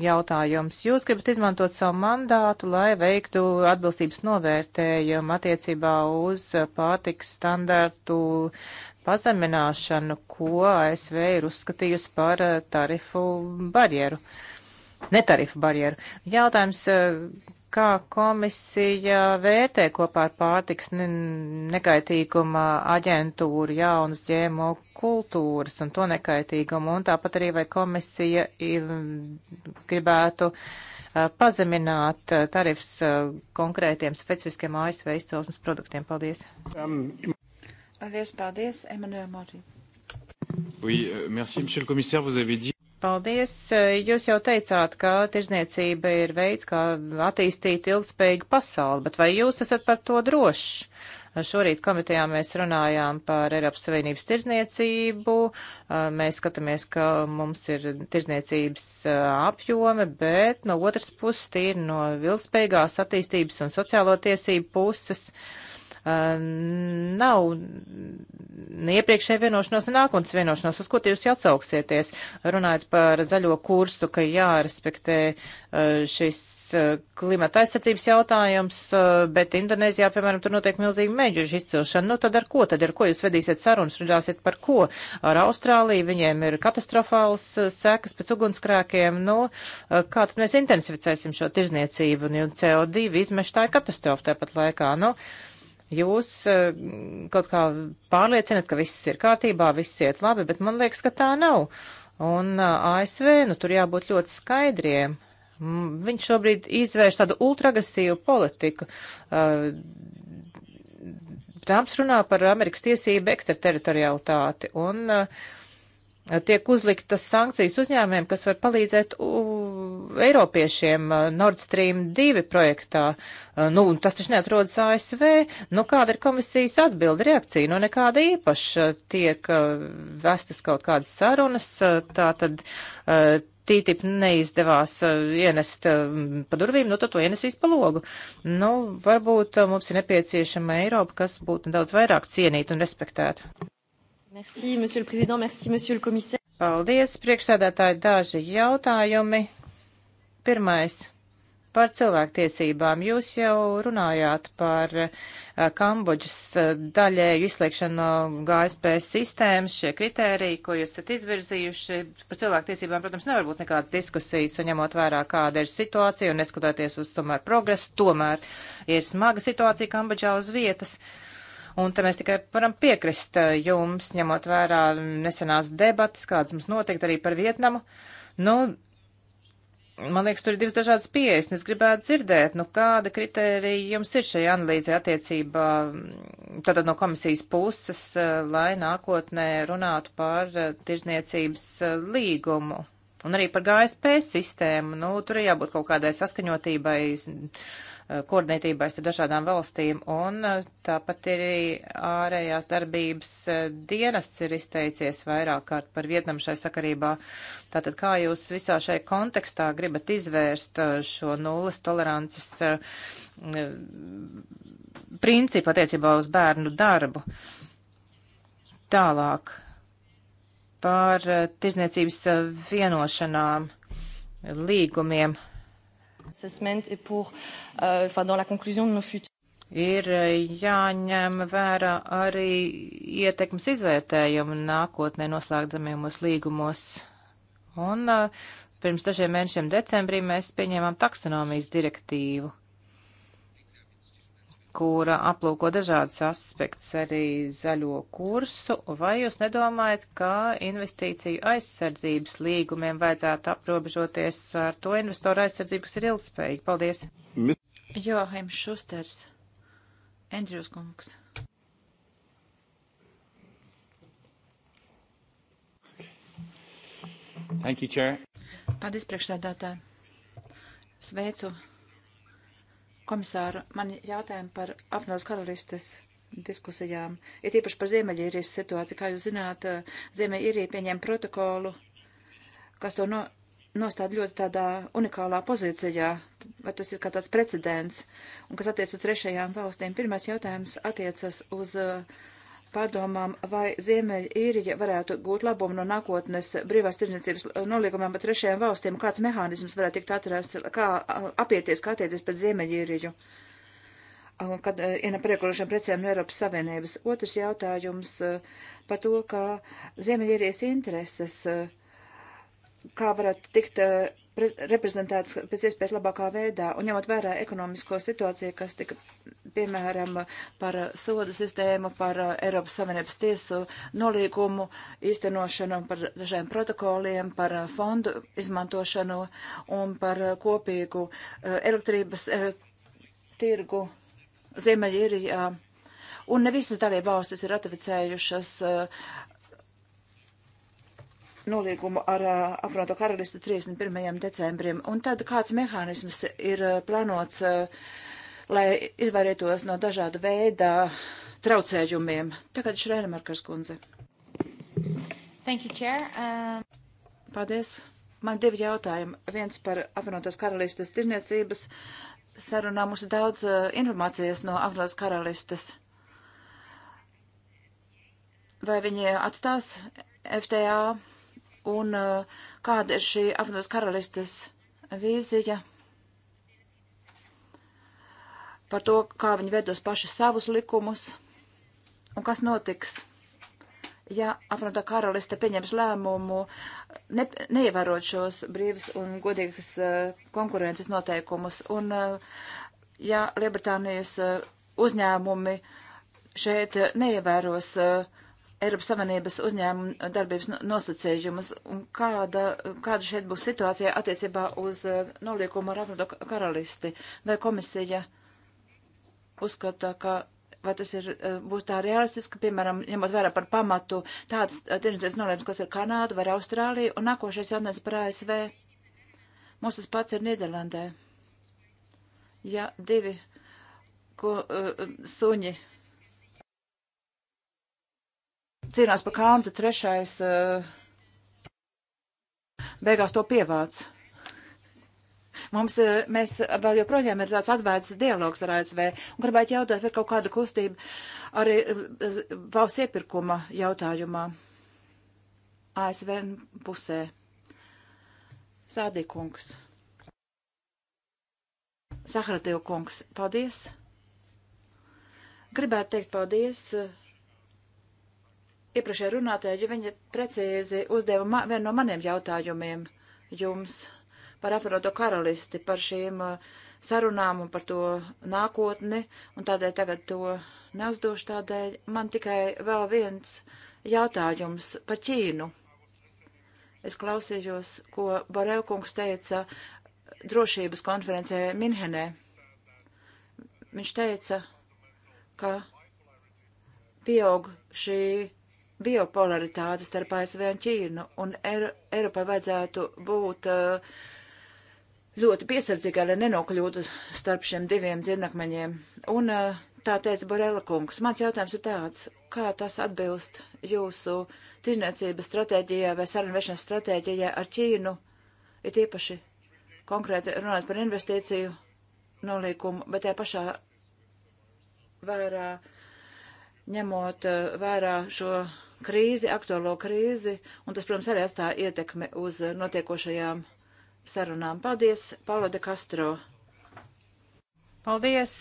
jautājums. Jūs gribat izmantot savu mandātu, lai veiktu atbilstības novērtējumu attiecībā uz pārtiks standartu pazemināšanu, ko ASV ir uzskatījusi par tarifu barjeru. Uh, netarifu barjeru. Jautājums, eh, kā komisija vērtē kopā ar pārtiks ne nekaitīguma aģentūru jaunas ģēmo kultūras un to nekaitīgumu, un tāpat arī vai komisija gribētu eh, pazemināt eh, tarifs konkrētiem specifiskiem ASV izcelsmes produktiem. Paldies. Um, Paldies, paldies, Emanuēl Morī. Oui, euh, merci, monsieur le commissaire, vous avez dit. Paldies! Jūs jau teicāt, ka tirzniecība ir veids, kā attīstīt ilgspējīgu pasauli, bet vai jūs esat par to drošs? Šorīt komitejā mēs runājām par Eiropas Savienības tirzniecību. Mēs skatāmies, ka mums ir tirzniecības apjome, bet no otras puses ir no ilgspējīgās attīstības un sociālo tiesību puses. Uh, Ehm, nav ne iepriekšēja vienošanās, ne nākotnes vienošanās. Uz ko jūs atsauksieties? Runājot par zaļo kursu, ka jārespektē eh, šis eh, klimata aizsardzības jautājums, eh, bet Indonēzijā, piemēram, tur notiek milzīga mēģužu izcilšana. Nu tad ar ko tad, ar ko jūs vedīsiet sarunas, runāsiet par ko? Ar Austrāliju viņiem ir katastrofāls sekas pēc ugunskrēkiem. Nu, kā tad mēs intensificēsim šo tirzniecību? Un nu, CO2 izmeštāja katastrofa tāpat laikā. Nu, uh, Jūs eh, kaut kā pārliecinat, ka viss ir kārtībā, viss iet labi, bet man liekas, ka tā nav. Un eh, ASV, nu tur jābūt ļoti skaidriem. Viņš šobrīd izvērš tādu ultraagresīvu politiku. Eh, Trumps runā par Amerikas tiesību ekstrateritorialitāti, un uh, tiek uzliktas sankcijas uzņēmumiem, kas var palīdzēt Eiropiešiem uh, Nord Stream 2 projektā. Uh, nu, tas taču neatrodas ASV. Nu, kāda ir komisijas atbilda reakcija? Nu, nekāda īpaša. Tiek uh, vestas kaut kādas sarunas, tā tad TTIP neizdevās ienest um, pa durvīm, nu, tad to ienesīs pa logu. Nu, varbūt mums ir nepieciešama Eiropa, kas būtu daudz vairāk cienīta un respektēta. Merci, monsieur le président, merci, monsieur le komisār. Paldies, priekšsēdētāji, daži jautājumi. Pirmais par cilvēktiesībām. Jūs jau runājāt par eh, Kambodžas eh, daļēju izslēgšanu no GSP sistēmas, šie kriteriji, ko jūs esat izvirzījuši. Par cilvēktiesībām, protams, nevar būt nekādas diskusijas, un ņemot vērā, kāda ir situācija, un neskatoties uz tomēr progresu, tomēr ir smaga situācija Kambodžā uz vietas. Uh, Un te mēs tikai varam piekrist eh, jums, ņemot vērā nesenās debatas, kādas mums notiek arī par Vietnamu. Nu, man liekas, tur ir divas dažādas pieejas, un es gribētu dzirdēt, nu, kāda kriterija jums ir šajā analīzē attiecībā, mm, tātad no komisijas puses, eh, lai nākotnē runātu par eh, tirzniecības līgumu. Un arī par GSP sistēmu, nu, tur ir jābūt kaut kādai saskaņotībai Eh, koordinētībai starp dažādām valstīm, un eh, tāpat ir arī ārējās darbības eh, dienests ir izteicies vairāk kārt par Vietnamu šai sakarībā. Tātad kā jūs visā šai kontekstā gribat izvērst šo nulles tolerances principu attiecībā uz bērnu darbu? Tālāk par tirzniecības vienošanām, līgumiem. Euh, Ir euh, jāņem vērā arī ietekmes izvērtējumu nākotnē noslēgdzamajumos līgumos. Un uh, pirms dažiem mēnešiem decembrī mēs pieņēmām taksonomijas direktīvu kura aplūko dažādus aspektus arī zaļo kursu, vai jūs nedomājat, ka investīciju aizsardzības līgumiem vajadzētu aprobežoties ar to investoru aizsardzību, kas ir ilgspējīga? Paldies! Johaims Šusters, Endrijus Kungs. Thank you, Chair. Paldies, priekšsēdētāji. Sveicu Komisāru, man jautājumi par apvienotās karalistes diskusijām, ir īpaši par Ziemeļīrijas situāciju. Kā jūs zināt, Ziemeļīrija pieņēma protokolu, kas to no, nostāda ļoti tādā unikālā pozīcijā, vai tas ir kā tāds precedents, un kas attiec uz trešajām valstīm. Pirmais jautājums attiecas uz uh, padomām, vai Ziemeļīrija varētu gūt labumu no nākotnes brīvās tirdzniecības nolīgumiem ar trešajām valstīm, kāds mehānisms varētu tikt atrasts, kā apieties, kā attieties pret Ziemeļīriju, kad ienam priekološiem precēm no Eiropas Savienības. Otrs jautājums par to, kā Ziemeļīrijas intereses, kā varētu tikt reprezentētas pēc iespējas labākā veidā, un ņemot vērā ekonomisko situāciju, kas tika, piemēram, par sodu sistēmu, par uh, Eiropas Savienības tiesu nolīgumu īstenošanu, par dažiem protokoliem, par uh, fondu izmantošanu un par uh, kopīgu elektrības tirgu Ziemeļīrijā. Un ne visas dalībvalstis ir ratificējušas uh, nolīgumu ar apvienoto karalisti 31. decembrim, un tad kāds mehānisms ir plānots, lai izvairītos no dažāda veida traucējumiem? Tagad Šrēnemarkas kundze. Thank you, Chair. Um... Paldies. Man divi jautājumi. Viens par apvienotās karalistes tirniecības sarunā mums ir daudz uh, informācijas no apvienotās karalistes. Vai viņi atstās FTA un eh, kāda ir šī Afrikas karalistes vīzija par to, kā viņi veidos paši savus likumus un kas notiks, ja Afrikas karaliste pieņems lēmumu ne, neievērot šos brīvas un godīgas uh, konkurences noteikumus un uh, ja Liebritānijas uh, uzņēmumi šeit neievēros uh, Eiropas Savienības uzņēmuma darbības nosacījumus un kāda, kāda šeit būs situācija attiecībā uz eh, noliekumu ar apvienoto karalisti? Vai komisija uzskata, ka vai tas ir, eh, būs tā realistiski, piemēram, ņemot vērā par pamatu tāds eh, tirdzniecības nolīgums, kas ir Kanāda vai Austrālija, un nākošais jautājums par ASV? Mums tas pats ir Nīderlandē. Ja divi ko, uh, suņi cīnās par kantu, trešais eh, beigās to pievāc. Mums, eh, mēs vēl joprojām ir tāds atvērts dialogs ar ASV, un gribētu jautāt, vai ir kaut kāda kustība arī eh, valsts iepirkuma jautājumā ASV pusē. Sādīkungs. Sahratīvu kungs, paldies. Gribētu teikt paldies. Uh, iepriekšējā runātāja, jo viņa precīzi uzdeva man, vienu no maniem jautājumiem jums par apvienoto karalisti, par šīm uh, sarunām un par to nākotni, un tādēļ tagad to neuzdošu tādēļ. Man tikai vēl viens jautājums par Ķīnu. Es klausījos, ko Borelkungs teica drošības konferencē Minhenē. Viņš teica, ka pieaug šī biopolaritāti starp ASV un Ķīnu, un Eiro, Eiropai vajadzētu būt uh, ļoti piesardzīgai, lai nenokļūtu starp šiem diviem dzirnakmeņiem. Un uh, tā teica Borela kungs. Mans jautājums ir tāds, kā tas atbilst jūsu tirzniecības stratēģijai vai sarunvešanas stratēģijai ar Ķīnu, ir īpaši konkrēti runāt par investīciju nolīkumu, bet tajā pašā vērā ņemot uh, vērā šo krīzi, aktuālo krīzi, un tas, protams, arī atstāja ietekmi uz notiekošajām sarunām. Paldies, Paulo de Castro. Paldies!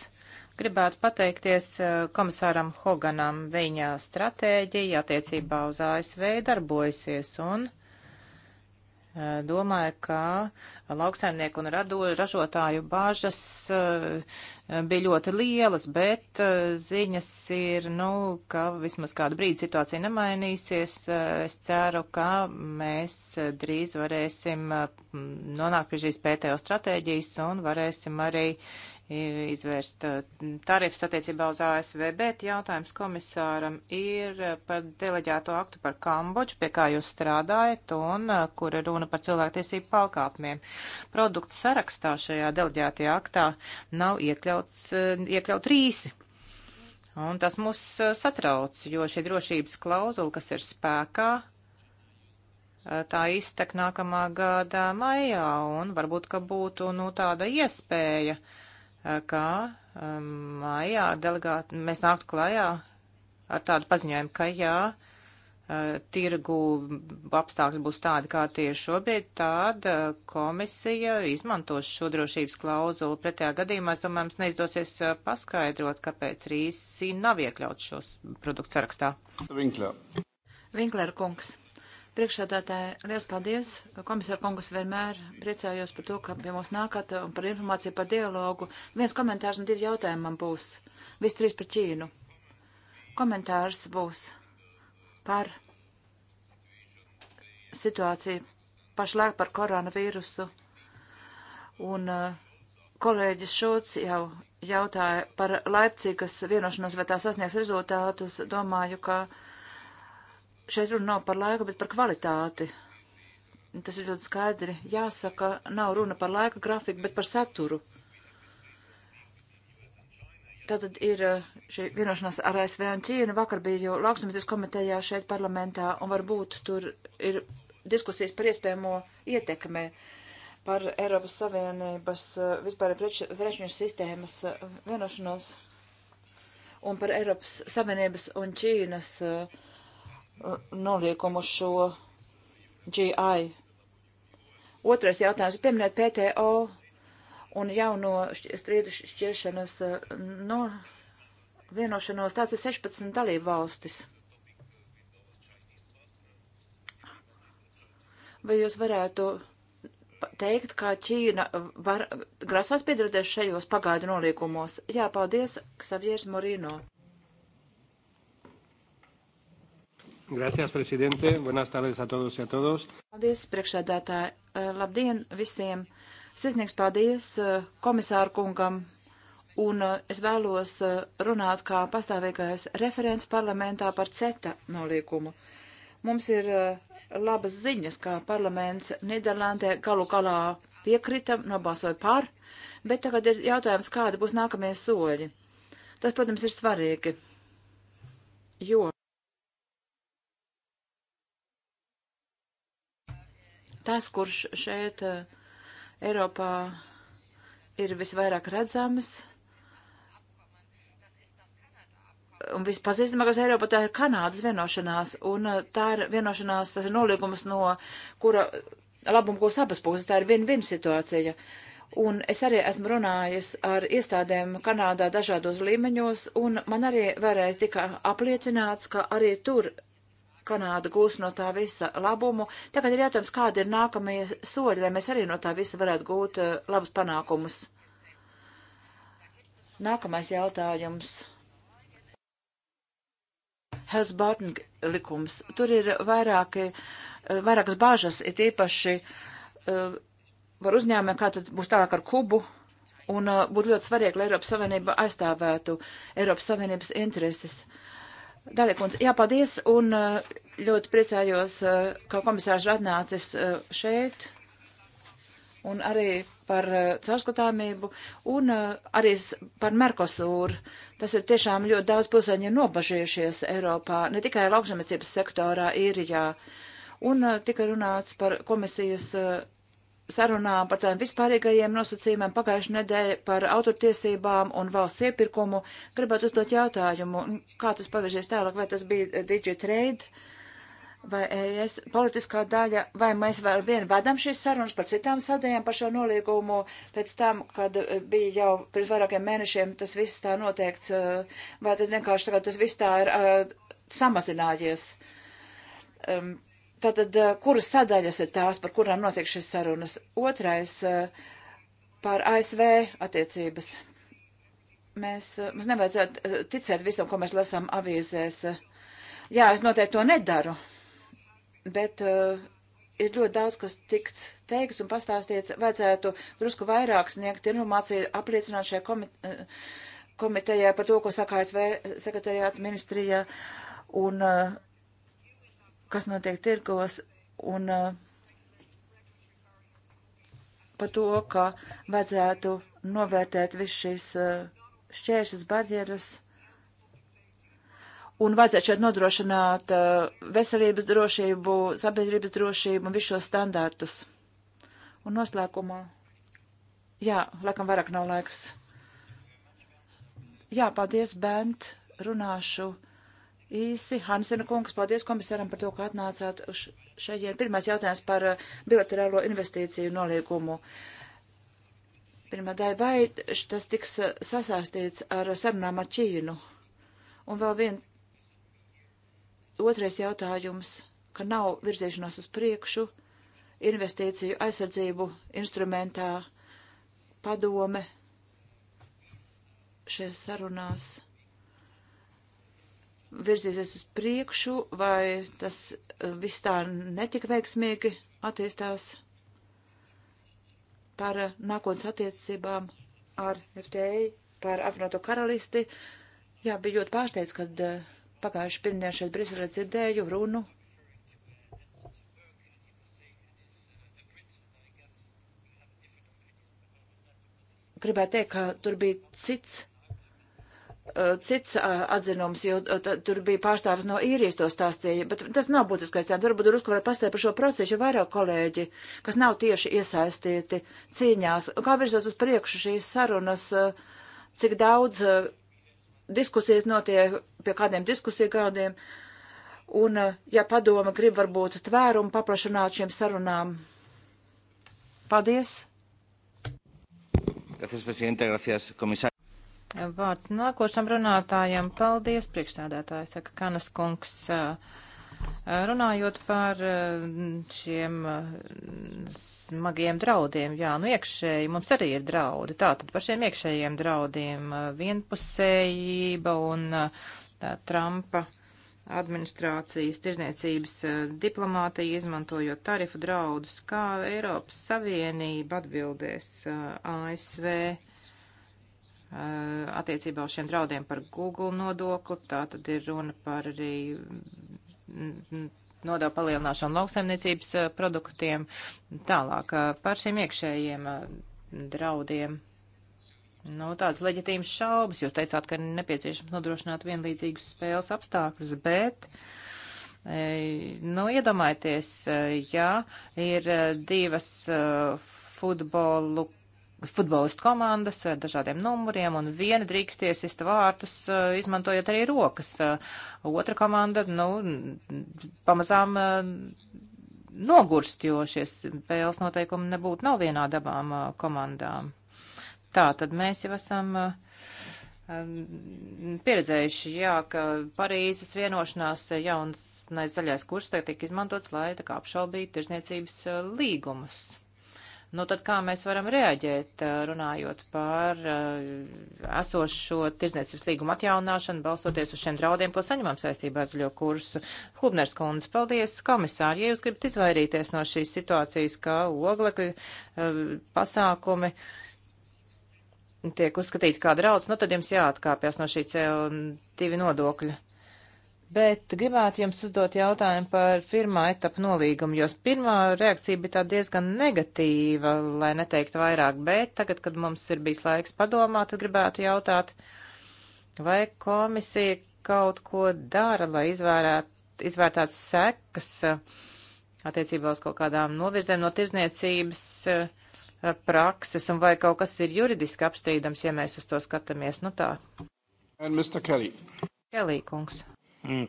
Gribētu pateikties eh, komisāram Hoganam. Viņa stratēģija attiecībā uz ASV darbojasies un domāju, ka lauksaimnieku un rado, ražotāju bāžas eh, bija ļoti lielas, bet eh, ziņas ir, nu, ka vismaz kādu brīdi situācija nemainīsies. Eh, es ceru, ka mēs drīz varēsim nonākt pie šīs PTO stratēģijas un varēsim arī izvērst uh, tarifs attiecībā uz ASV, bet jautājums komisāram ir uh, par deleģēto aktu par Kambodžu, pie kā jūs strādājat un uh, kur ir runa par cilvēktiesību palkāpumiem. Produktu sarakstā šajā deleģētajā aktā nav iekļauts, iekļaut rīsi. Un tas mūs satrauc, jo šī drošības klauzula, kas ir spēkā, tā iztek nākamā gada maijā, un varbūt, ka būtu, nu, tāda iespēja uh, kā um, mājā delegāti, mēs nāktu klajā ar tādu paziņojumu, ka jā, uh, tirgu apstākļi būs tādi, kā tie ir šobrīd, tāda uh, komisija izmantos šo drošības klauzulu. Pretējā gadījumā, es domāju, mums neizdosies uh, paskaidrot, kāpēc rīsi nav iekļauts šos produktu sarakstā. Vinklēr. Vinklēr kungs. Priekšsādātāji, liels paldies. Komisāra kungus vienmēr priecājos par to, ka pie mums nākat un par informāciju par dialogu. Viens komentārs un divi jautājumi man būs. Viss trīs par Ķīnu. Komentārs būs par situāciju pašlaik par koronavīrusu. Un uh, kolēģis Šūts jau jautāja par Laipcīgas vienošanos, vai tā sasniegs rezultātus. Domāju, ka. Uh, šeit runa nav par laiku, bet par kvalitāti. Tas ir ļoti skaidri jāsaka, nav runa par laika grafiku, bet par saturu. Tātad ir eh, šī vienošanās ar ASV un Ķīnu. Vakar bija jau lauksamības komitejā šeit parlamentā, un varbūt tur ir diskusijas par iespējamo ietekmē par Eiropas Savienības eh, vispār preču sistēmas eh, vienošanos un par Eiropas Savienības un Ķīnas uh, noliekumu šo GI. Otrais jautājums ir pieminēt PTO un jauno strīdu šķiršanas eh, no vienošanos. Tāds ir 16 dalību valstis. Vai jūs varētu teikt, kā Ķīna var grasās piedalīties šajos pagaidu noliekumos? Jā, paldies, Ksavieris Morino. Gracias, presidente. Buenas tardes a todos y a todos. Paldies, priekšsēdētāji. Eh, labdien visiem. Sisnieks paldies eh, komisāru kungam. Un eh, es vēlos runāt kā pastāvīgais referents parlamentā par CETA nolīkumu. Mums ir labas ziņas, kā parlaments Nīderlandē galu galā piekrita, nobalsoja par, bet tagad ir jautājums, kādi būs nākamie soļi. Tas, protams, ir svarīgi, jo tas, kurš šeit eh, Eiropā ir visvairāk redzams un vispazīstamākās Eiropā, tā ir Kanādas vienošanās, un eh, tā ir vienošanās, tas ir nolīgums, no kura labumu gūs abas puses, tā ir vien-vien situācija. Un es arī esmu runājis ar iestādēm Kanādā dažādos līmeņos, un man arī vēlreiz tika apliecināts, ka arī tur Kanāda gūs no tā visa labumu. Tagad ir jautājums, kādi ir nākamie soļi, lai mēs arī no tā visa varētu gūt uh, labus panākumus. Nākamais jautājums. Helsbārtn likums. Tur ir vairāki, eh, vairākas bāžas, ir īpaši uh, var uzņēmē, kā tad būs tālāk ar kubu. Un uh, būtu ļoti svarīgi, lai Eiropas Savienība aizstāvētu Eiropas Savienības intereses. Uh, Dalekundze, jā, paldies, un uh, ļoti priecājos, uh, ka komisārs ir atnācis uh, šeit, un arī par caurskatāmību, un arī par Merkosūru. Tas ir tiešām ļoti daudz pilsēņi nobažījušies Eiropā, ne tikai lauksamniecības sektorā, īrijā, un tika runāts par komisijas sarunām par tādiem vispārīgajiem nosacījumiem pagājušajā nedēļā par autortiesībām un valsts iepirkumu, gribētu uzdot jautājumu, kā tas pavirzies tālāk, vai tas bija DigiTrade vai ES politiskā daļa, vai mēs vēl vien vedam šīs sarunas par citām sadējām par šo noliegumu, pēc tam, kad bija jau pirms vairākiem mēnešiem tas viss tā noteikts, vai tas vienkārši tagad tas viss tā ir samazinājies. Um, Tātad, eh, kuras sadaļas ir tās, par kurām notiek šis sarunas? Otrais eh, par ASV attiecības. Mēs, eh, mums nevajadzētu ticēt visam, ko mēs lasām avīzēs. Jā, es noteikti to nedaru, bet uh, ir ļoti daudz, kas tikts teikts un pastāstīts. Vajadzētu drusku vairāk sniegt informāciju, apliecināt šajā komite, komitejā par to, ko saka ASV sekretariāts ministrijā. Un uh, kas notiek tirgos un uh, par to, ka vajadzētu novērtēt visu šīs uh, šķēršas barjeras. Un vajadzētu šeit nodrošināt uh, veselības drošību, sabiedrības drošību un visus šos standārtus. Un noslēgumā, jā, laikam vairāk nav laiks. Jā, paldies, Bent, runāšu Īsi, Hansena kungs, paldies komisaram par to, ka atnācāt šeit. Pirmais jautājums par uh, bilaterālo investīciju nolīgumu. Pirmā daļa, vai tas tiks uh, sasāstīts ar sarunām ar Ķīnu? Un vēl viens otrais jautājums, ka nav virzīšanās uz priekšu investīciju aizsardzību instrumentā padome šajās sarunās virzīsies uz priekšu, vai tas eh, viss tā netika veiksmīgi attīstās par eh, nākotnes attiecībām ar FTI, par apvienoto karalisti. Jā, bija ļoti pārsteigts, kad eh, pagājuši pirmdien šeit Briselē dzirdēju runu. Gribētu teikt, ka tur bija cits Uh, cits uh, atzinums, jo uh, tur bija pārstāvis no īrijas to stāstīja, bet tas nav būtiskais. Tātad varbūt drusku varētu pastāstīt par šo procesu, jo vairāk kolēģi, kas nav tieši iesaistīti cīņās, kā virzās uz priekšu šīs sarunas, cik daudz diskusijas notiek, pie kādiem diskusiju kādiem, un ja padoma grib varbūt tvērumu paplašināt šiem sarunām. Paldies! Gracias, presidente. Gracias, comisario. Vārds nākošam runātājam. Paldies, priekšsēdētāji, saka Kanas kungs. Eh, runājot par eh, šiem eh, smagiem draudiem, jā, nu iekšēji mums arī ir draudi. Tātad par šiem iekšējiem draudiem vienpusējība un tā, Trumpa administrācijas, tirzniecības diplomātija, izmantojot tarifu draudus, kā Eiropas Savienība atbildēs ASV Eh, attiecībā uz šiem draudiem par Google nodokli. Tā tad ir runa par arī nodevu palielināšanu lauksaimniecības eh, produktiem. Tālāk eh, par šiem iekšējiem draudiem. Nu, tāds leģitīms šaubas. Jūs teicāt, ka nepieciešams nodrošināt vienlīdzīgus spēles apstākļus, bet. Nu, iedomājieties, ja ir divas futbolu futbolistu komandas ar dažādiem numuriem, un viena drīksties izta vārtus, eh, izmantojot arī rokas. Eh, otra komanda, nu, pamazām eh, nogurst, jo šie spēles noteikumi nebūtu nav vienādi abām komandām. Tā, tad mēs jau esam pieredzējuši, jā, ka Parīzes vienošanās jauns zaļais kurs tiek izmantots, lai tā kā apšaubītu tirzniecības līgumus. Nu, tad kā mēs varam reaģēt, runājot par esošo tirdzniecības līgumu atjaunāšanu, balstoties uz šiem draudiem, ko saņemam saistībā ar zaļo kursu? Hubners kundze, paldies, komisāri, ja jūs gribat izvairīties no šīs situācijas, ka oglekļa pasākumi tiek uzskatīti kā draudz, nu tad jums jāatkāpjas no šī CO2 nodokļa. Bet gribētu jums uzdot jautājumu par pirmā etapa nolīgumu, jo pirmā reakcija bija tā diezgan negatīva, lai neteiktu vairāk, bet tagad, kad mums ir bijis laiks padomāt, gribētu jautāt, vai komisija kaut ko dara, lai izvērāt, izvērtātu sekas uh, attiecībā uz kaut kādām novirzēm no tirzniecības uh, prakses, un vai kaut kas ir juridiski apstrīdams, ja mēs uz to skatāmies. Nu tā. Kelly kungs. Mm,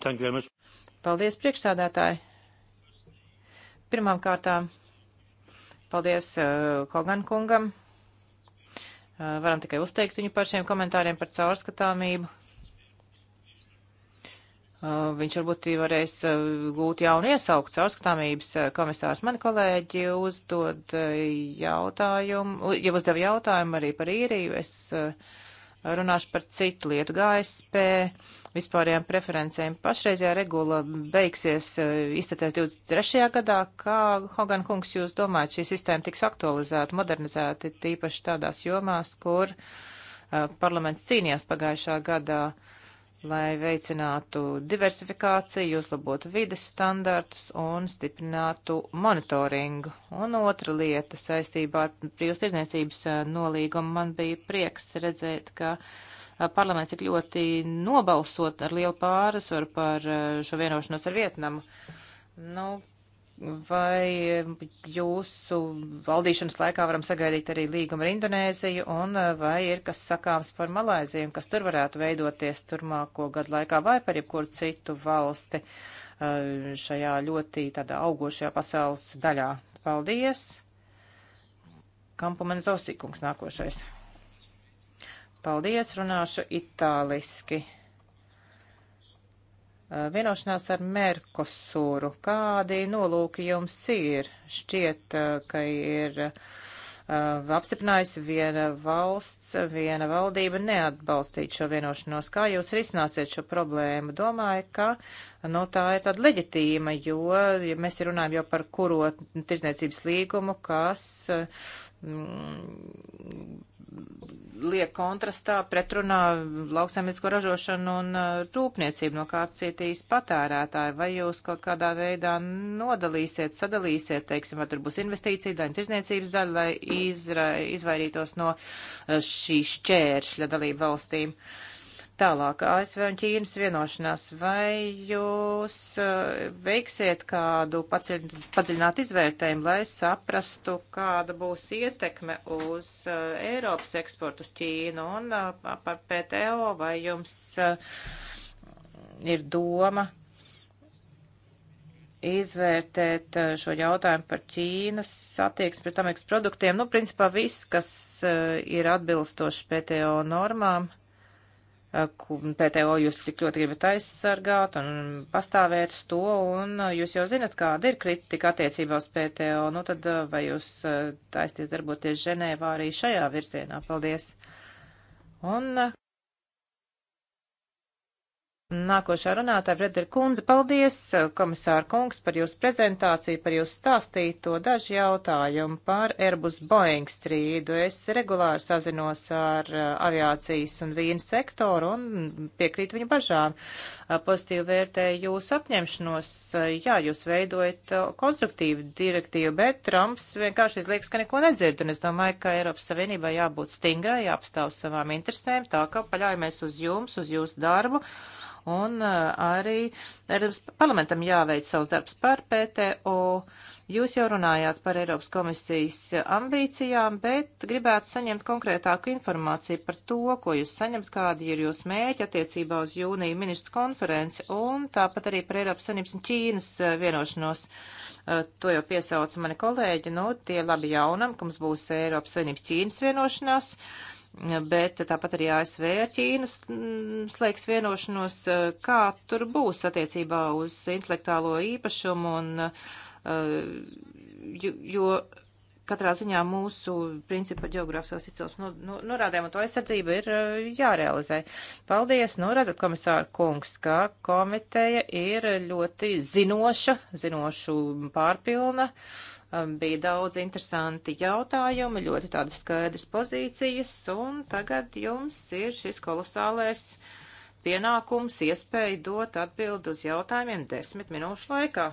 paldies, priekšsādātāji! Pirmām kārtām, paldies uh, Kogan kungam. Uh, varam tikai uzteikt viņu par šiem komentāriem par caurskatāmību. Uh, viņš varbūt varēs uh, gūt jaunu iesauku caurskatāmības uh, komisārs. Mani kolēģi uzdod uh, jautājumu, jau uzdeva jautājumu arī par īriju. Es uh, Runāšu par citu lietu GSP, vispārējām preferencēm. Pašreizējā regula beigsies eh, iztecēs 23. gadā. Kā, Hogan kungs, jūs domājat, šī sistēma tiks aktualizēta, modernizēta, tīpaši tādās jomās, kur uh, parlaments cīnījās pagājušā gadā? Uh, lai veicinātu diversifikāciju, uzlabotu vides standartus un stiprinātu monitoringu. Un otra lieta saistībā ar brīvas tirdzniecības eh, nolīgumu man bija prieks redzēt, ka eh, parlaments tik ļoti nobalsot ar lielu pārsvaru par eh, šo vienošanos ar Vietnamu. Nu, Vai um, jūsu valdīšanas laikā varam sagaidīt arī līgumu ar Indonēziju, un uh, vai ir kas sakāms par Malaiziju, kas tur varētu veidoties turmāko gadu laikā, vai par jebkuru citu valsti uh, šajā ļoti tādā augošajā pasaules daļā? Paldies! Kampumen Zausīkungs nākošais. Paldies, runāšu itāliski. Eh, vienošanās ar Merkosūru. Kādi nolūki jums ir? Šķiet, eh, ka ir eh, apstiprinājusi viena valsts, viena valdība neatbalstīt šo vienošanos. Kā jūs risināsiet šo problēmu? Domāju, ka nu, tā ir tāda leģitīma, jo ja mēs runājam jau par kuro tirdzniecības līgumu, kas uh, Mm, liek kontrastā pretrunā lauksaimniecisko ražošanu un uh, rūpniecību, no kā cietīs patērētāji, vai jūs kaut kādā veidā nodalīsiet, sadalīsiet, teiksim, vai tur būs investīcija daļa, tirzniecības daļa, lai izra, izvairītos no uh, šī šķēršļa dalību valstīm. Uh, Tālāk, ASV un Ķīnas vienošanās, vai jūs eh, veiksiet kādu padziļinātu izvērtējumu, lai saprastu, kāda būs ietekme uz eh, Eiropas eksportu uz Ķīnu un eh, par PTO, vai jums ir doma izvērtēt šo jautājumu par Ķīnas attieksmi pret amerikas produktiem? Nu, principā viss, kas ir atbilstoši PTO normām Eh, PTO jūs tik ļoti gribat aizsargāt un pastāvēt uz to, un eh, jūs jau zinat, kāda ir kritika attiecībā uz PTO, nu tad eh, vai jūs taisties darboties Ženēvā arī šajā virzienā? Paldies! Un Nākošā runātāja Fredera Kunze, paldies, komisāra kungs, par jūsu prezentāciju, par jūsu stāstīto daži jautājumi par Airbus Boeing strīdu. Es regulāri sazinos ar uh, aviācijas un vīnu sektoru un piekrītu viņu bažām. Uh, pozitīvi vērtēju jūsu apņemšanos. Uh, jā, jūs veidojat konstruktīvu direktīvu, bet Trumps vienkārši izliekas, ka neko nedzird. Un es domāju, ka Eiropas Savienībā jābūt stingrai, jāapstāv savām interesēm, tā ka paļaujamies uz jums, uz jūsu darbu. Un uh, arī Eiropas parlamentam jāveic savs darbs par PTO. Jūs jau runājāt par Eiropas komisijas ambīcijām, bet gribētu saņemt konkrētāku informāciju par to, ko jūs saņemat, kādi ir jūsu mēķi attiecībā uz jūniju ministru konferenci un tāpat arī par Eiropas Savienības un Ķīnas uh, vienošanos. Uh, to jau piesauca mani kolēģi, nu tie labi jaunam, ka mums būs Eiropas Savienības Ķīnas vienošanās. Uh, bet tāpat arī ASV ar Ķīnu slēgs vienošanos, e, kā tur būs attiecībā uz intelektuālo īpašumu, un, e, jo katrā ziņā mūsu principu par geogrāfiskās izcelsmes no, no, norādēm un to aizsardzību ir e, jārealizē. Paldies, nu redzat, komisāra kungs, ka komiteja ir ļoti zinoša, zinošu pārpilna. Uh, Um, bija daudz interesanti jautājumi, ļoti tādas skaidras pozīcijas, un tagad jums ir šis kolosālais pienākums, iespēja dot atbildi uz jautājumiem desmit minūšu laikā.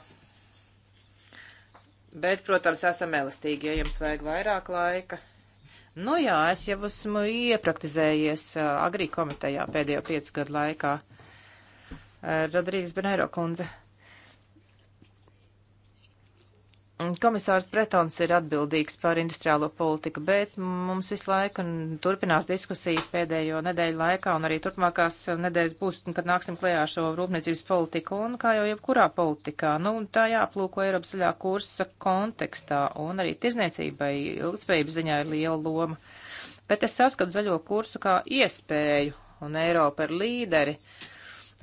Bet, protams, esam elastīgi, ja jums vajag vairāk laika. Nu jā, es jau esmu iepraktizējies uh, agrī komitejā pēdējo piecu gadu laikā. Uh, Rodrīgas Benēro kundze. Mm, komisārs Bretons ir atbildīgs par industriālo politiku, bet mums visu laiku turpinās diskusija pēdējo nedēļu laikā un arī turpmākās nedēļas būs, kad nāksim klējā šo rūpniecības politiku un kā jau jebkurā politikā. Nu, tā jāplūko Eiropas zaļā kursa kontekstā un arī tirzniecībai ilgspējības ziņā ir liela loma. Bet es saskatu zaļo kursu kā iespēju un Eiropa ir līderi. Uh,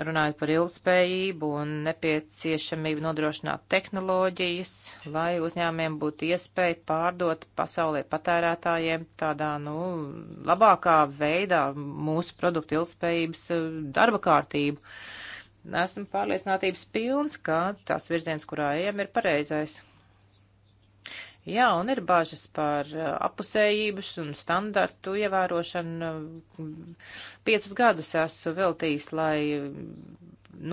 runājot par ilgspējību un nepieciešamību nodrošināt tehnoloģijas, lai uzņēmiem būtu iespēja pārdot pasaulē patērētājiem tādā, nu, labākā veidā mūsu produktu ilgspējības eh, darba kārtību. Esmu pārliecinātības pilns, ka tas virziens, kurā ejam, ir pareizais. Jā, un ir bažas par uh, apusējības un standartu ievērošanu. Piecus gadus esmu veltījis, lai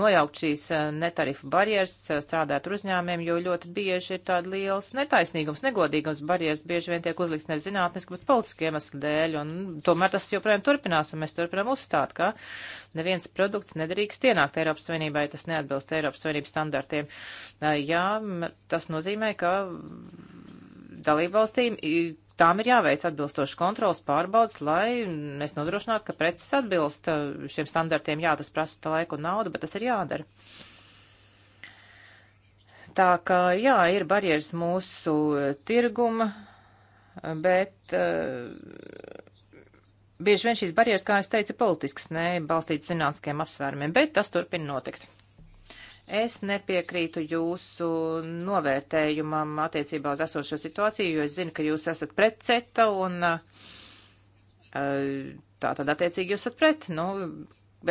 nojaukt šīs uh, netarifu barjeras, uh, strādāt ar uzņēmiem, jo ļoti bieži ir tāda liels netaisnīgums, negodīgums barjeras, bieži vien tiek uzlikts nevis zinātniski, bet politiski iemesli dēļ, un tomēr tas joprojām turpinās, un mēs turpinām uzstāt, ka neviens produkts nedrīkst ienākt Eiropas Savienībā, ja tas neatbilst Eiropas Savienības standartiem. Jā, tas nozīmē, ka dalībvalstīm tām ir jāveic atbilstoši kontrols pārbaudas, lai mēs nodrošinātu, ka preces atbilst šiem standartiem. Jā, tas prasa laiku un naudu, bet tas ir jādara. Tā kā, jā, ir barjeras mūsu tirguma, bet bieži vien šīs barjeras, kā es teicu, politisks, ne balstīts zinātniskiem apsvērumiem, bet tas turpina notikt. Es nepiekrītu jūsu novērtējumam attiecībā uz esošo situāciju, jo es zinu, ka jūs esat pret CETA un eh, tā tad attiecīgi jūs esat pret. Nu,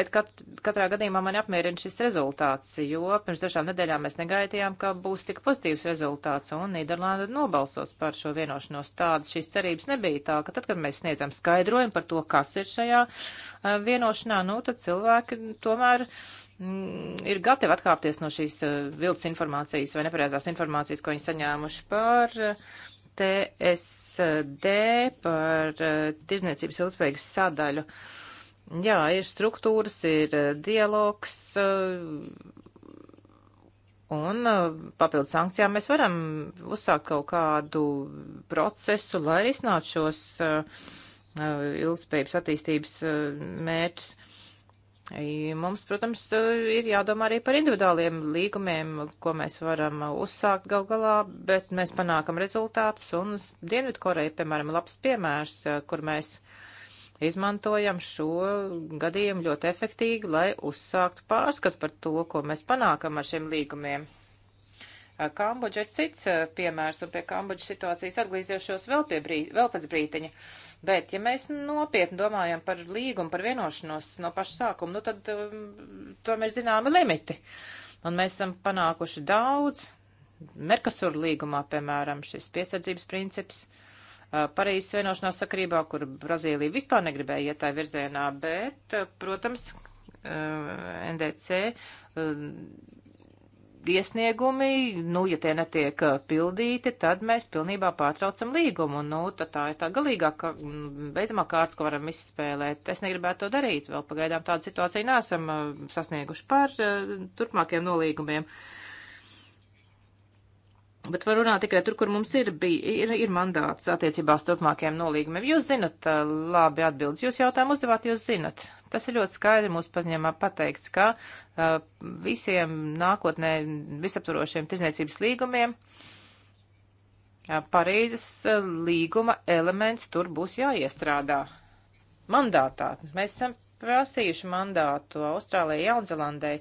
bet kat, katrā gadījumā man apmierina šis rezultāts, jo pirms dažām nedēļām mēs negaidījām, ka būs tik pozitīvs rezultāts un Nīderlanda nobalsos par šo vienošanos. Tādas šīs cerības nebija tā, ka tad, kad mēs sniedzam skaidrojumu par to, kas ir šajā eh, vienošanā, nu tad cilvēki tomēr Mm, ir gatavi atkāpties no šīs eh, viltus informācijas vai nepareizās informācijas, ko viņi saņēmuši par eh, TSD, par eh, tirzniecības ilgspējīgas sadaļu. Jā, ir struktūras, ir dialogs, Un papildus sankcijām mēs varam uzsākt kaut kādu procesu, lai risinātu šos uh, ilgspējības attīstības uh, mērķus. Mums, protams, eh, ir jādomā arī par individuāliem līgumiem, ko mēs varam uzsākt gal galā, bet mēs panākam rezultātus, un Dienvidkoreja, piemēram, labs piemērs, eh, kur mēs izmantojam šo gadījumu ļoti efektīgi, lai uzsāktu pārskatu par to, ko mēs panākam ar šiem līgumiem. Kambodža ir cits piemērs, un pie Kambodžas situācijas atgriezīšos vēl, brīd, vēl pēc brīteņa. Bet, ja mēs nopietni domājam par līgumu, par vienošanos no paša sākuma, nu tad um, tam ir zināmi limiti. Un mēs esam panākuši daudz. Merkasur līgumā, piemēram, šis piesardzības princips. Parīzes vienošanās sakarībā, kur Brazīlija vispār negribēja iet tā virzienā, bet, protams, NDC iesniegumi, nu, ja tie netiek uh, pildīti, tad mēs pilnībā pārtraucam līgumu. Un, nu, tā ir tā galīgā, ka, mm, beidzamā kārts, ko varam izspēlēt. Es negribētu to darīt. Vēl pagaidām tādu situāciju nesam uh, sasnieguši par uh, turpmākiem nolīgumiem. Uh, Bet var runāt tikai tur, kur mums ir, bija, ir, ir mandāts attiecībās turpmākajiem nolīgumiem. Jūs zinat, labi atbildes, jūs jautājumu uzdevāt, jūs zinat. Tas ir ļoti skaidri mūsu paziņojumā pateikts, ka uh, visiem nākotnē visaptvarošiem tirzniecības līgumiem uh, Parīzes uh, līguma elements tur būs jāiestrādā mandātā. Mēs esam prasījuši mandātu Austrālijai, Jaunzelandai.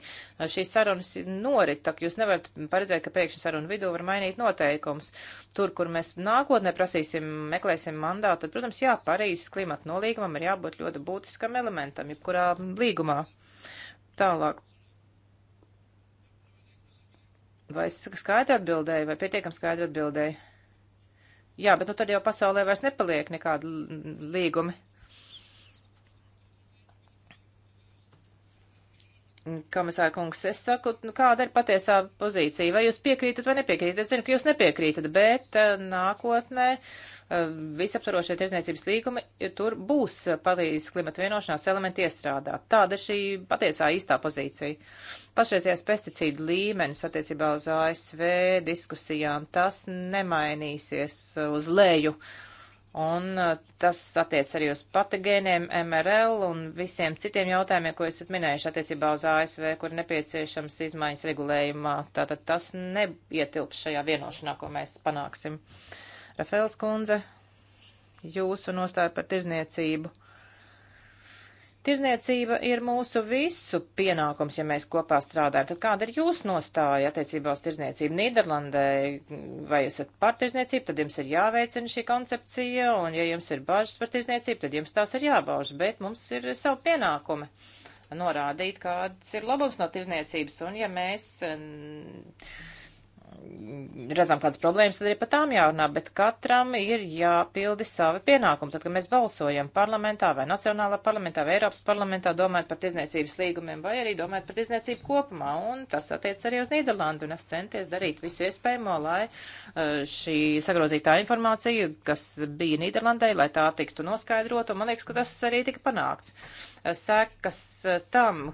Šīs sarunas norit, tak jūs nevarat paredzēt, ka pēkšņi sarunu vidū var mainīt noteikums. Tur, kur mēs nākotnē prasīsim, meklēsim mandātu, tad, protams, jā, Parīzes klimata nolīgumam ir jābūt ļoti būtiskam elementam, jebkurā līgumā. Tālāk. Vai es skaidri atbildēju, vai pietiekam skaidri atbildēju? Jā, bet nu tad jau pasaulē vairs nepaliek nekādi līgumi. Komisāra kungs, es saku, nu, kāda ir patiesā pozīcija? Vai jūs piekrītat vai nepiekrītat? Es zinu, ka jūs nepiekrītat, bet uh, nākotnē uh, visaptvarošie tirzniecības līgumi tur būs palīdzis klimata vienošanās elementi iestrādāt. Tāda šī patiesā īstā pozīcija. Pašreizējais pesticīdu līmenis attiecībā uz ASV diskusijām tas nemainīsies uz leju. Uh, Un eh, tas attiec arī uz patogēniem, MRL un visiem citiem jautājumiem, ko esat minējuši attiecībā uz ASV, kur nepieciešams izmaiņas regulējumā. Tātad tas neietilps šajā vienošanā, ko mēs panāksim. Rafēls kundze, jūsu nostāja par tirzniecību Tirzniecība ir mūsu visu pienākums, ja mēs kopā strādājam. Tad kāda ir jūsu nostāja attiecībā uz tirzniecību Nīderlandē? Vai esat par tirzniecību, tad jums ir jāveicina šī koncepcija, un ja jums ir bažas par tirzniecību, tad jums tās ir jābauž, bet mums ir savi pienākumi norādīt, kāds ir labums no tirzniecības, un ja mēs. Mm, redzam kādas problēmas, tad ir par tām jārunā, bet katram ir jāpildi savi pienākumi. Tad, kad mēs balsojam parlamentā vai nacionālā parlamentā vai Eiropas parlamentā, domājot par tiesniecības līgumiem vai arī domājot par tiesniecību kopumā, un tas attiec arī uz Nīderlandu, un es centies darīt visu iespējamo, lai uh, šī sagrozītā informācija, kas bija Nīderlandai, lai tā tiktu noskaidrota, un man liekas, ka tas arī tika panākts sekas eh, tam,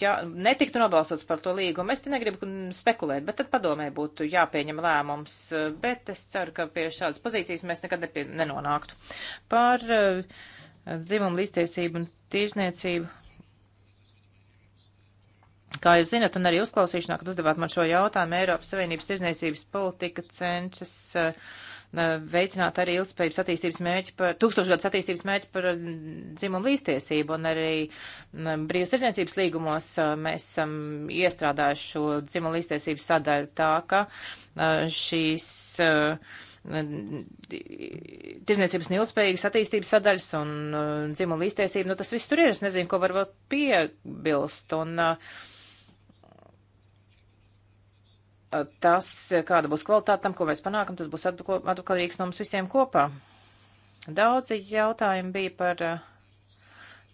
ja netiktu nobalsots par to līgumu. Es te negribu spekulēt, bet tad padomē būtu jāpieņem lēmums, eh, bet es ceru, ka pie šādas pozīcijas mēs nekad nepie, nenonāktu. Par eh, dzimumu līdztiesību un tīrzniecību Kā jūs zinat, un arī uzklausīšanā, kad uzdevāt man šo jautājumu, Eiropas Savienības tirzniecības politika cenšas eh, veicināt arī ilgspējības attīstības mērķi par, tūkstošgadus attīstības mērķi par eh, dzimumu līstiesību un arī mm, brīvas tirdzniecības līgumos eh, mēs esam iestrādājuši šo dzimumu līstiesības sadaļu tā, ka šīs tirdzniecības un ilgspējīgas attīstības sadaļas un dzimumu līstiesība, nu tas viss tur ir, es nezinu, ko var vēl piebilst un uh, tas, kāda būs kvalitāte tam, ko mēs panākam, tas būs atbildīgs no mums visiem kopā. Daudzi jautājumi bija par,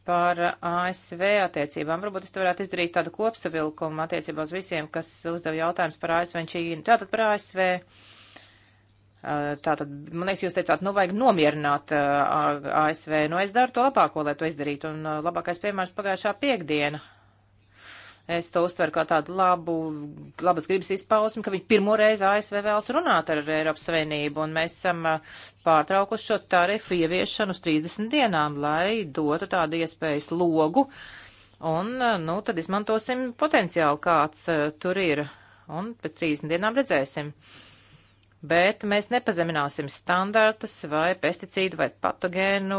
par ASV attiecībām. Varbūt es te varētu izdarīt tādu kopsavilkumu attiecībā uz visiem, kas uzdeva jautājumus par ASV un Čīnu. Tātad par ASV. Tātad, man liekas, jūs teicāt, nu vajag nomierināt ASV. Nu, es daru to labāko, lai to izdarītu. Un labākais piemērs pagājušā piekdiena Es to uztveru kā tādu labu, labas gribas izpausmi, ka viņi pirmo reizi ASV vēlas runāt ar Eiropas Savienību, un mēs esam pārtraukuši šo tarifu ieviešanu uz 30 dienām, lai dotu tādu iespējas logu, un, nu, tad izmantosim potenciāli, kāds tur ir, un pēc 30 dienām redzēsim. Uh, bet mēs nepazemināsim standartus vai pesticīdu vai patogēnu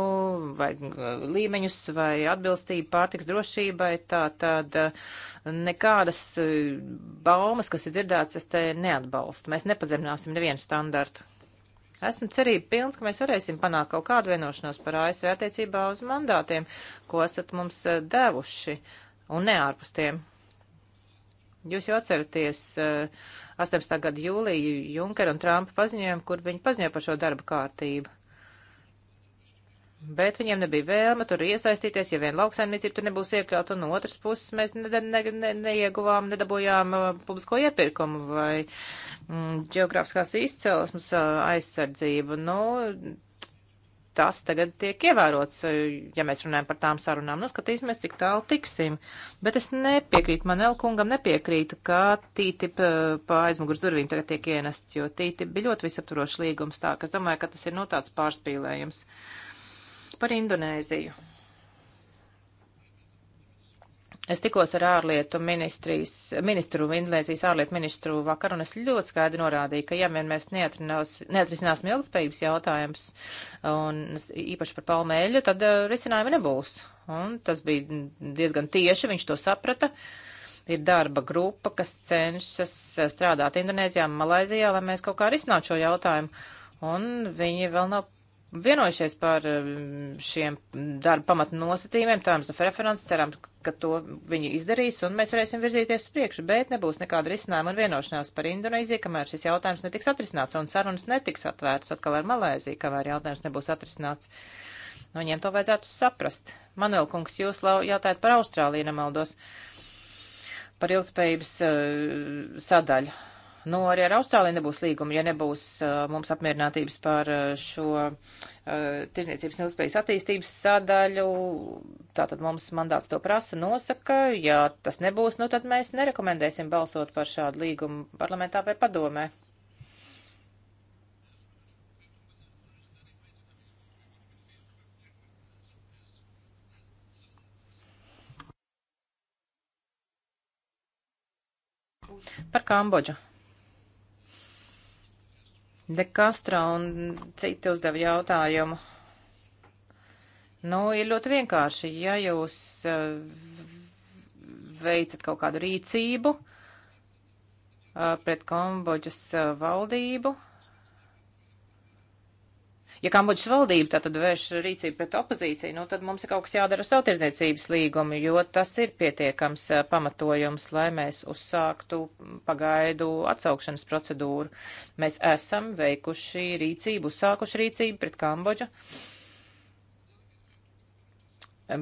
vai uh, līmeņus vai atbilstību pārtiks drošībai. Tā tad uh, nekādas uh, baumas, kas ir dzirdētas, es te neatbalstu. Mēs nepazemināsim nevienu standartu. Esmu cerība pilns, ka mēs varēsim panākt kaut kādu vienošanos par ASV attiecībā uz mandātiem, ko esat mums devuši, un ne ārpus tiem. Jūs jau atceraties 18. Eh, gada jūliju Junker un Trumpa paziņojumu, kur viņi paziņoja par šo darba kārtību. Bet viņiem nebija vēlme tur iesaistīties, ja vien lauksaimniecība tur nebūs iekļauta, un no otras puses mēs ne, ne, ne, neieguvām, nedabūjām uh, publisko iepirkumu vai mm, geogrāfiskās izcelsmes uh, aizsardzību. Nu, tas tagad tiek ievērots, eh, ja mēs runājam par tām sarunām. Nu, skatīsimies, cik tālu tiksim. Bet es nepiekrītu, man Elkungam nepiekrītu, ka TTIP eh, pa aizmugurs durvīm tagad tiek ienests, jo TTIP bija ļoti visaptvarošs līgums tā, ka es domāju, ka tas ir no nu, tāds pārspīlējums par Indonēziju. Es tikos ar ārlietu ministru, Indonēzijas ārlietu ministru vakar, un es ļoti skaidri norādīju, ka, ja vien mēs neatrisināsim ilgspējības jautājumus, un īpaši par palmēļu, tad uh, eh, risinājuma nebūs. Un tas bija diezgan tieši, viņš to saprata. Ir darba grupa, kas cenšas eh, strādāt Indonēzijā, Malaizijā, lai mēs kaut kā risinātu šo jautājumu. Un viņi vēl nav vienojušies par um, šiem darba pamatu nosacījumiem, tāms of reference, ceram, ka to viņi izdarīs un mēs varēsim virzīties uz priekšu, bet nebūs nekāda risinājuma un vienošanās par Indonēziju, kamēr šis jautājums netiks atrisināts un sarunas netiks atvērts atkal ar Malēziju, kamēr jautājums nebūs atrisināts. No viņiem to vajadzētu saprast. Manuel kungs, jūs jautājat par Austrāliju, nemaldos, par ilgspējības uh, sadaļu. Nu, arī ar Austrāliju nebūs līguma, ja nebūs uh, mums apmierinātības par uh, šo uh, tirzniecības un ilgspējas attīstības sadaļu. Tātad mums mandāts to prasa, nosaka, ja tas nebūs, nu tad mēs nerekomendēsim balsot par šādu līgumu parlamentā vai padomē. Par Kambodžu. De Castro un citi uzdeva jautājumu. Nu, ir ļoti vienkārši, ja jūs eh, veicat kaut kādu rīcību eh, pret Kambodžas eh, valdību, ja Kambodžas valdība tātad vērš rīcību pret opozīciju, nu tad mums ir kaut kas jādara savtirdzniecības līgumu, jo tas ir pietiekams pamatojums, lai mēs uzsāktu pagaidu atsaukšanas procedūru. Mēs esam veikuši rīcību, uzsākuši rīcību pret Kambodžu. Uh,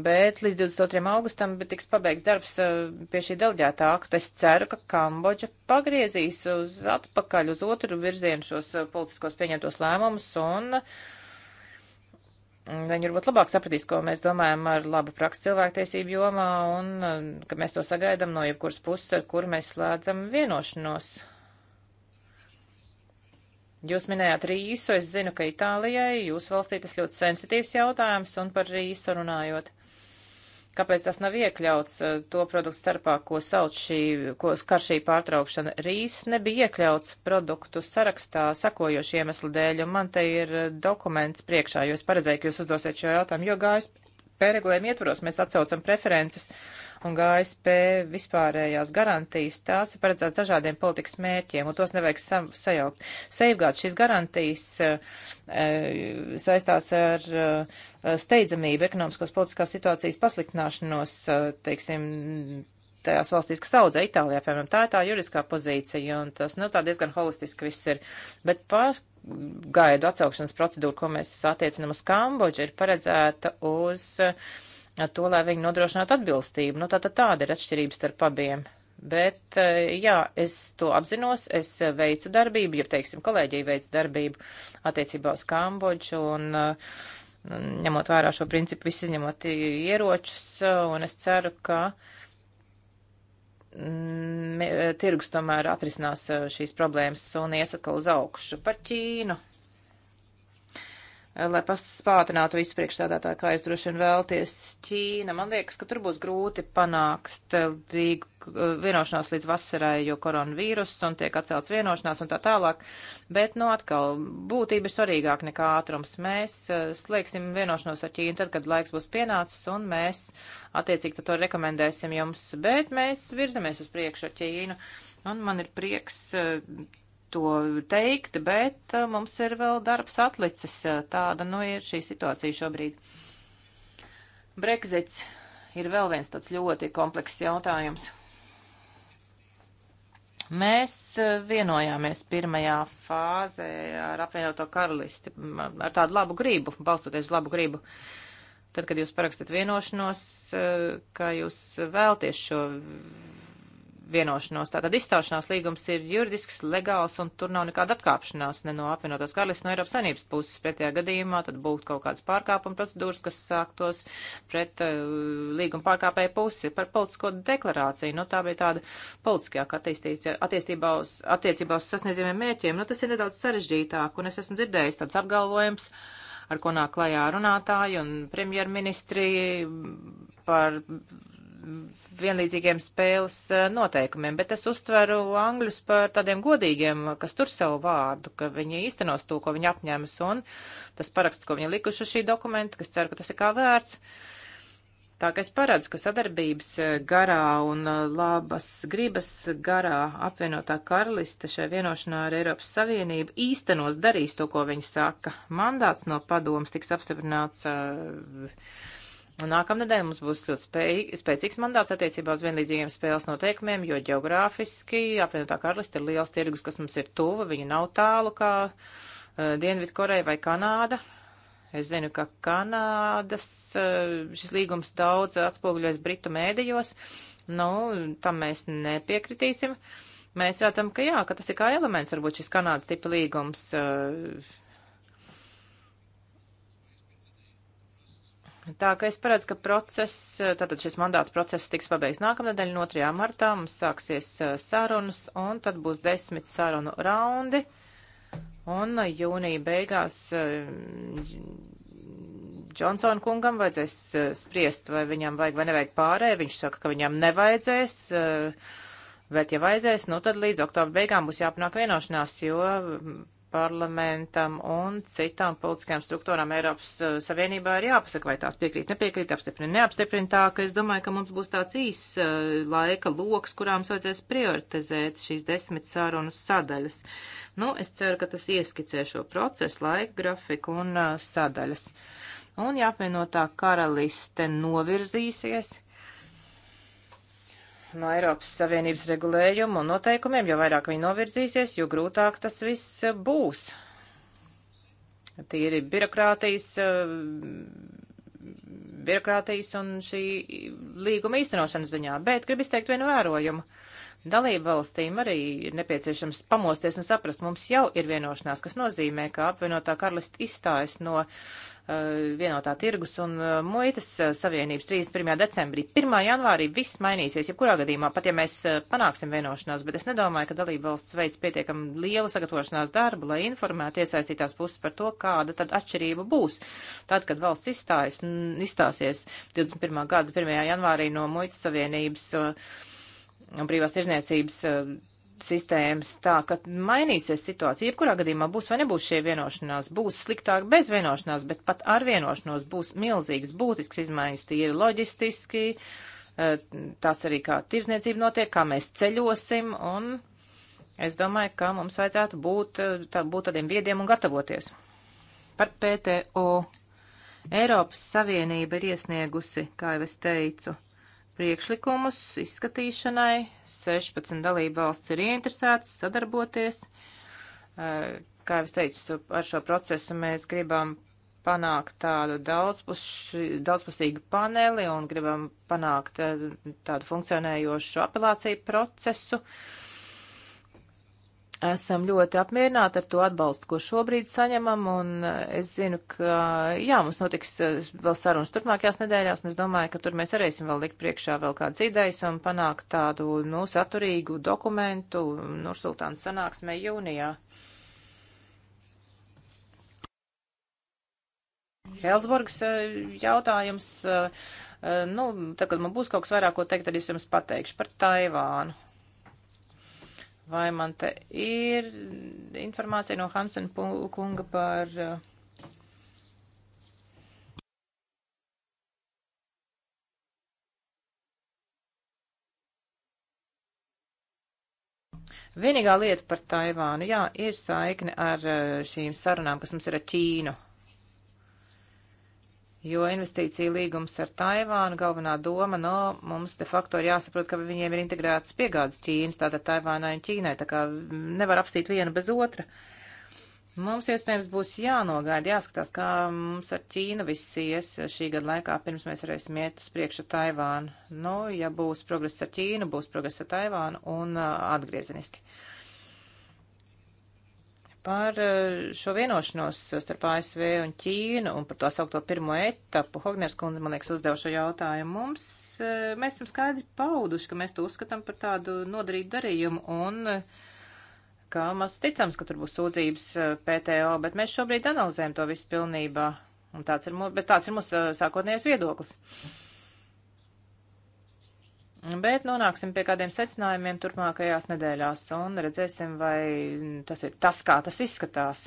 Bet līdz 22. augustam tiks pabeigts darbs eh, pie šī delģētā akta. Es ceru, ka Kambodža pagriezīs uz atpakaļ uz otru virzienu šos eh, politiskos pieņemtos lēmumus un mm, viņi varbūt labāk sapratīs, ko mēs domājam ar labu praksi cilvēktiesību jomā un eh, ka mēs to sagaidam no jebkuras puses, ar kur mēs slēdzam vienošanos Jūs minējāt rīsu, es zinu, ka Itālijai jūsu valstī tas ļoti sensitīvs jautājums un par rīsu runājot. Kāpēc tas nav iekļauts eh, to produktu starpā, ko sauc šī, ko skar šī pārtraukšana? Rīs nebija iekļauts produktu sarakstā sakojošu iemeslu dēļ, un man te ir eh, dokuments priekšā, jo es paredzēju, ka jūs uzdosiet šo jautājumu, jo gājas pēreglēm ietvaros mēs atsaucam preferences un GSP vispārējās garantijas, tās ir paredzētas dažādiem politikas mērķiem, un tos nevajag sa sajaukt. Seifgārds šīs garantijas e, saistās ar e, steidzamību ekonomiskos politiskās situācijas pasliktināšanos, e, teiksim, tajās valstīs, kas audzē Itālijā, piemēram, tā ir tā juridiskā pozīcija, un tas, nu, tā diezgan holistiski viss ir. Bet par gaidu atsaukšanas procedūru, ko mēs attiecinam uz Kambodžu, ir paredzēta uz uh, to, lai viņi nodrošinātu atbilstību. Nu, tātad tāda ir atšķirība starp abiem. Bet, eh, jā, es to apzinos, es eh, veicu darbību, ja, teiksim, kolēģija veic darbību attiecībā uz Kambodžu un eh, ņemot vērā šo principu, visi izņemot ieročus, un es ceru, ka mm, tirgus tomēr atrisinās šīs problēmas un ies atkal uz augšu par Ķīnu lai pātrinātu visu priekšstādātāju, kā es droši vien vēlties. Ķīna, man liekas, ka tur būs grūti panākt eh, līgu, eh, vienošanās līdz vasarai, jo koronavīruss un tiek atcelts vienošanās un tā tālāk. Bet, nu, atkal, būtība ir svarīgāk nekā ātrums. Mēs eh, slēgsim vienošanos ar Ķīnu tad, kad laiks būs pienācis, un mēs attiecīgi to rekomendēsim jums. Bet mēs virzamies uz priekšu ar Ķīnu, un man ir prieks to teikt, bet uh, mums ir vēl darbs atlicis. Uh, tāda nu ir šī situācija šobrīd. Brexits ir vēl viens tāds ļoti komplekss jautājums. Mēs uh, vienojāmies pirmajā fāzē ar apvienoto karalisti, ar tādu labu gribu, balstoties uz labu gribu. Tad, kad jūs parakstat vienošanos, ka jūs vēlties šo vienošanos. Tātad izstāšanās līgums ir juridisks, legāls un tur nav nekāda atkāpšanās ne no apvienotās karalists no Eiropas saimnības puses. Pretējā gadījumā tad būtu kaut kādas pārkāpuma procedūras, kas sāktos pret uh, līguma pārkāpēju pusi par politisko deklarāciju. Nu, tā bija tāda politiskajāka attiecībā uz, attiecībā uz sasniedzamiem mērķiem. Nu, tas ir nedaudz sarežģītāk un es esmu dzirdējis tāds apgalvojums ar ko nāk klajā runātāji un premjerministri par vienlīdzīgiem spēles eh, noteikumiem, bet es uztveru angļus par tādiem godīgiem, kas tur savu vārdu, ka viņi īstenos to, ko viņi apņēmas, un tas paraksts, ko viņi likuši šī dokumenta, kas ceru, ka tas ir kā vērts. Tā kā es paredzu, ka sadarbības eh, garā un eh, labas gribas garā apvienotā karaliste šai vienošanā ar Eiropas Savienību īstenos darīs to, ko viņi saka. Mandāts no padomas tiks apstiprināts. Uh, Un nākamnedēļ mums būs ļoti spēj, spēcīgs mandāts attiecībā uz vienlīdzīgiem spēles noteikumiem, jo geogrāfiski apvienotā karaliste ir liels tirgus, kas mums ir tuva, viņa nav tālu kā uh, Dienvidkoreja vai Kanāda. Es zinu, ka Kanādas uh, šis līgums daudz atspoguļojas Britu mēdījos. Nu, tam mēs nepiekritīsim. Mēs redzam, ka jā, ka tas ir kā elements, varbūt šis Kanādas tipa līgums. Uh, Tā ka es paredzu, ka process, tātad šis mandāts process tiks pabeigts nākamnedēļ no 3. martā, mums sāksies eh, sarunas, un tad būs desmit sarunu raundi, un eh, jūnija beigās Džonsona eh, kungam vajadzēs spriest, vai viņam vajag vai nevajag pārēju, viņš saka, ka viņam nevajadzēs, bet ja vajadzēs, nu tad līdz oktobra beigām būs jāpanāk vienošanās, jo parlamentam un citām politiskajām struktūrām Eiropas eh, Savienībā ir jāpasaka, vai tās piekrīt, nepiekrīt, apstiprina, neapstiprina tā, ka es domāju, ka mums būs tāds īs eh, laika loks, kurām vajadzēs prioritizēt šīs desmit sarunu sadaļas. Nu, es ceru, ka tas ieskicē šo procesu, laika grafiku un uh, sadaļas. Un jāapvienotā karaliste novirzīsies no Eiropas Savienības regulējumu un noteikumiem, jo vairāk viņi novirzīsies, jo grūtāk tas viss eh, būs. Tīri birokrātijas, eh, birokrātijas un šī līguma īstenošanas ziņā, bet gribu izteikt vienu vērojumu. Dalību valstīm arī ir nepieciešams pamosties un saprast, mums jau ir vienošanās, kas nozīmē, ka apvienotā karalista izstājas no uh, Eh, vienotā tirgus un eh, muitas eh, savienības 31. decembrī. 1. janvārī viss mainīsies, jebkurā gadījumā, pat ja mēs panāksim vienošanos, bet es nedomāju, ka dalība valsts veids pietiekam lielu sagatavošanās darbu, lai informētu iesaistītās puses par to, kāda tad atšķirība būs. Tad, kad valsts izstājas, izstāsies 21. gada 1. janvārī no muitas savienības un brīvās tirzniecības sistēmas tā, ka mainīsies situācija. Jebkurā gadījumā būs vai nebūs šie vienošanās, būs sliktāk bez vienošanās, bet pat ar vienošanos būs milzīgas, būtisks izmaiņas tīri loģistiski, eh, tas arī kā tirzniecība notiek, kā mēs ceļosim, un es domāju, ka mums vajadzētu būt, eh, tā, būt tādiem viediem un gatavoties. Par PTO Eiropas Savienība ir iesniegusi, kā jau es teicu, priekšlikumus izskatīšanai. 16 dalība valsts ir ieinteresētas sadarboties. Kā jau es teicu, ar šo procesu mēs gribam panākt tādu daudzpus, daudzpusīgu paneli un gribam panākt tādu funkcionējošu apelāciju procesu. Uh, esam ļoti apmierināti ar to atbalstu, ko šobrīd saņemam, un e, es zinu, ka, jā, mums notiks e, vēl sarunas turpmākajās nedēļās, un es domāju, ka tur mēs varēsim vēl likt priekšā vēl kādas idejas un panākt tādu, nu, saturīgu dokumentu Nursultāna sanāksmē jūnijā. Helsburgas e, jautājums, nu, tagad man būs kaut kas vairāk ko teikt, tad es jums pateikšu par Taivānu Vai man te ir informācija no Hansen kunga par. Uh, vienīgā lieta par Taivānu, jā, ir saikne ar uh, šīm sarunām, kas mums ir ar Ķīnu jo investīcija līgums ar Taivānu galvenā doma, no mums de facto ir jāsaprot, ka viņiem ir integrētas piegādes Ķīnas, tātad Taivānai un Ķīnai, tā kā nevar apstīt vienu bez otra. Mums iespējams būs jānogaida, jāskatās, kā mums ar Ķīnu viss ies šī gada laikā, pirms mēs varēsim iet uz priekšu ar Taivānu. Nu, ja būs progress ar Ķīnu, būs progress ar Taivānu un uh, atgriezeniski. Uh, par eh, šo vienošanos starp ASV un Ķīnu un par to saukto pirmo etapu. Hogners kundze, man liekas, uzdeva šo jautājumu mums. Eh, mēs esam skaidri pauduši, ka mēs to uzskatām par tādu nodarītu darījumu un eh, ka maz ticams, ka tur būs sūdzības PTO, bet mēs šobrīd analizējam to visu pilnībā. Un tāds ir, mūs, bet tāds ir mūsu sākotnējais viedoklis. Uh, Bet nonāksim pie kādiem secinājumiem turpmākajās nedēļās un redzēsim, vai tas ir tas, kā tas izskatās.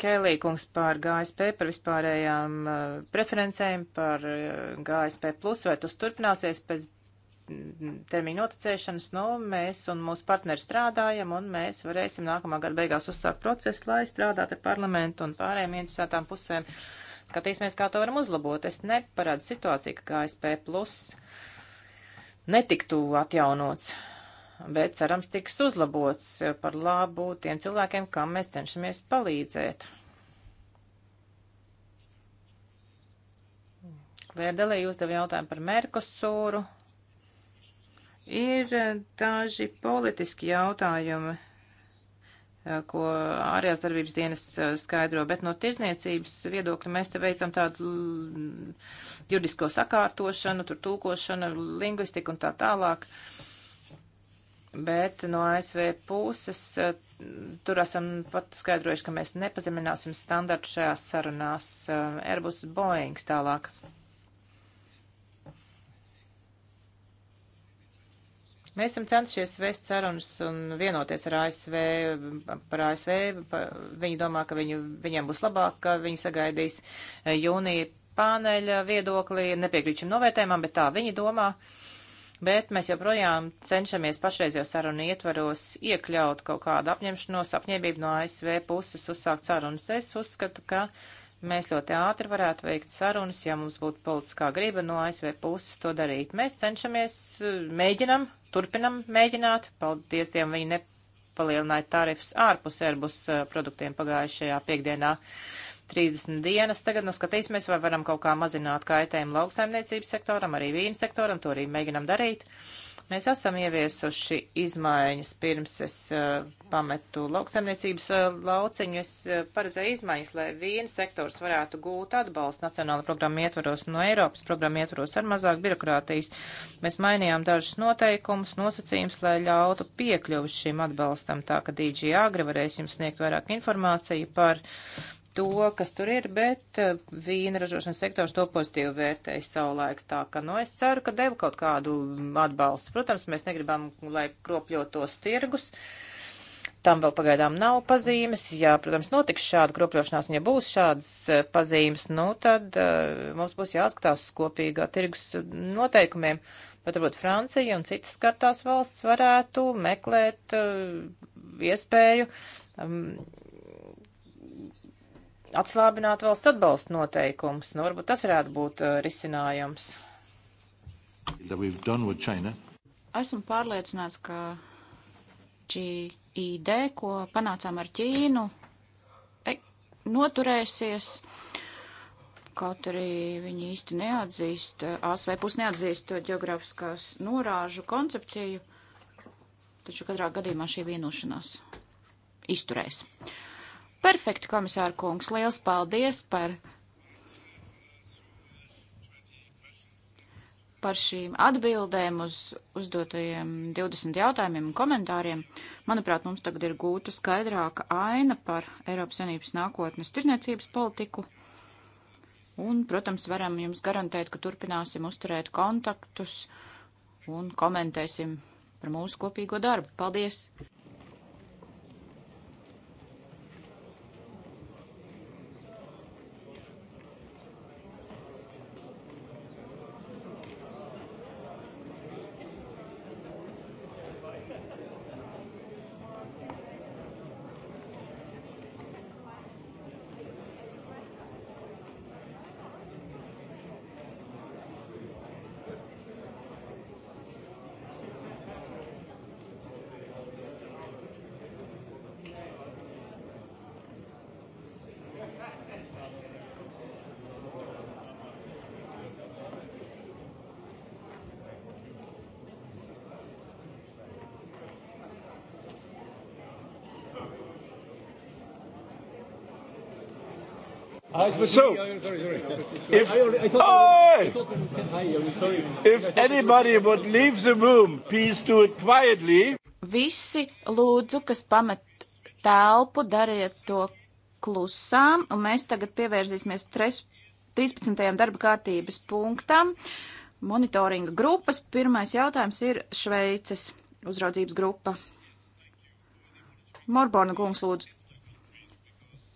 Kēlīkungs par GSP, par vispārējām uh, preferencēm, par uh, GSP, plus, vai tas turpināsies pēc mm, termiņa noticēšanas, nu, mēs un mūsu partneri strādājam, un mēs varēsim nākamā gada beigās uzsākt procesu, lai strādātu ar parlamentu un pārējiem interesētām pusēm. Uh, Skatīsimies, kā to varam uzlabot. Es neparādu situāciju, ka KSP plus netiktu atjaunots, bet cerams tiks uzlabots par labu tiem cilvēkiem, kam mēs cenšamies palīdzēt. Klērdelī uzdeva jautājumu par Merkosūru. Ir daži politiski jautājumi Eh, ko ārējās darbības dienests eh, skaidro, bet no tirzniecības viedokļa mēs te veicam tādu juridisko sakārtošanu, tur tulkošanu, lingvistiku un tā tālāk. Bet no ASV puses eh, tur esam pat skaidrojuši, ka mēs nepazemināsim standartu šajās sarunās Airbus Boeings tālāk. Mēs esam centušies vest sarunas un vienoties ar ASV par ASV. Par, viņi domā, ka viņu, viņiem būs labāk, ka viņi sagaidīs eh, jūnija pāneļa viedokli. Nepiekrīt šim novērtējumam, bet tā viņi domā. Bet mēs joprojām cenšamies pašreizējo sarunu ietvaros iekļaut kaut kādu apņemšanos, apņēmību no ASV puses uzsākt sarunas. Es uzskatu, ka Mēs ļoti ātri varētu veikt sarunas, ja mums būtu politiskā griba no ASV puses to darīt. Mēs cenšamies, eh, mēģinam, turpinam mēģināt. Paldies Dievam, viņi nepalielināja tarifus ārpus Airbus eh, produktiem pagājušajā piekdienā. 30 dienas. Tagad nu skatīsimies, vai varam kaut kā mazināt kaitējumu lauksaimniecības sektoram, arī vīnu sektoram, to arī mēģinam darīt. Uh, Mēs esam ieviesuši izmaiņas pirms es uh, pametu lauksaimniecības uh, lauciņu. Es uh, paredzēju izmaiņas, lai viens sektors varētu gūt atbalstu nacionāla programma ietvaros no Eiropas programma ietvaros ar mazāk birokrātijas. Mēs mainījām dažus noteikumus, nosacījums, lai ļautu piekļuvu šim atbalstam, tā ka DG Agri varēs jums sniegt vairāk informāciju par to, kas tur ir, bet eh, vīna ražošanas sektors to pozitīvi vērtēja savulaik. Tā ka, nu, es ceru, ka deva kaut kādu atbalstu. Protams, mēs negribam, lai kropļotos tirgus. Tam vēl pagaidām nav pazīmes. Ja, protams, notiks šāda kropļošanās, un ja būs šādas eh, pazīmes, nu, tad uh, mums būs jāskatās kopīgā tirgus noteikumiem. Pat varbūt Francija un citas kartās valsts varētu meklēt uh, iespēju um, atslābināt valsts atbalsta noteikumus. Nu, varbūt tas varētu būt uh, risinājums. Esmu pārliecināts, ka šī ideja, ko panācām ar Ķīnu, e noturēsies. Kaut arī viņi īsti neatzīst, ASV pus neatzīst geogrāfiskās norāžu koncepciju, taču katrā gadījumā šī vienošanās izturēs. Uh, Perfekti, komisāra kungs, liels paldies par, par šīm atbildēm uz uzdotajiem 20 jautājumiem un komentāriem. Manuprāt, mums tagad ir gūta skaidrāka aina par Eiropas Savienības nākotnes tirniecības politiku. Un, protams, varam jums garantēt, ka turpināsim uzturēt kontaktus un komentēsim par mūsu kopīgo darbu. Paldies! So, if, oh, if anybody would leave the room, please do it quietly. Visi lūdzu, kas pamet telpu, dariet to klusām, un mēs tagad pievērsīsimies 3, 13. darba kārtības punktam. Monitoringa grupas. Pirmais jautājums ir Šveices uzraudzības grupa. Morbona kungs lūdzu.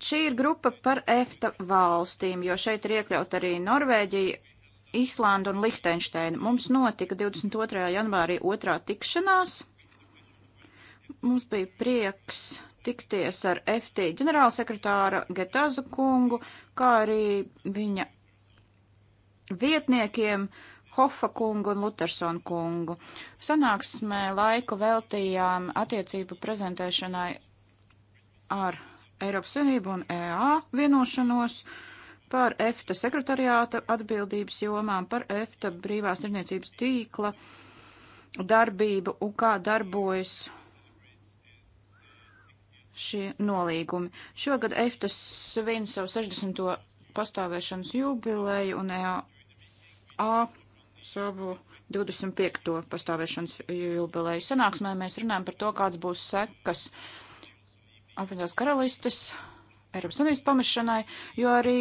Šī ir grupa par EFTA valstīm, jo šeit ir iekļaut arī Norvēģija, Islanda un Lihtenšteina. Mums notika 22. janvārī otrā tikšanās. Mums bija prieks tikties ar FT ģenerālsekretāra Getazu kungu, kā arī viņa vietniekiem Hoffa kungu un Lutersonu kungu. Sanāksmē laiku veltījām attiecību prezentēšanai ar Eiropas Savienību un EA vienošanos par EFTA sekretariāta atbildības jomām, par EFTA brīvās tirniecības tīkla darbību un kā darbojas šie nolīgumi. Šogad EFTA svin savu 60. pastāvēšanas jubileju un EA savu 25. pastāvēšanas jubileju. Sanāksmē mēs runājam par to, kāds būs sekas apvienotās karalistes Eiropas Savienības pamešanai, jo arī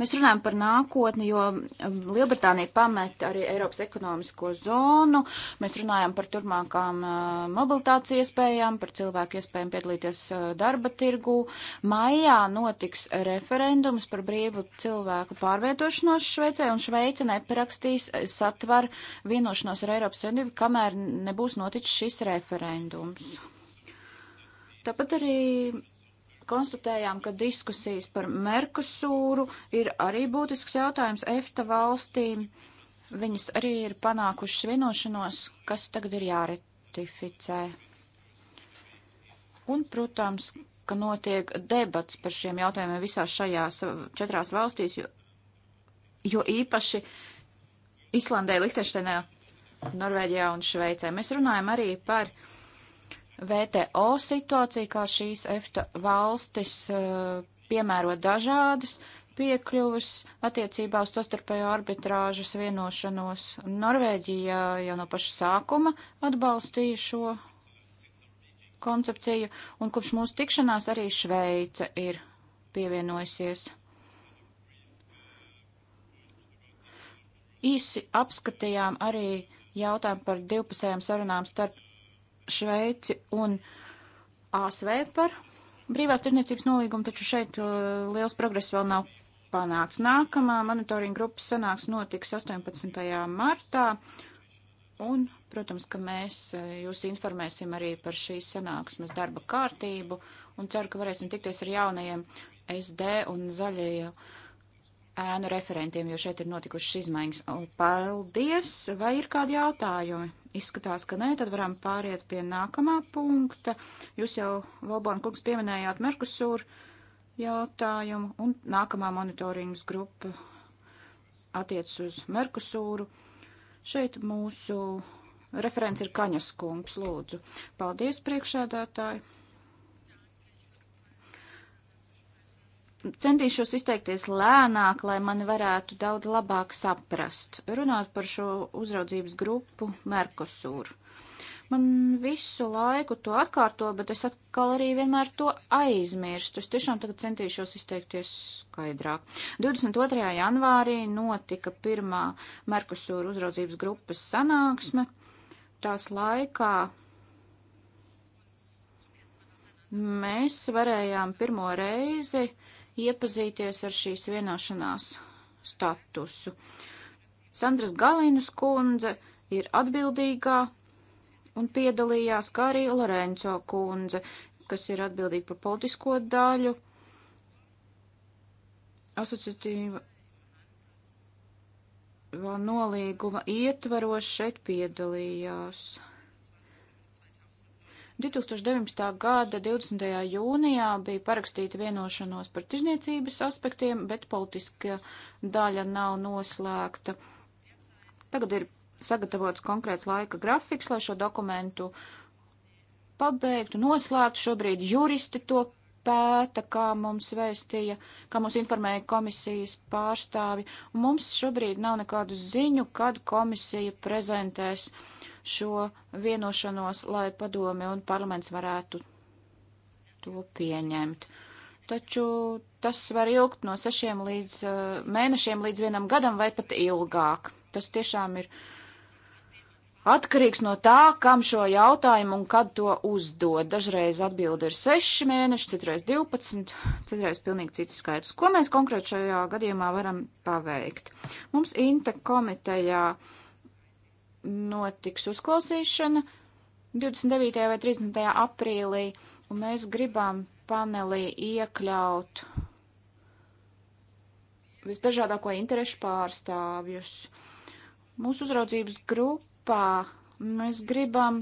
Mēs runājam par nākotni, jo um, Lielbritānija pamet arī Eiropas ekonomisko zonu. Mēs runājam par turpmākām uh, mobilitātes iespējām, par cilvēku iespējām piedalīties uh, darba tirgū. Maijā notiks referendums par brīvu cilvēku pārvietošanos Šveicē, un Šveice neparakstīs uh, satvar vienošanos ar Eiropas Savienību, kamēr nebūs noticis šis referendums. Tāpat arī konstatējām, ka diskusijas par Merkusūru ir arī būtisks jautājums EFTA valstīm. Viņas arī ir panākušas vienošanos, kas tagad ir jāretificē. Un, protams, ka notiek debats par šiem jautājumiem visās šajās četrās valstīs, jo, jo īpaši Islandē, Lihteštenē, Norvēģijā un Šveicē. Mēs runājam arī par uh, VTO situācija, kā šīs EFTA valstis eh, piemēro dažādas piekļuvas attiecībā uz sastarpējo arbitrāžas vienošanos. Norvēģija jau no paša sākuma atbalstīja šo koncepciju, un kopš mūsu tikšanās arī Šveica ir pievienojusies. Īsi apskatījām arī jautājumu par divpusējām sarunām starp Šveici un ASV par brīvās tirniecības nolīgumu, taču šeit uh, liels progress vēl nav panāks. Nākamā monitoringa grupas sanāks notiks 18. martā. Un, protams, ka mēs uh, jūs informēsim arī par šīs sanāksmes darba kārtību un ceru, ka varēsim tikties ar jaunajiem SD un zaļajiem ēnu referentiem, jo šeit ir notikušas izmaiņas. Paldies! Vai ir kādi jautājumi? Izskatās, ka nē, tad varam pāriet pie nākamā punkta. Jūs jau, Valbāna kungs, pieminējāt Merkusūru jautājumu, un nākamā monitoringas grupa attiec uz Merkusūru. Šeit mūsu referents ir Kaņas kungs, lūdzu. Paldies, priekšēdātāji! centīšos izteikties lēnāk, lai mani varētu daudz labāk saprast. Runāt par šo uzraudzības grupu Merkosūru. Man visu laiku to atkārto, bet es atkal arī vienmēr to aizmirstu. Es tiešām tagad centīšos izteikties skaidrāk. 22. janvārī notika pirmā Merkosūra uzraudzības grupas sanāksme. Tās laikā mēs varējām pirmo reizi iepazīties ar šīs vienošanās statusu. Sandras Galīnas kundze ir atbildīgā un piedalījās, kā arī Lorenco kundze, kas ir atbildīga par politisko daļu, asociatīva nolīguma ietvaros šeit piedalījās. 2019. gada 20. jūnijā bija parakstīta vienošanos par tirzniecības aspektiem, bet politiska daļa nav noslēgta. Tagad ir sagatavots konkrēts laika grafiks, lai šo dokumentu pabeigtu, noslēgtu. Šobrīd juristi to pēta, kā mums vēstīja, kā mums informēja komisijas pārstāvi, un mums šobrīd nav nekādu ziņu, kad komisija prezentēs uh, šo vienošanos, lai padome un parlaments varētu to pieņemt. Taču tas var ilgt no sešiem līdz eh, mēnešiem līdz vienam gadam vai pat ilgāk. Tas tiešām ir atkarīgs no tā, kam šo jautājumu un kad to uzdod. Dažreiz atbildi ir 6 mēneši, citreiz 12, citreiz pilnīgi cits skaidrs. Ko mēs konkrēt šajā gadījumā varam paveikt? Mums Inta komitejā uh, notiks uzklausīšana 29. vai 30. aprīlī, un mēs gribam panelī iekļaut visdažādāko interešu pārstāvjus. Mūsu uzraudzības grupā mēs gribam,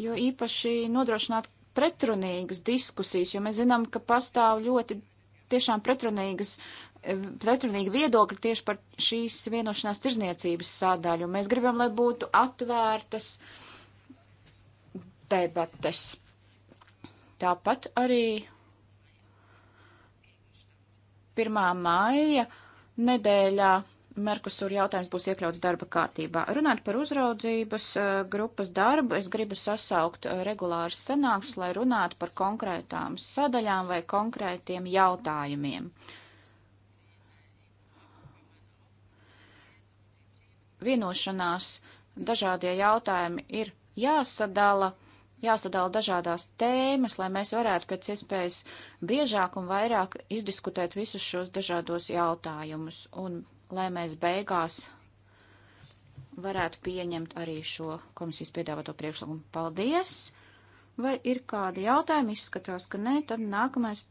jo īpaši nodrošināt pretrunīgas diskusijas, jo mēs zinām, ka pastāv ļoti tiešām pretrunīgas pretrunīgi viedokļi tieši par šīs vienošanās tirzniecības sādaļu. Mēs gribam, lai būtu atvērtas debates. Tāpat arī 1. māja nedēļā Merkusur jautājums būs iekļauts darba kārtībā. Runāt par uzraudzības eh, grupas darbu, es gribu sasaukt eh, regulāras sanāks, lai runātu par konkrētām sadaļām vai konkrētiem jautājumiem. Uh, vienošanās dažādie jautājumi ir jāsadala, jāsadala dažādās tēmas, lai mēs varētu pēc iespējas biežāk un vairāk izdiskutēt visus šos dažādos jautājumus, un lai mēs beigās varētu pieņemt arī šo komisijas piedāvāto priekšlikumu. Paldies! Vai ir kādi jautājumi? Izskatās, ka nē, tad nākamais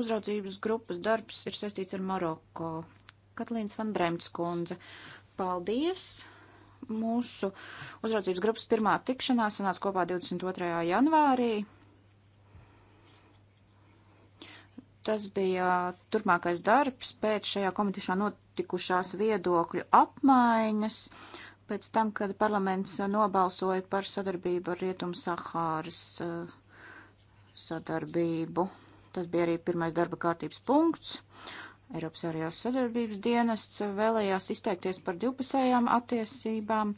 uzraudzības grupas darbs ir saistīts ar Maroko. Katlīns van Bremts kundze. Uh, Paldies! Mūsu uzraudzības grupas pirmā tikšanās sanāca kopā 22. janvārī. Tas bija turpmākais darbs pēc šajā komitešanā notikušās viedokļu apmaiņas, pēc tam, kad parlaments nobalsoja par sadarbību ar Rietumu Sahāras eh, sadarbību. Tas bija arī pirmais darba kārtības punkts. Eiropas ārējās sadarbības dienests vēlējās izteikties par divpusējām attiecībām,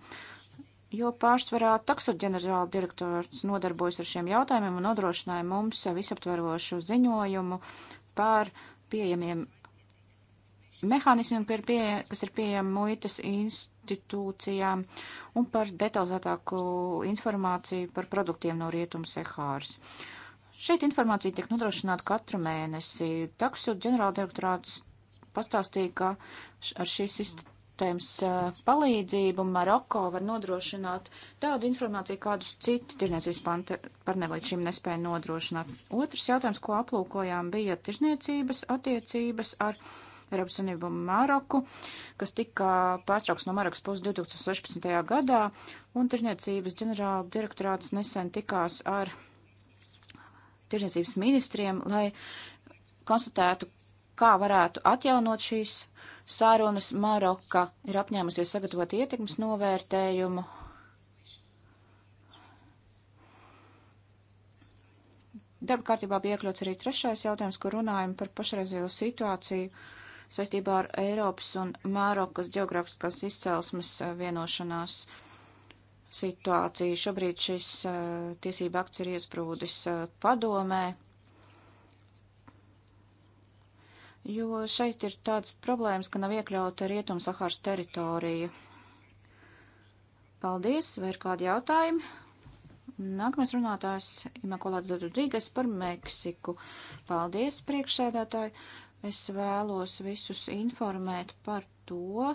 jo pārsvarā taksu ģenerāla direktors nodarbojas ar šiem jautājumiem un nodrošināja mums visaptverošu ziņojumu par pieejamiem mehānismiem, pie, kas ir pieejami muitas institūcijām un par detalizētāku informāciju par produktiem no rietums Sehāras. Uh, Šeit informācija tiek nodrošināta katru mēnesi. Taksu ģenerāldirektorāts pastāstīja, ka ar šīs sistēmas palīdzību Maroko var nodrošināt tādu informāciju, kādus citi tirniecības partneri līdz šim nespēja nodrošināt. Otrs jautājums, ko aplūkojām, bija tirniecības attiecības ar. Eiropas Savienību un Maroku, kas tika pārtraukts no Marokas puses 2016. gadā, un tirzniecības ģenerāla direktorāts nesen tikās ar tirzniecības ministriem, lai konstatētu, kā varētu atjaunot šīs sārunas. Maroka ir apņēmusies sagatavot ietekmes novērtējumu. Darba kārtībā bija iekļauts arī trešais jautājums, kur runājam par pašreizējo situāciju saistībā ar Eiropas un Mārokas geogrāfiskās izcelsmes eh, vienošanās. Uh, situāciju. Šobrīd šis uh, tiesība akts ir iesprūdis uh, padomē, jo šeit ir tāds problēmas, ka nav iekļauta Rietum-Sahāras teritorija. Paldies, vai ir kādi jautājumi? Nākamais runātājs Imakolāta Rodrīgas par Meksiku. Paldies, priekšsēdētāji. Es vēlos visus informēt par to,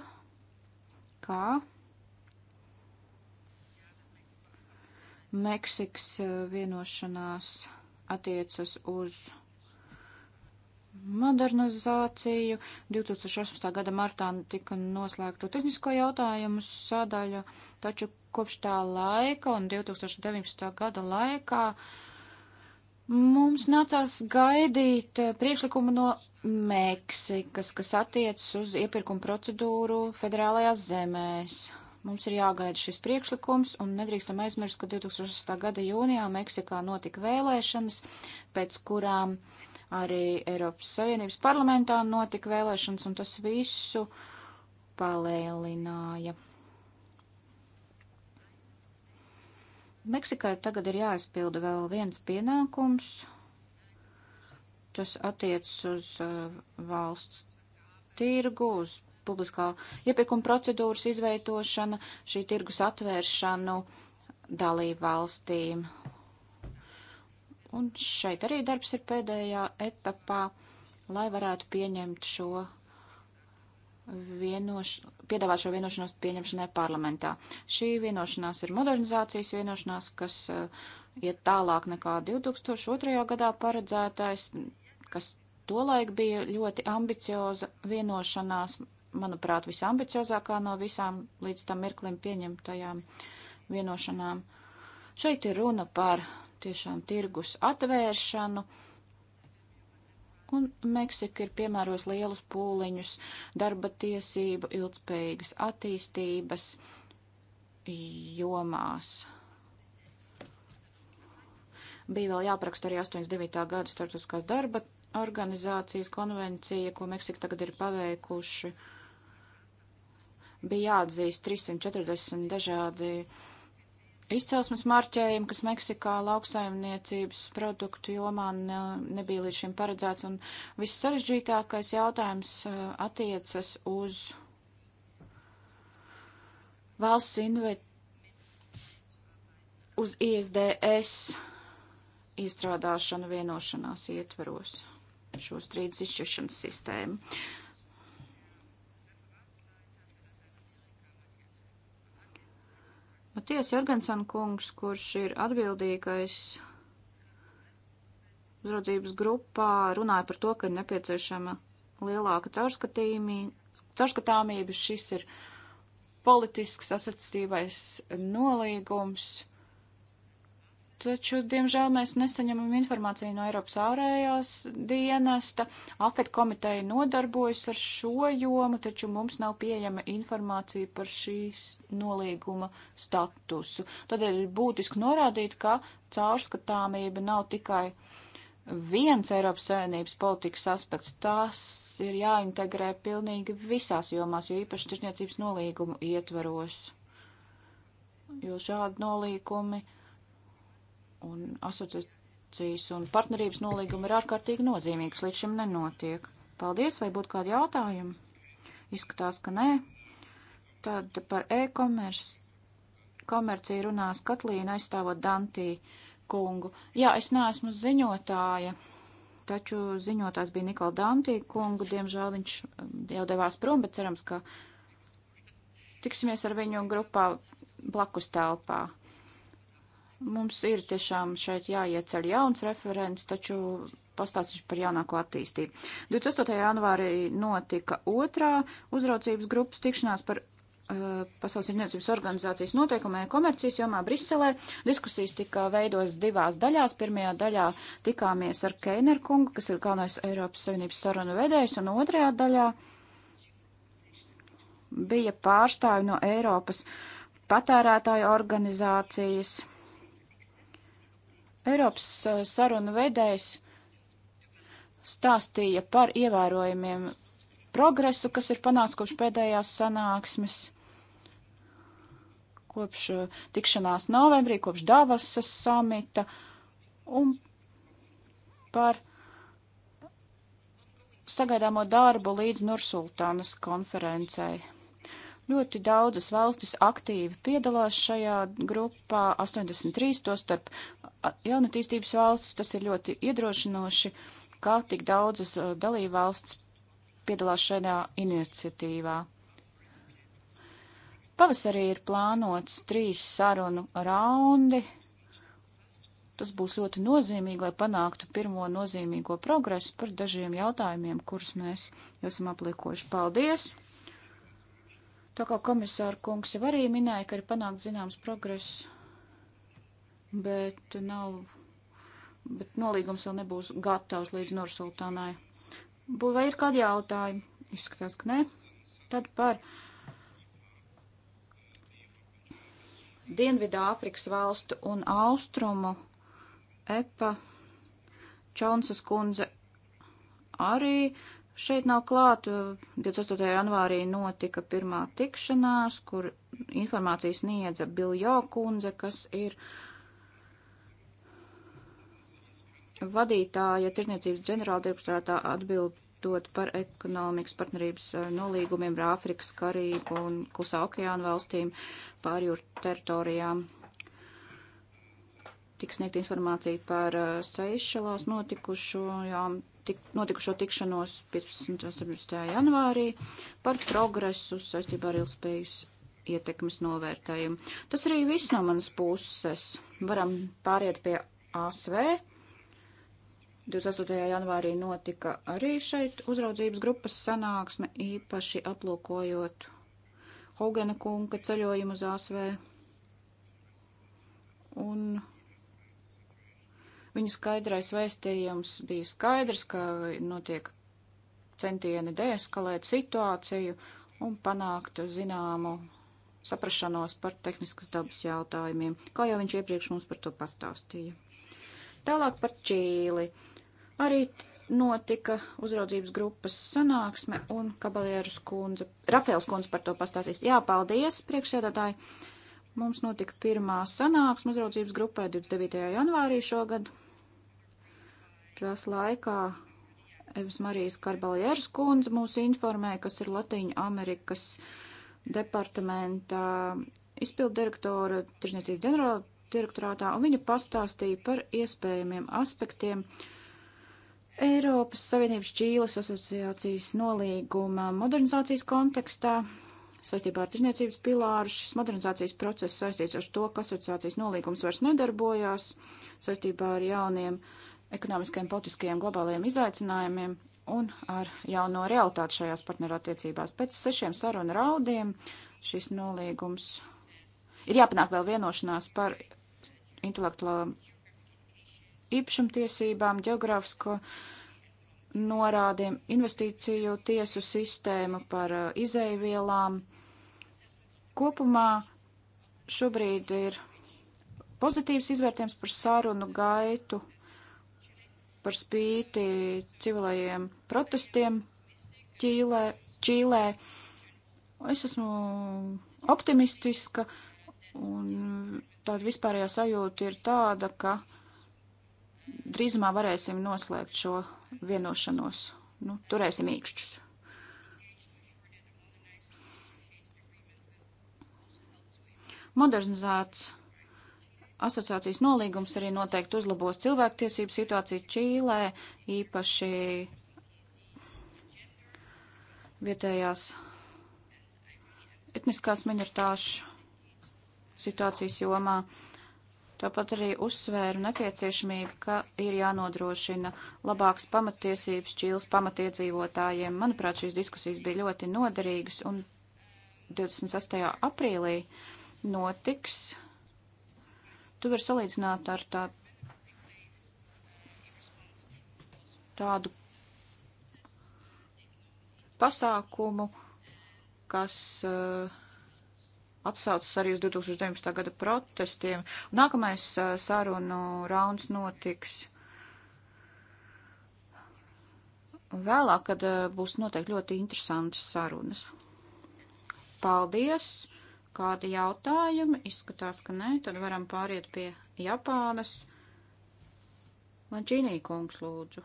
kā Meksikas eh, vienošanās attiecas uz modernizāciju. 2018. gada martā tika noslēgta tehnisko jautājumu sadaļa, taču kopš tā laika un 2019. gada laikā mums nācās gaidīt eh, priekšlikumu no Meksikas, kas attiecas uz iepirkumu procedūru federālajās zemēs. Mums ir jāgaida šis priekšlikums, un nedrīkstam aizmirst, ka 2006. gada jūnijā Meksikā notika vēlēšanas, pēc kurām arī Eiropas Savienības parlamentā notika vēlēšanas, un tas visu palēlināja. Meksikai tagad ir jāizpilda vēl viens pienākums. Tas attiecas uz uh, valsts tirgu, uz publiskā iepirkuma procedūras izveidošana, šī tirgus atvēršanu dalību valstīm. Un šeit arī darbs ir pēdējā etapā, lai varētu pieņemt šo vienoš... piedāvāt šo vienošanos pieņemšanai parlamentā. Šī vienošanās ir modernizācijas vienošanās, kas uh, iet tālāk nekā 2002. gadā paredzētais, kas tolaik bija ļoti ambicioza vienošanās manuprāt, visambiciozākā no visām līdz tam mirklim pieņemtajām vienošanām. Šeit ir runa par tiešām tirgus atvēršanu, un Meksika ir piemēros lielus pūliņus darba tiesību, ilgspējīgas attīstības jomās. Bija vēl jāpraksta arī 89. gada starptautiskās darba organizācijas konvencija, ko Meksika tagad ir paveikuši. Uh, bija jāatzīst 340 dažādi izcelsmes marķējumi, kas Meksikā lauksaimniecības produktu jomā ne, nebija līdz šim paredzēts. Un viss sarežģītākais jautājums uh, attiecas uz valsts invet uz ISDS izstrādāšanu vienošanās ietveros šo strīdus izšķiršanas sistēmu. Matijas nu, Jorgensen kungs, kurš ir atbildīgais uzraudzības grupā, runāja par to, ka ir nepieciešama lielāka caurskatāmība. Šis ir politisks asociatīvais nolīgums taču, diemžēl, mēs nesaņemam informāciju no Eiropas ārējās dienesta. AFET komiteja nodarbojas ar šo jomu, taču mums nav pieejama informācija par šīs nolīguma statusu. Tādēļ ir būtiski norādīt, ka caurskatāmība nav tikai viens Eiropas Savienības politikas aspekts, tas ir jāintegrē pilnīgi visās jomās, jo īpaši tirsniecības nolīgumu ietvaros. Jo šādi nolīkumi un asociācijas un partnerības nolīgumi ir ārkārtīgi nozīmīgi, kas līdz šim nenotiek. Paldies, vai būtu kādi jautājumi? Izskatās, ka nē. Tad par e-komerciju komerciju runās Katlīna aizstāvot Dantī kungu. Jā, es neesmu ziņotāja, taču ziņotājs bija Nikola Dantī kungu. Diemžēl viņš eh, jau devās prom, bet cerams, ka tiksimies ar viņu grupā blakus telpā. Mums ir tiešām šeit jāieceļ jauns referents, taču pastāstīšu par jaunāko attīstību. 28. janvārī notika otrā uzraucības grupas tikšanās par uh, Pasaules tirdzniecības organizācijas noteikumiem komercijas jomā Briselē. Diskusijas tika veidotas divās daļās. Pirmajā daļā tikāmies ar Keineru kungu, kas ir galvenais Eiropas Savienības sarunu vedējs, un otrajā daļā bija pārstāvi no Eiropas patērētāju organizācijas Eiropas uh, sarunu vedējs stāstīja par ievērojumiem progresu, kas ir panāks kopš pēdējās sanāksmes, kopš uh, tikšanās novembrī, kopš Davasas samita un par sagaidāmo darbu līdz Nursultānas konferencei. Ļoti daudzas valstis aktīvi piedalās šajā grupā, 83 to starp jaunatīstības valstis. Tas ir ļoti iedrošinoši, kā tik daudzas dalībvalstis piedalās šajā iniciatīvā. Pavasarī ir plānots trīs sarunu raundi. Tas būs ļoti nozīmīgi, lai panāktu pirmo nozīmīgo progresu par dažiem jautājumiem, kurus mēs jau esam apliekoši. Paldies! Tā kā komisāra kungs jau arī minēja, ka ir panākt zināms progress, bet nav, bet nolīgums vēl nebūs gatavs līdz Nursultānai. Vai ir kādi jautājumi? Izskatās, ka nē. Tad par Dienvidā Afrikas valstu un Austrumu EPA Čaunsas kundze arī Šeit nav klāt, eh, 28. janvārī notika pirmā tikšanās, kur informāciju sniedza Biljo kundze, kas ir vadītāja tirniecības ģenerāldirektorātā atbildot par ekonomikas partnerības eh, nolīgumiem ar Āfrikas Karību un Klusā okeāna valstīm pārjūru teritorijām tiks sniegt informācija par eh, Seišelās notikušajām tik, notikušo tikšanos 15. un 17. janvārī par progresu saistībā ar ilgspējas ietekmes novērtējumu. Tas arī viss no manas puses. Varam pāriet pie ASV. 28. janvārī notika arī šeit uzraudzības grupas sanāksme, īpaši aplūkojot Hogana kunga ceļojumu uz ASV. Un Viņu skaidrais vēstījums bija skaidrs, ka notiek centieni deeskalēt situāciju un panākt zināmu saprašanos par tehniskas dabas jautājumiem, kā jau viņš iepriekš mums par to pastāstīja. Tālāk par Čīli. Arī notika uzraudzības grupas sanāksme un kabalieru skundze, Rafēls skundze par to pastāstīs. Jā, paldies, priekšsēdētāji. Uh, Mums notika pirmā sanāksme uzraudzības grupē 29. janvārī šogad. Tas laikā Evis Marijas Karbaljērs kundze mūs informēja, kas ir Latīņa Amerikas departamenta izpildu direktora, tirzniecības ģenerāla direktorātā, un viņa pastāstīja par iespējamiem aspektiem Eiropas Savienības Čīles asociācijas nolīguma modernizācijas kontekstā, Saistībā ar tirzniecības pilāru šis modernizācijas process saistīts ar to, ka asociācijas nolīgums vairs nedarbojās, saistībā ar jauniem ekonomiskajiem, politiskajiem, globālajiem izaicinājumiem un ar jauno realitāti šajās partnerattiecībās. Pēc sešiem sarunu raudiem šis nolīgums ir jāpanāk vēl vienošanās par intelektuālām īpašumtiesībām, geogrāfisko uh, norādiem, investīciju tiesu sistēmu par uh, izēvielām. Kopumā šobrīd ir pozitīvs izvērtējums par sarunu gaitu, par spīti civilajiem protestiem Ķīlē. Čīlē. Es esmu optimistiska un tāda vispārējā sajūta ir tāda, ka drīzumā varēsim noslēgt šo vienošanos. Nu, turēsim īkšķus. Modernizēts asociācijas nolīgums arī noteikti uzlabos cilvēktiesību situāciju Čīlē, īpaši vietējās etniskās minoritāšu situācijas jomā. Jo Tāpat arī uzsvēru nepieciešamību, ka ir jānodrošina labāks pamatiesības čīles pamatiedzīvotājiem. Manuprāt, šīs diskusijas bija ļoti noderīgas, un 28. aprīlī notiks. Tu vari salīdzināt ar tā, tādu pasākumu, kas uh, atsaucas arī uz 2019. gada protestiem. Nākamais sarunu rauns notiks. Vēlāk, kad būs noteikti ļoti interesantas sarunas. Paldies! Kādi jautājumi? Izskatās, ka nē, tad varam pāriet pie Japānas. Lančīnī kungs lūdzu.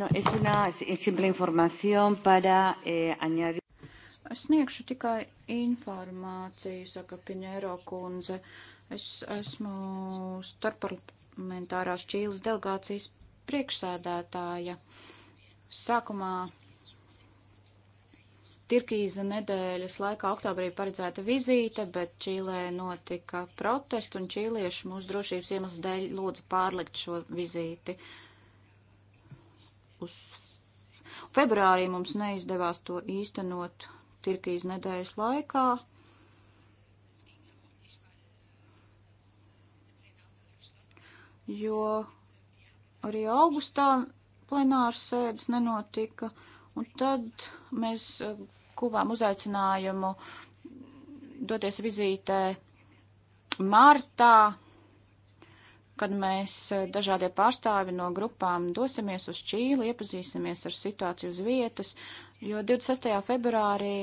No, es una simple información para eh, añadir. Es sniegšu tikai informāciju, saka Piņēro kundze. Es esmu starpparlamentārās Čīles delegācijas priekšsēdētāja. Sākumā Tirkīza nedēļas laikā oktobrī paredzēta vizīte, bet Čīlē notika protests, un čīlieši mūsu drošības iemeslu dēļ lūdza pārlikt šo vizīti. Uz februārī mums neizdevās to īstenot Tirkijas nedēļas laikā. Jo arī augustā plenāras sēdes nenotika, un tad mēs eh, guvām uzaicinājumu doties vizītē martā kad mēs eh, dažādie pārstāvi no grupām dosimies uz Čīli, iepazīsimies ar situāciju uz vietas, jo 26. februārī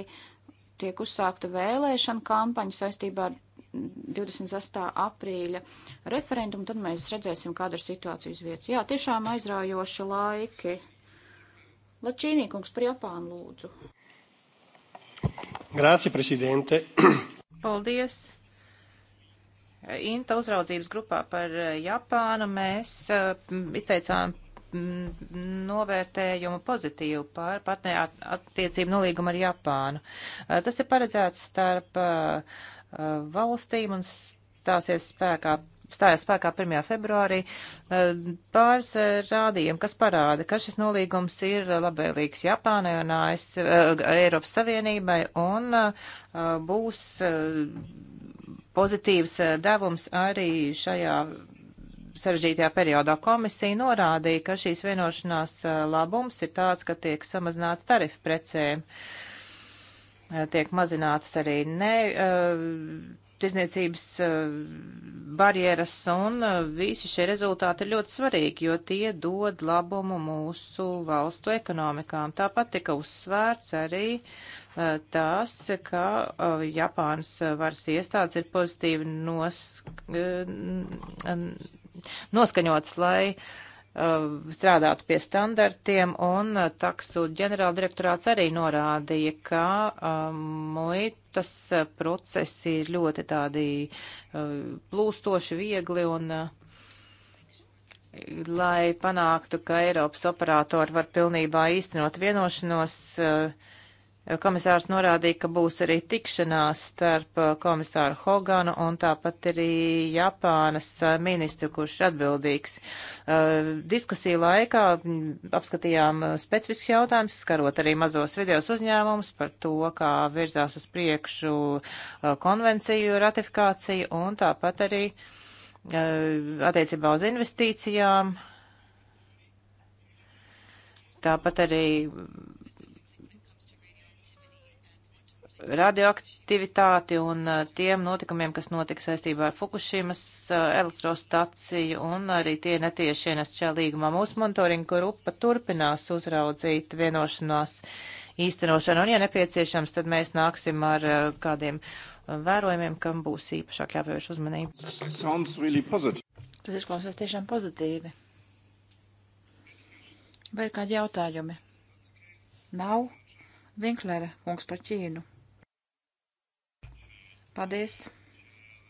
tiek uzsākta vēlēšana kampaņa saistībā ar 28. aprīļa referendumu, tad mēs redzēsim, kāda ir situācija uz vietas. Jā, tiešām aizraujoši laiki. Lačīnīkungs par Japānu lūdzu. Grāci, prezidente. Paldies. INTA uzraudzības grupā par eh, Japānu mēs eh, izteicām mm, novērtējumu pozitīvu par partneru attiecību nolīgumu ar Japānu. Eh, tas ir paredzēts starp valstīm un stāsies spēkā stājās spēkā 1. februārī, pāris rādījumi, kas parāda, ka šis nolīgums ir labvēlīgs Japānai un AS, Eiropas Savienībai un būs pozitīvs eh, devums arī šajā sarežģītajā periodā. Komisija norādīja, ka šīs vienošanās eh, labums ir tāds, ka tiek samazināta tarifa precēm, eh, tiek mazinātas arī ne. Uh, tirzniecības barjeras, un visi šie rezultāti ir ļoti svarīgi, jo tie dod labumu mūsu valstu ekonomikām. Tāpat tika uzsvērts arī tās, ka uh, Japānas varas iestādes ir pozitīvi nosk uh, noskaņots, lai uh, strādātu pie standartiem, un taksu ģenerāla direktorāts arī norādīja, ka muitas procesi ir ļoti tādi plūstoši, viegli un lai panāktu, ka Eiropas operātori var pilnībā īstenot vienošanos, uh, Komisārs norādīja, ka būs arī tikšanās starp uh, komisāru Hoganu un tāpat arī Japānas uh, ministru, kurš ir atbildīgs. Uh, diskusiju laikā apskatījām specifiskus jautājumus, skarot arī mazos videos uzņēmumus par to, kā virzās uz priekšu konvenciju ratifikāciju un tāpat arī attiecībā uz investīcijām. Tāpat arī radioaktivitāti un eh, tiem notikumiem, kas notika saistībā ar Fukushimas eh, elektrostaciju un arī tie netieši ienest šajā līgumā. Mūsu monitoringa grupa turpinās uzraudzīt vienošanās īstenošanu un, ja nepieciešams, tad mēs nāksim ar eh, kādiem vērojumiem, kam būs īpašāk jāpievērš uzmanība. Really tas izklausās tiešām pozitīvi. Vai ir kādi jautājumi? Nav? Vinklera kungs par Ķīnu. Paldies,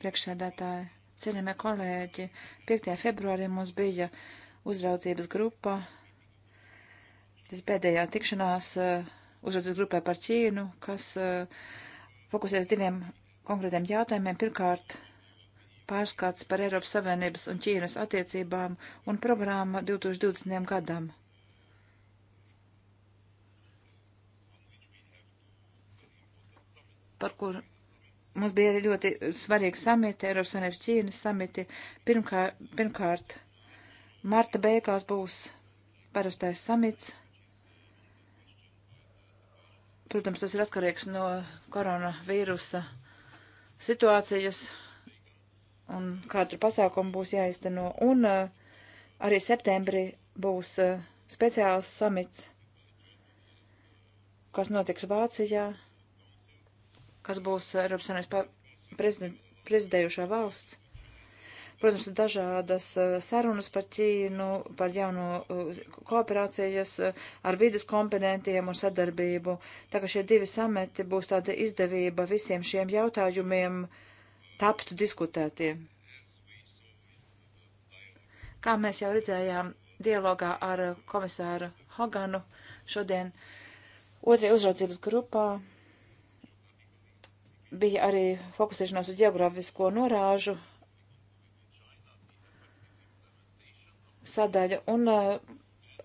priekšsēdētāji, cienījamie kolēģi. 5. februārī mums bija uzraudzības grupa. Tas pēdējā tikšanās eh, uzraudzības grupē par Ķīnu, kas eh, fokusēs diviem konkrētiem jautājumiem. Pirmkārt, pārskats par Eiropas Savienības un Ķīnas attiecībām un programmu 2020. gadam. Par kur Mums bija arī ļoti svarīgi samiti, Eiropas Savienības Ķīnas samiti. Pirmkārt, pirmkārt, marta beigās būs parastais samits. Protams, tas ir atkarīgs no koronavīrusa situācijas un kādu pasākumu būs jāizteno. Un uh, arī septembrī būs uh, speciāls samits, kas notiks Vācijā kas būs Eiropas Savienības prezident, prezidējušā valsts. Protams, ir dažādas eh, sarunas par Ķīnu, par jauno eh, kooperācijas eh, ar vidas komponentiem un sadarbību. Tā ka šie divi sameti būs tāda izdevība visiem šiem jautājumiem taptu diskutētiem. Kā mēs jau redzējām dialogā ar komisāru Hoganu šodien otrajā uzraudzības grupā, bija arī fokusēšanās uz geogrāfisko norāžu sadaļu un eh,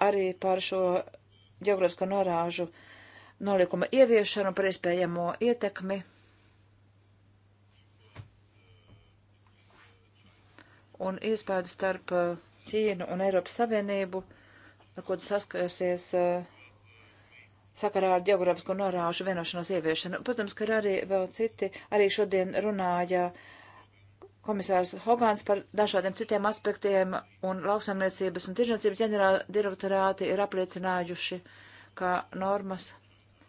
arī par šo geogrāfisko norāžu nolikuma ieviešanu par iespējamo ietekmi. Un iespēju starp eh, Ķīnu un Eiropas Savienību, ar ko tas saskasies uh, eh, sakarā ar geogrāfisko norāžu vienošanos ieviešanu. Protams, ka ir arī vēl citi, arī šodien runāja komisārs Hogans par dažādiem citiem aspektiem, un lauksaimniecības un tirzniecības ģenerāla direktorāti ir apliecinājuši, ka normas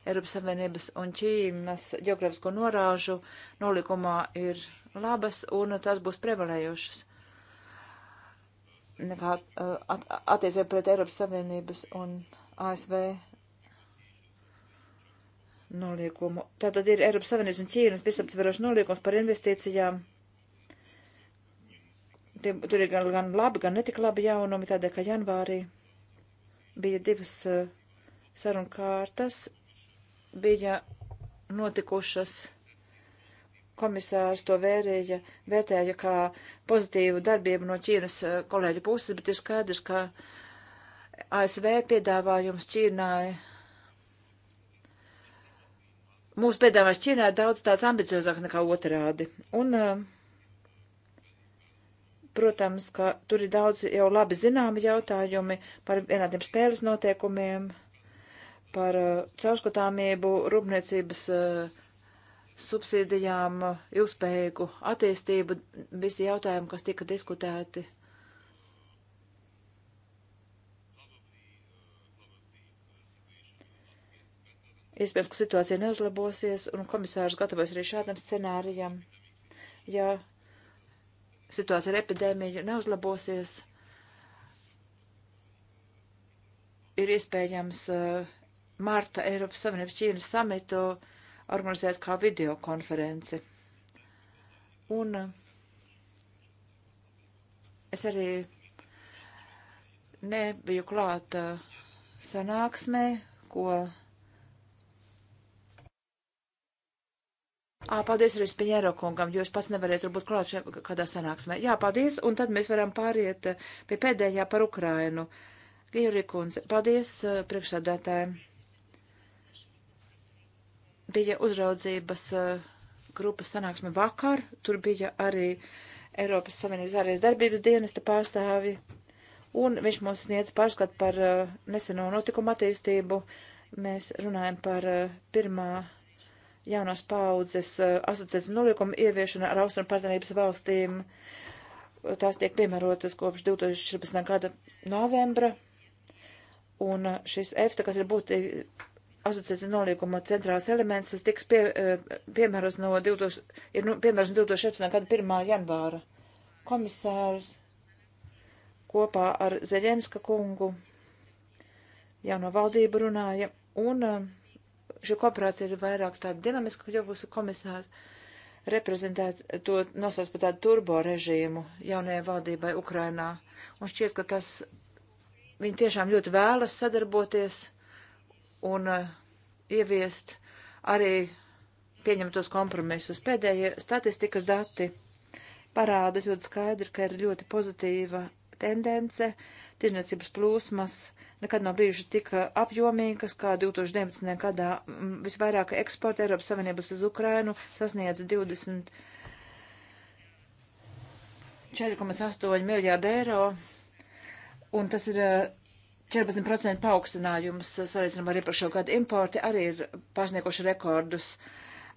Eiropas Savienības un Ķīnas geogrāfisko norāžu nolikumā ir labas, un tās būs prevalējušas nekā uh, at, attiecībā pret Eiropas Savienības un ASV noliekumu. Tātad ir Eiropas Savienības un Ķīnas visaptverošs noliekums par investīcijām. Tie, tur ir gan, gan labi, gan netik labi jaunumi, tādēļ, ka janvārī bija divas uh, sarunu kārtas, bija notikušas komisārs to vērēja, vērtēja kā pozitīvu darbību no Ķīnas eh, kolēģu puses, bet ir skaidrs, ka ASV piedāvājums Ķīnai mūsu piedāvājums Ķīnā ir daudz tāds ambiciozāk nekā otrādi. Un, eh, protams, ka tur ir daudz jau labi zināmi jautājumi par vienādiem spēles noteikumiem, par eh, caurskatāmību, rūpniecības eh, subsīdijām, ilgspējīgu attīstību, visi jautājumi, kas tika diskutēti. Iespējams, ka situācija neuzlabosies, un komisārs gatavojas arī šādam scenārijam. Ja situācija ar epidēmiju neuzlabosies, ir iespējams uh, Marta Eiropas Savienības Ķīnas samitu organizēt kā videokonferenci. Un uh, es arī nebiju klāta uh, sanāksmē, ko Ā, paldies arī Spiņēro kungam, jo es pats nevarēju tur būt klāt šajā kādā sanāksmē. Jā, paldies, un tad mēs varam pāriet eh, pie pēdējā par Ukrainu. Gīri kundze, paldies eh, priekšsādātājiem. Bija uzraudzības eh, grupas sanāksme vakar, tur bija arī Eiropas Savienības ārējas darbības dienesta pārstāvi, un viņš mums sniedz pārskat par neseno notikumu attīstību. Mēs runājam par pirmā jaunās paudzes eh, asociācijas noliekuma ieviešana ar austrumu partnerības valstīm. Tās tiek piemērotas kopš 2014. gada novembra. Un eh, šis EFTA, kas ir būtīgi asociācijas noliekuma centrāls elements, tas tiks pie, eh, piemēros no 2000, ir, nu, piemēros no 2017. gada 1. janvāra. Komisārs kopā ar Zeļenska kungu jauno valdību runāja un uh, šī kooperācija ir vairāk tāda dinamiska, jo būs komisārs reprezentēt to nosauc par tādu turbo režīmu jaunajai valdībai Ukrainā. Un šķiet, ka tas viņi tiešām ļoti vēlas sadarboties un uh, ieviest arī pieņemtos kompromisus. Pēdējie statistikas dati parāda ļoti skaidri, ka ir ļoti pozitīva tendence, tirniecības plūsmas nekad nav bijušas tik apjomīgas, kā 2019. gadā. Mm, visvairāk eksporta Eiropas Savienības uz Ukrainu sasniedz 20. 4,8 miljārdu eiro, un tas ir 14% eh, paaugstinājums, eh, salīdzinām ar iepriekšējo gadu importi, arī ir pārsnieguši rekordus.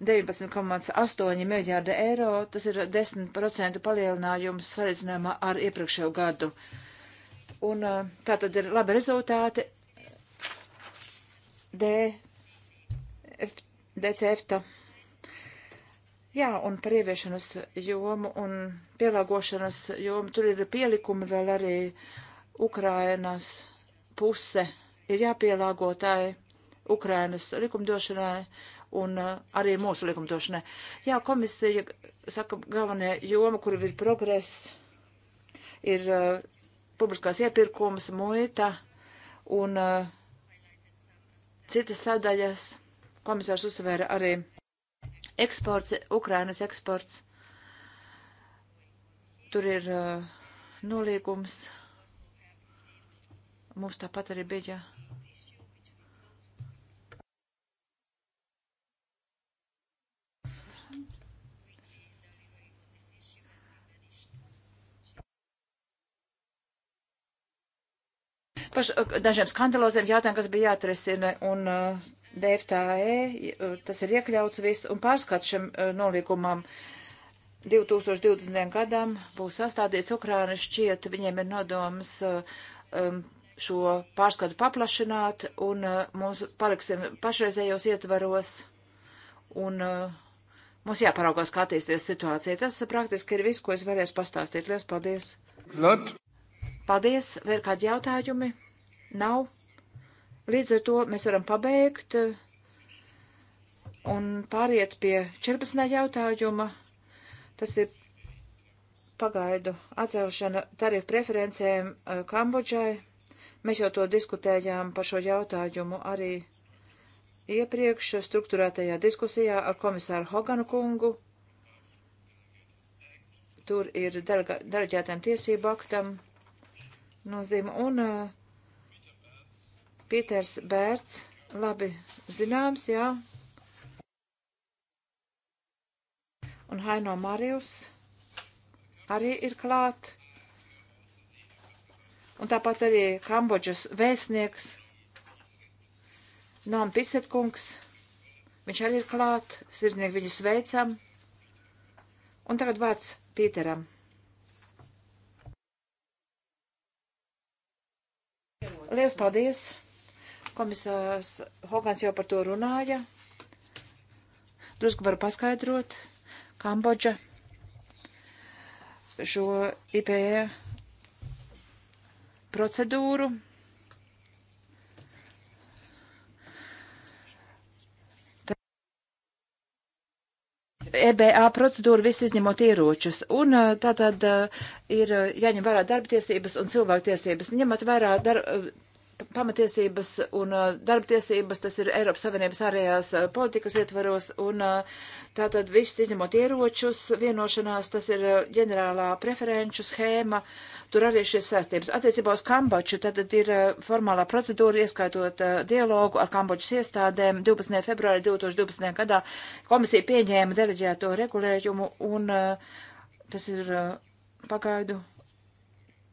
19,8 miljārda eiro, tas ir 10% palielinājums salīdzinājumā ar iepriekšējo gadu. Uh, Un tā tad ir labi rezultāti D, F, DCFTA. Jā, un par ieviešanas jomu un pielāgošanas jomu tur ir pielikumi vēl arī Ukrainas puse. Ir jāpielāgo tai Ukrainas likumdošanai un arī mūsu likumdošanai. Jā, komisija saka galvenie joma, kur ir progress, ir uh, publiskās iepirkums, muita un uh, citas sadaļas. Komisārs uzsvēra arī eksports, Ukrainas eksports. Tur ir uh, nolīgums. Mums tāpat arī bija. Ja Par dažiem skandaloziem jautājumiem, kas bija jāatrisina, un uh, eh, DFTE, eh, tas ir iekļauts viss, un pārskats šim uh, nolīgumam 2020. gadam būs sastādīts Ukrāna šķiet, viņiem ir nodoms uh, um, šo pārskatu paplašināt, un uh, mums paliksim pašreizējos ietvaros, un uh, mums jāparaugās, kā attīstīsies situācija. Tas uh, praktiski ir viss, ko es varēšu pastāstīt. Lielas paldies! Lot. Paldies! Vai ir kādi jautājumi? Nav. Līdz ar to mēs varam pabeigt un pāriet pie 14. jautājuma. Tas ir pagaidu atcelšana tarifu preferencēm eh, Kambodžai. Mēs jau to diskutējām par šo jautājumu arī iepriekš struktūrētajā diskusijā ar komisāru Hoganu kungu. Tur ir deleģētām tiesību aktam nozīme un uh, Pīters Bērts, labi zināms, jā. Un Haino Marijus arī ir klāt. Un tāpat arī Kambodžas vēstnieks Nom Pisetkungs. Viņš arī ir klāt. Sirdnieki viņu sveicam. Un tagad vārds Pīteram. Lielas paldies! Komisārs Hogans jau par to runāja. Drusku var paskaidrot. Kambodža šo IPE procedūru. EBA procedūra viss izņemot ieročus. Un eh, tā tad eh, ir eh, jāņem vērā darba tiesības un cilvēku tiesības. Ņemot vērā dar, pamatiesības un uh, darba tiesības, tas ir Eiropas Savienības ārējās uh, politikas ietvaros, un uh, tātad viss izņemot ieročus vienošanās, tas ir ģenerālā preferenču schēma, tur arī šīs saistības. Attiecībā uz Kambaču, tātad ir formālā procedūra, ieskaitot dialogu ar Kambačas iestādēm. 12. februārī 2012. gadā komisija pieņēma deleģēto regulējumu, un tas ir pagaidu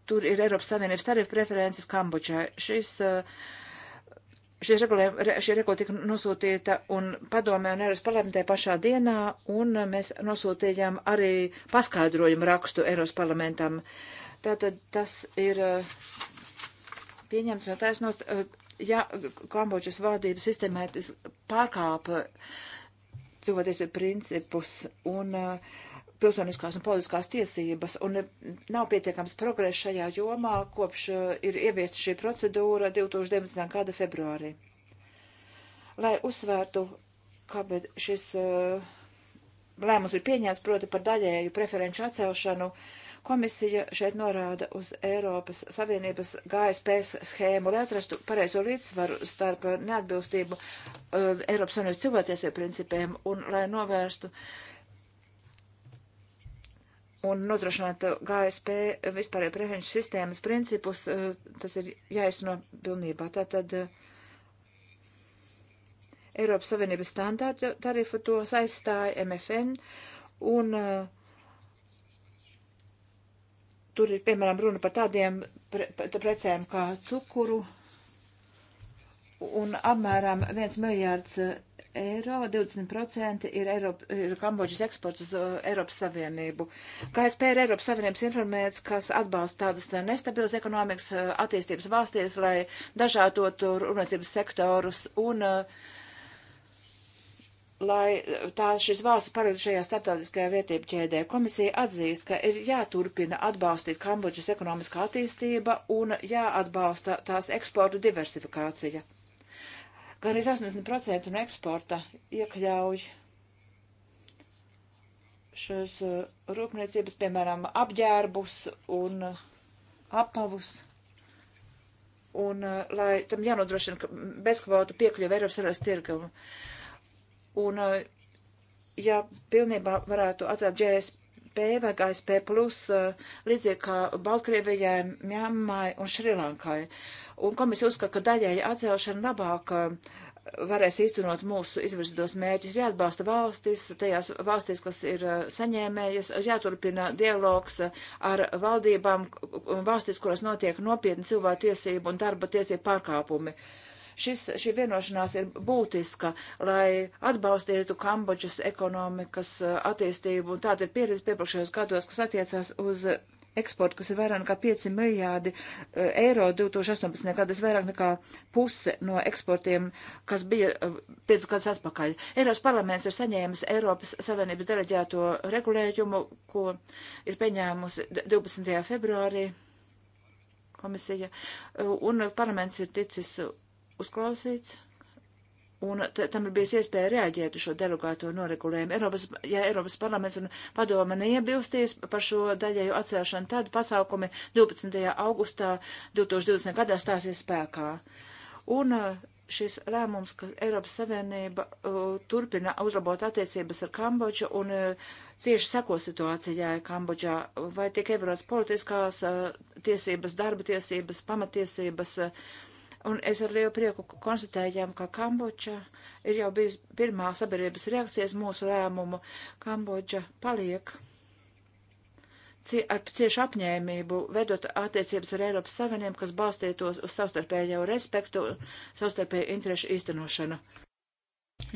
tur ir Eiropas Savienības tarifu preferences Kambodžai. Šis, eh, šie regula tika nosūtīta un padomē un Eiropas parlamentē pašā dienā, un mēs nosūtījām arī paskaidrojumu rakstu Eiropas parlamentam. Tātad tas ir eh, pieņemts no taisnos, eh, ja Kambodžas valdības sistemētis pārkāpa cilvēktiesību principus un uh, pilsoniskās un politiskās tiesības, un nav pietiekams progress šajā jomā, kopš eh, ir ieviesta šī procedūra 2019. gada februārī. Lai uzsvērtu, kāpēc šis uh, lēmums ir pieņēmts, proti par daļēju preferenču atcelšanu, komisija šeit norāda uz Eiropas Savienības GSP schēmu, lai atrastu pareizo līdzsvaru starp neatbilstību uh, Eiropas Savienības cilvēktiesību principiem un lai novērstu uh, un nodrošināt GSP vispārējo preferenču sistēmas principus, eh, tas ir jāizno pilnībā. Tātad eh, Eiropas Savienības standārta tarifu tos aizstāja MFN, un eh, tur ir, piemēram, runa par tādiem pre, precēm kā cukuru, un apmēram 1 miljārds eiro, 20% ir, Eiropa, ir Kambodžas eksports uz uh, Eiropas Savienību. KSP ir Eiropas Savienības informēts, kas atbalsta tādas nestabilas ekonomikas uh, attīstības valstīs, lai dažādotu rūpniecības sektorus un uh, lai tā šis valsts paredz šajā starptautiskajā vērtību ķēdē. Komisija atzīst, ka ir jāturpina atbalstīt Kambodžas ekonomiskā attīstība un jāatbalsta tās eksporta diversifikācija ka arī 80% no eksporta iekļauj šos uh, rūpniecības, piemēram, apģērbus un uh, apavus. Un, uh, lai tam jānodrošina, ka bezkvotu piekļuva Eiropas Savienības tirgam. Un, ja pilnībā varētu atzāt GSP GSP vai GSP plus, eh, līdzīgi kā Baltkrievijai, Mjāmai un Šrilankai. Un komisija uzskata, ka daļēji atcelšana labāk eh, varēs īstenot mūsu izvirzītos mērķus, ir jāatbalsta valstis, tajās valstīs, kas ir eh, saņēmējas, jāturpina dialogs ar valdībām, valstīs, kurās notiek nopietni cilvēku tiesību un darba tiesību pārkāpumi. Uh, Šis, šī vienošanās ir būtiska, lai atbalstītu Kambodžas ekonomikas uh, attīstību, un tāda ir pieredze piepriekšējos gados, kas attiecās uz eksportu, kas ir vairāk nekā 5 miljārdi uh, eiro 2018. gadā, tas vairāk nekā puse no eksportiem, kas bija 5 uh, gadus atpakaļ. Eiropas parlaments ir saņēmis Eiropas Savienības deleģēto regulējumu, ko ir pieņēmusi 12. februārī komisija, un parlaments ir ticis uzklausīts. Un tam ir bijis iespēja reaģēt uz šo delegāto noregulējumu. Eiropas, ja Eiropas parlaments un padome neiebilsties par šo daļēju atcelšanu, tad pasākumi 12. augustā 2020. gadā stāsies spēkā. Un uh, šis lēmums, ka Eiropas Savienība uh, turpina uzlabot attiecības ar Kambodžu un uh, cieši seko situācijai Kambodžā, vai tiek ievērots politiskās uh, tiesības, darba tiesības, pamatiesības. Uh, Un es ar lielu prieku konstatējām, ka Kambodža ir jau bijusi pirmā sabiedrības reakcijas mūsu lēmumu. Kambodža paliek cie, ar ciešu apņēmību veidot attiecības ar Eiropas Savienību, kas balstītos uz savstarpējo respektu, savstarpēju interešu īstenošanu.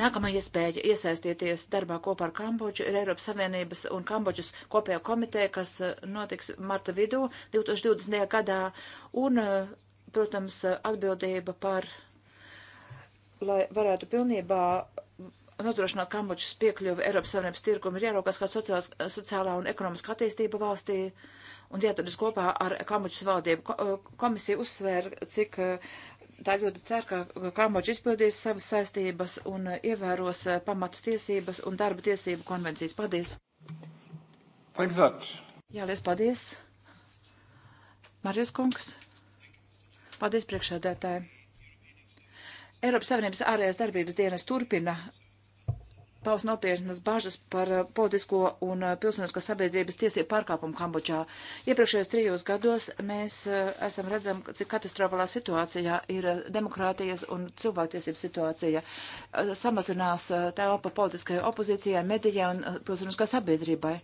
Nākamā iespēja iesaistīties darbā kopā ar Kambodžu ir Eiropas Savienības un Kambodžas kopējā komiteja, kas eh, notiks marta vidū 2020. gadā, un uh, protams, atbildība par, lai varētu pilnībā nodrošināt kamočus piekļuvi Eiropas Savienības tirkumu, ir jāraukās kā sociāls, sociālā un ekonomiskā attīstība valstī, un jātadas kopā ar kamočus valdību. Komisija uzsvēra, cik eh, tā ļoti cer, ka kamoči izpildīs savas saistības un eh, ievēros eh, pamatu tiesības un darba tiesību konvencijas. Paldies! Thanks that. Jā, liels paldies! Marijas kungs! Paldies, priekšsēdētāji. Eiropas Savienības ārējās darbības dienas turpina paust nopietnas bažas par uh, politisko un uh, pilsoniskās sabiedrības tiesību pārkāpumu Kambodžā. Iepriekšējos trijos gados mēs uh, esam redzam, cik katastrofālā situācijā ir demokrātijas un cilvēktiesību situācija. Samazinās telpa politiskajai opozīcijai, medijai un pilsoniskā sabiedrībai.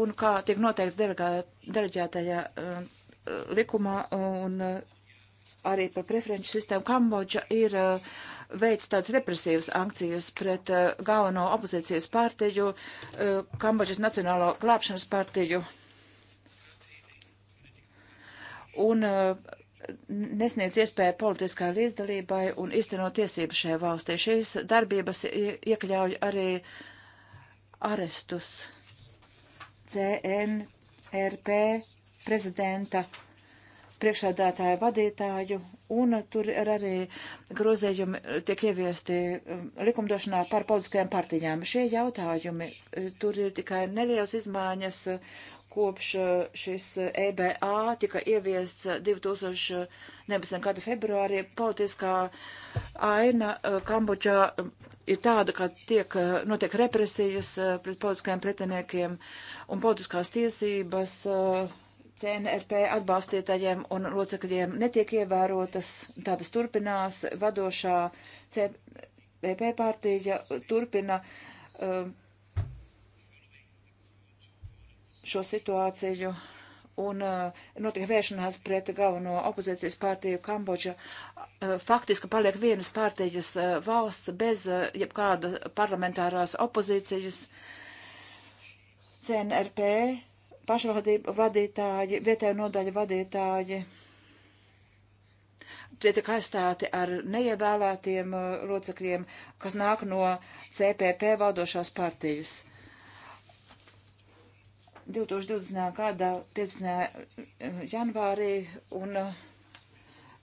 Un kā tiek noteikts delegētajā likumā un uh, arī par preferenču sistēmu. Kambodža ir uh, veids tāds represīvas akcijas pret uh, galveno opozīcijas partiju, Kambodžas Nacionālo glābšanas partiju. Un nesniedz iespēju politiskai līdzdalībai un īstenot tiesības šajā valstī. Šīs darbības iekļauj arī arestus CNRP prezidenta priekšādātāja vadītāju, un tur ir arī grozījumi tiek ieviesti um, likumdošanā par politiskajām partijām. Šie jautājumi, uh, tur ir tikai nelielas izmaiņas uh, kopš uh, šis EBA tika ieviests 2019. gada februārī. Politiskā aina Kambodžā um, ir tāda, ka tiek, notiek represijas pret politiskajiem pretiniekiem un politiskās tiesības. Uh, CNRP atbalstītājiem un locekļiem netiek ievērotas, tādas turpinās, vadošā CPP partija turpina uh, šo situāciju un uh, notika vēršanās pret galveno opozīcijas partiju Kambodža. Uh, faktiski paliek vienas partijas uh, valsts bez uh, jebkāda parlamentārās opozīcijas. CNRP pašvaldību vadītāji, vietēju nodaļu vadītāji tie tiek aizstāti ar neievēlētiem uh, locekļiem, kas nāk no CPP valdošās partijas. 2020. gada 15. janvārī un uh,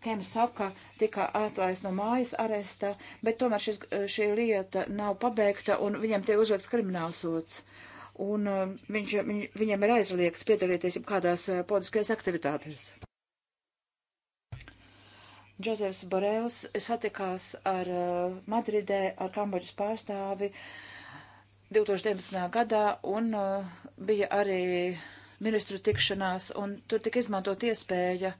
Kems Saka tika atlaists no mājas aresta, bet tomēr šis, uh, šī lieta nav pabeigta un viņam tiek uzlikts kriminālsots. Uh, un uh, viņš, viņ, viņam ir aizliegts piedalīties jau kādās uh, politiskajās aktivitātēs. Džozefs Borels satikās ar uh, Madridē, ar Kambodžas pārstāvi 2019. gadā un uh, bija arī ministru tikšanās, un tur tika izmantot iespēja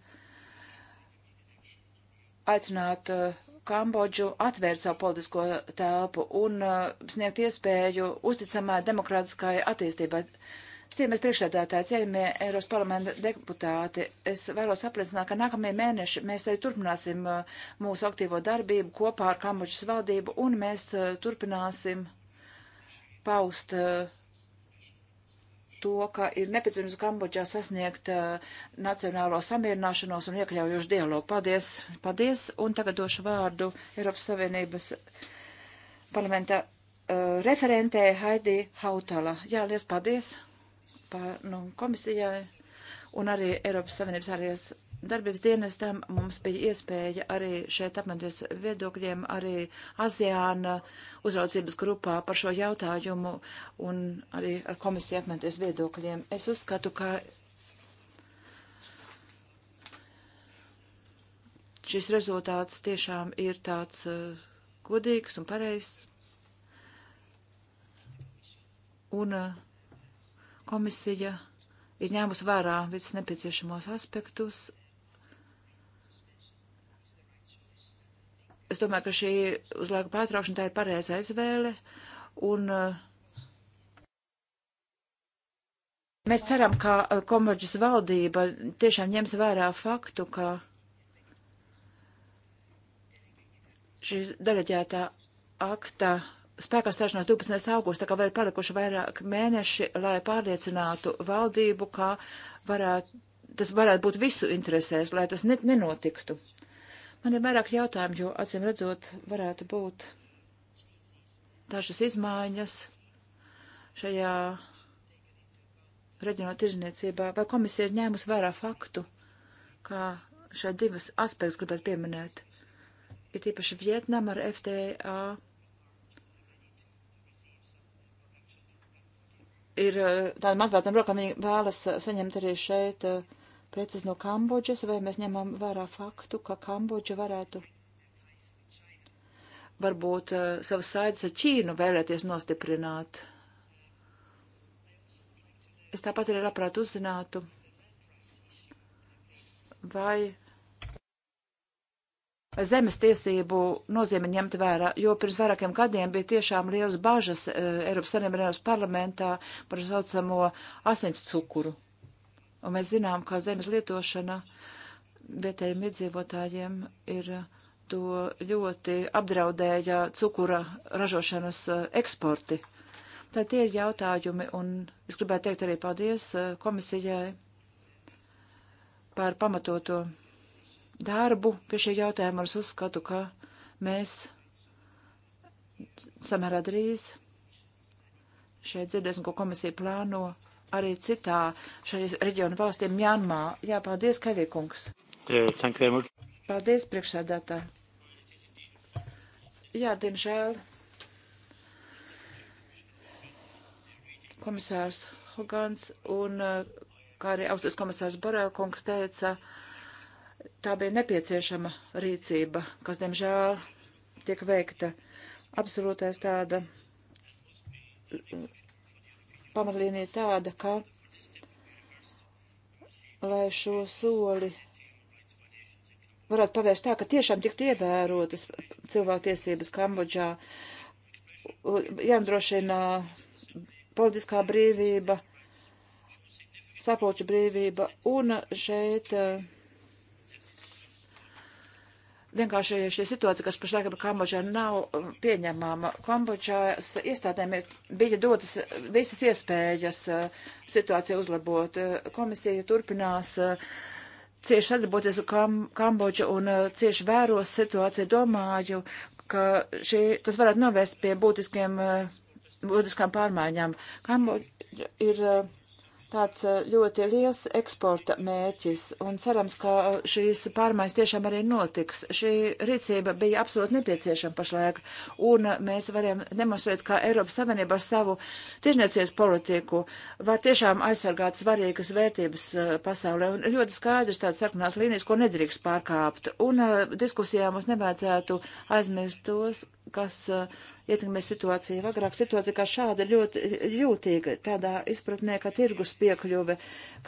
aicināt uh, Kambodžu atvērt savu politisko telpu un uh, sniegt iespēju uzticamai demokrātiskai attīstībai. Ciemies priekšsēdētāji, ciemie Eiros parlamenta deputāti, es vēlos apliecināt, ka nākamie mēneši mēs arī turpināsim uh, mūsu aktīvo darbību kopā ar Kambodžas valdību un mēs uh, turpināsim paust uh, to, ka ir nepieciešams Kambodžā sasniegt uh, nacionālo samierināšanos un iekļaujošu dialogu. Paldies, paldies, un tagad došu vārdu Eiropas Savienības parlamenta uh, referentē Haidī Hautala. Jā, liels paldies pa, nu, komisijai un arī Eiropas Savienības ārējās darbības dienestam mums bija iespēja arī šeit apmainīties viedokļiem, arī ASEANA uzraudzības grupā par šo jautājumu un arī ar komisiju apmainīties viedokļiem. Es uzskatu, ka šis rezultāts tiešām ir tāds uh, godīgs un pareizs. Un uh, komisija ir ņēmusi vērā visus nepieciešamos aspektus es domāju, ka šī uz laiku pārtraukšana tā ir pareizā izvēle. Un, eh, Mēs ceram, ka eh, Kambodžas valdība tiešām ņems vērā faktu, ka šī deleģētā akta spēkā stāšanās 12. augustā, ka vēl ir palikuši vairāk mēneši, lai pārliecinātu valdību, ka varētu, tas varētu būt visu interesēs, lai tas net, nenotiktu. Man ir vairāk jautājumu, jo, acīm redzot, varētu būt dažas izmaiņas šajā reģionāla tirzniecībā. Vai komisija ir ņēmusi vērā faktu, kā šai divas aspekts gribētu pieminēt? Ir tīpaši Vietnama ar FTA ir uh, tādam atvērtam rokam, viņi vēlas saņemt arī šeit uh, preces no Kambodžas, vai mēs ņemam vērā faktu, ka Kambodža varētu varbūt eh, savas saites ar Ķīnu vēlēties nostiprināt. Es tāpat arī labprāt uzzinātu, vai zemes tiesību nozīme ņemt vērā, jo pirms vairākiem gadiem bija tiešām lielas bažas e, Eiropas Savienības parlamentā par saucamo asins cukuru. Un mēs zinām, ka zemes lietošana vietējiem iedzīvotājiem ir eh, to ļoti apdraudēja cukura ražošanas eh, eksporti. Tad tie ir jautājumi, un es gribētu teikt arī paldies eh, komisijai par pamatoto darbu pie šī jautājuma. Es uzskatu, ka mēs samērā drīz šeit dzirdēsim, ko komisija plāno arī citā šajās reģionu valstī Mjanmā. Jā, paldies, Kavīkungs. Paldies, priekšsēdētā. Jā, diemžēl. Komisārs Hogans un eh, kā arī augstais komisārs Borelkungs teica, tā bija nepieciešama rīcība, kas, diemžēl, tiek veikta absolūtais tāda pamatlīnija tāda, ka lai šo soli varētu pavērst tā, ka tiešām tiktu ievērotas cilvēktiesības Kambodžā, jānodrošina politiskā brīvība, sapulču brīvība, un šeit uh, vienkārši šī situācija, kas pašlaik par Kambodžā nav um, pieņemama. Kambodžās iestādēm bija dotas visas iespējas uh, situāciju uzlabot. Uh, komisija turpinās uh, cieši sadarboties ar Kam Kambodžu un cieši vēros situāciju. Domāju, ka šī, tas varētu novērst pie būtiskiem, būtiskām pārmaiņām. Kambodža ir tāds eh, ļoti liels eksporta mērķis, un cerams, ka eh, šīs pārmaiņas tiešām arī notiks. Šī rīcība bija absolūti nepieciešama pašlaik, un eh, mēs varam demonstrēt, ka Eiropas Savienība ar savu tirniecības politiku var tiešām aizsargāt svarīgas vērtības pasaulē, un ļoti skaidrs tāds sarkanās līnijas, ko nedrīkst pārkāpt, un diskusijā mums nevajadzētu aizmirst tos, kas uh, ietekmē situāciju. Agrāk situācija kā šāda ļoti jūtīga, tādā izpratnē, ka tirgus piekļuve,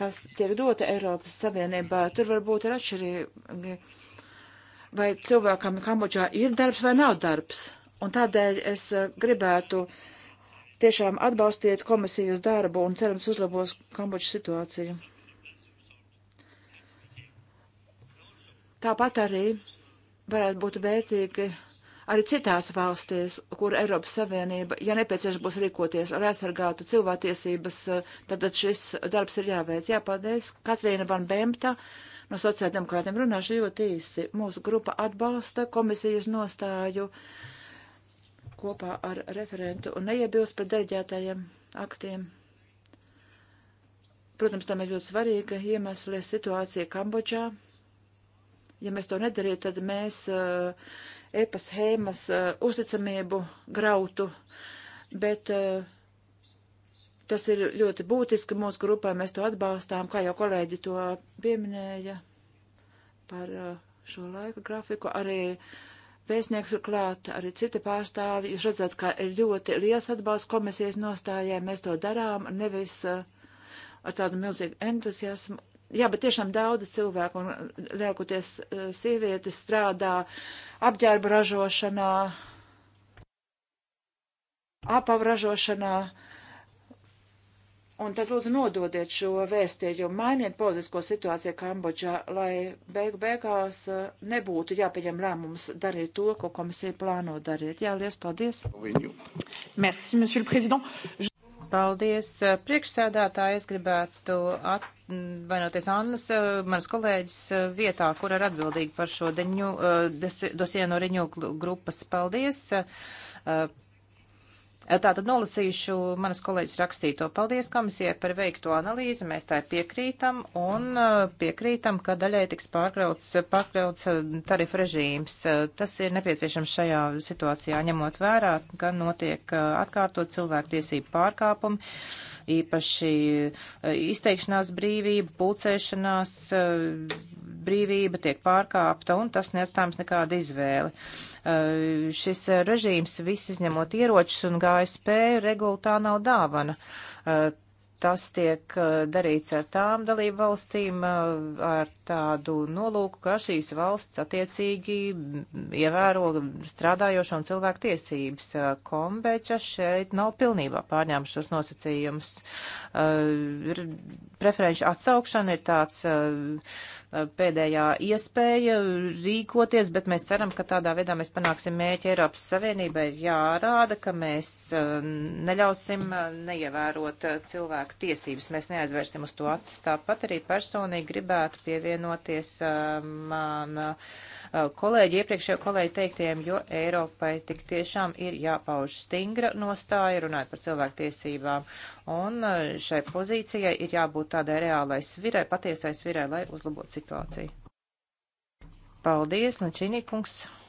kas tiek dota Eiropas Savienībā, tur var būt ir atšķirīgi, vai cilvēkam Kambodžā ir darbs vai nav darbs. Un tādēļ es eh, gribētu tiešām atbalstīt komisijas darbu un cerams uzlabos Kambodžas situāciju. Tāpat arī varētu būt vērtīgi arī citās valstīs, kur Eiropas Savienība, ja nepieciešams būs rīkoties, lai aizsargātu cilvēktiesības, eh, tad šis darbs ir jāveic. Jāpaldies Katrīna Van Bemta no sociāldemokrātiem runāšu ļoti īsi. Mūsu grupa atbalsta komisijas nostāju kopā ar referentu un neiebilst pret deleģētajiem aktiem. Protams, tam ir ļoti svarīga iemesla situācija Kambodžā. Ja mēs to nedarītu, tad mēs uh, epas hēmas uh, eh, uzticamību grautu, bet uh, tas ir ļoti būtiski mūsu grupai, mēs to atbalstām, kā jau kolēģi to pieminēja par uh, šo laika grafiku. Arī vēstnieks ir klāt, arī citi pārstāvji. Jūs redzat, ka ir ļoti liels atbalsts komisijas nostājai, mēs to darām, nevis uh, ar tādu milzīgu entuziasmu jā, bet tiešām daudz cilvēku, un lielākoties eh, sievietes strādā apģērbu ražošanā, apavu ražošanā. Un tad lūdzu nododiet šo vēstījumu, mainiet politisko situāciju Kambodžā, lai beigu beigās eh, nebūtu jāpieņem lēmums darīt to, ko komisija plāno darīt. Jā, liels paldies. Merci, monsieur le président. Paldies. Priekšsēdētāji, es gribētu atvainoties Annas, manas kolēģis vietā, kur ir atbildīgi par šo deņu, dosiju no riņu grupas. Paldies. Tātad nolasīšu manas kolēģis rakstīto. Paldies komisijai par veikto analīzi, mēs tā piekrītam un eh, piekrītam, ka daļai tiks pārkrauts, pārkrauts eh, tarifu režīms. Eh, tas ir nepieciešams šajā situācijā, ņemot vērā, ka notiek atkārtot cilvēku tiesību pārkāpumi īpaši e, izteikšanās brīvība, pulcēšanās e, brīvība tiek pārkāpta un tas neatstāms nekāda izvēle. E, šis režīms viss izņemot ieročus un GSP regulu tā nav dāvana tas tiek uh, darīts ar tām dalību valstīm uh, ar tādu nolūku, ka šīs valsts attiecīgi ievēro strādājošo un cilvēku tiesības. Uh, Kombeča šeit nav pilnībā pārņēmušos nosacījumus. Preferenču atsaukšana ir tāds pēdējā iespēja rīkoties, bet mēs ceram, ka tādā veidā mēs panāksim mēķi Eiropas Savienībai jārāda, ka mēs uh, neļausim uh, neievērot uh, cilvēku tiesības, mēs neaizvērsim uz to acis. Tāpat arī personīgi gribētu pievienoties man. Um, Uh, kolēģi, iepriekšējo kolēģi teiktiem, jo Eiropai tik tiešām ir jāpauž stingra nostāja runāt par cilvēktiesībām. Un uh, šai pozīcijai ir jābūt tādai reālai svirai, patiesai svirai, lai uzlabotu situāciju. Paldies, Načinīkungs! No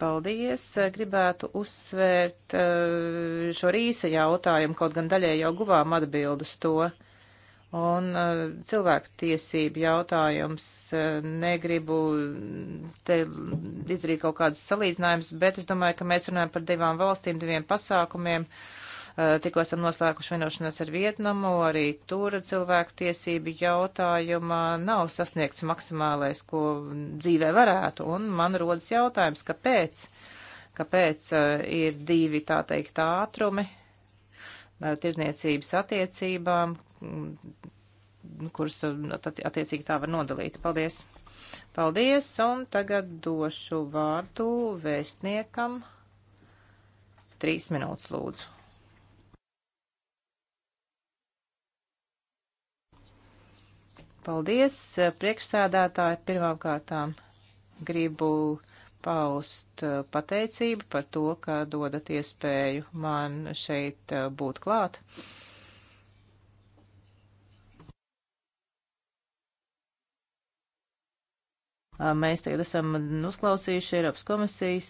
Paldies. Gribētu uzsvērt eh, šo rīsa jautājumu, kaut gan daļai jau guvām atbildus to. Un eh, cilvēku tiesību jautājums. Eh, negribu te izdarīt kaut kādas salīdzinājumas, bet es domāju, ka mēs runājam par divām valstīm, diviem pasākumiem. Uh, Eh, tikko esam noslēguši vienošanos ar Vietnamu, arī tur cilvēku tiesību jautājumā nav sasniegts maksimālais, ko dzīvē varētu. Un man rodas jautājums, kāpēc, kāpēc eh, ir divi tā teikt ātrumi eh, tirzniecības attiecībām, mm, kurus nu, attiecīgi tā var nodalīt. Paldies! Paldies, un tagad došu vārdu vēstniekam. Trīs minūtes lūdzu. Paldies, eh, priekšsēdētāji. Pirmām kārtām gribu paust eh, pateicību par to, ka dodat iespēju man šeit eh, būt klāt. Mēs tagad esam uzklausījuši Eiropas komisijas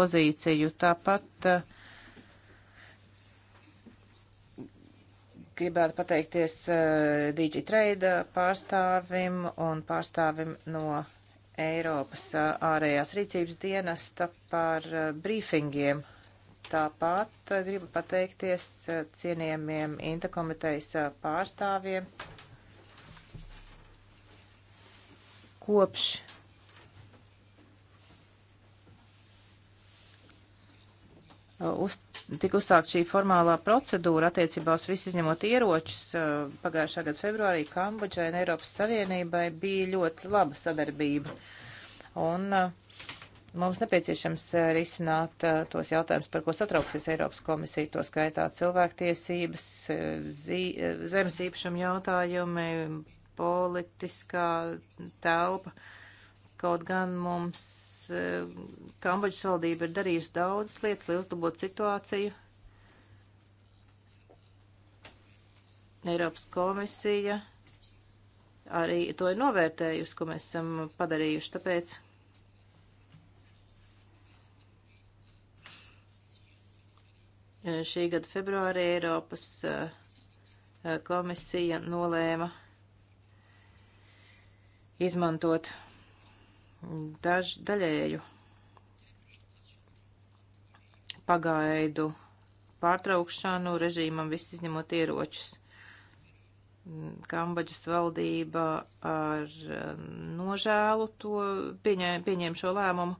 pozīciju. Tāpat uh, gribētu pateikties uh, eh, DigiTrade pārstāvim un pārstāvim no Eiropas uh, ārējās rīcības dienesta par uh, brīfingiem. Tāpat uh, gribu pateikties uh, cienījamiem interkomitejas uh, pārstāvjiem. Kopš Uh, uz, tika uzsākt šī formālā procedūra attiecībā uz visu izņemot ieročus. Uh, pagājušā gada februārī Kambodžai un Eiropas Savienībai bija ļoti laba sadarbība. Un uh, mums nepieciešams risināt tos jautājumus, par ko satrauksies Eiropas komisija, to skaitā cilvēktiesības, zī, zemes īpašuma jautājumi, politiskā telpa. Kaut gan mums Eh, Kambodžas valdība ir darījusi daudzas lietas, lai uzlabotu situāciju. Eiropas komisija arī to ir novērtējusi, ko mēs esam padarījuši. Tāpēc šī gada februārī Eiropas eh, komisija nolēma izmantot daž, daļēju pagaidu pārtraukšanu režīmam viss izņemot ieročus. Kambodžas valdība ar um, nožēlu to pieņēma, pieņēma šo lēmumu.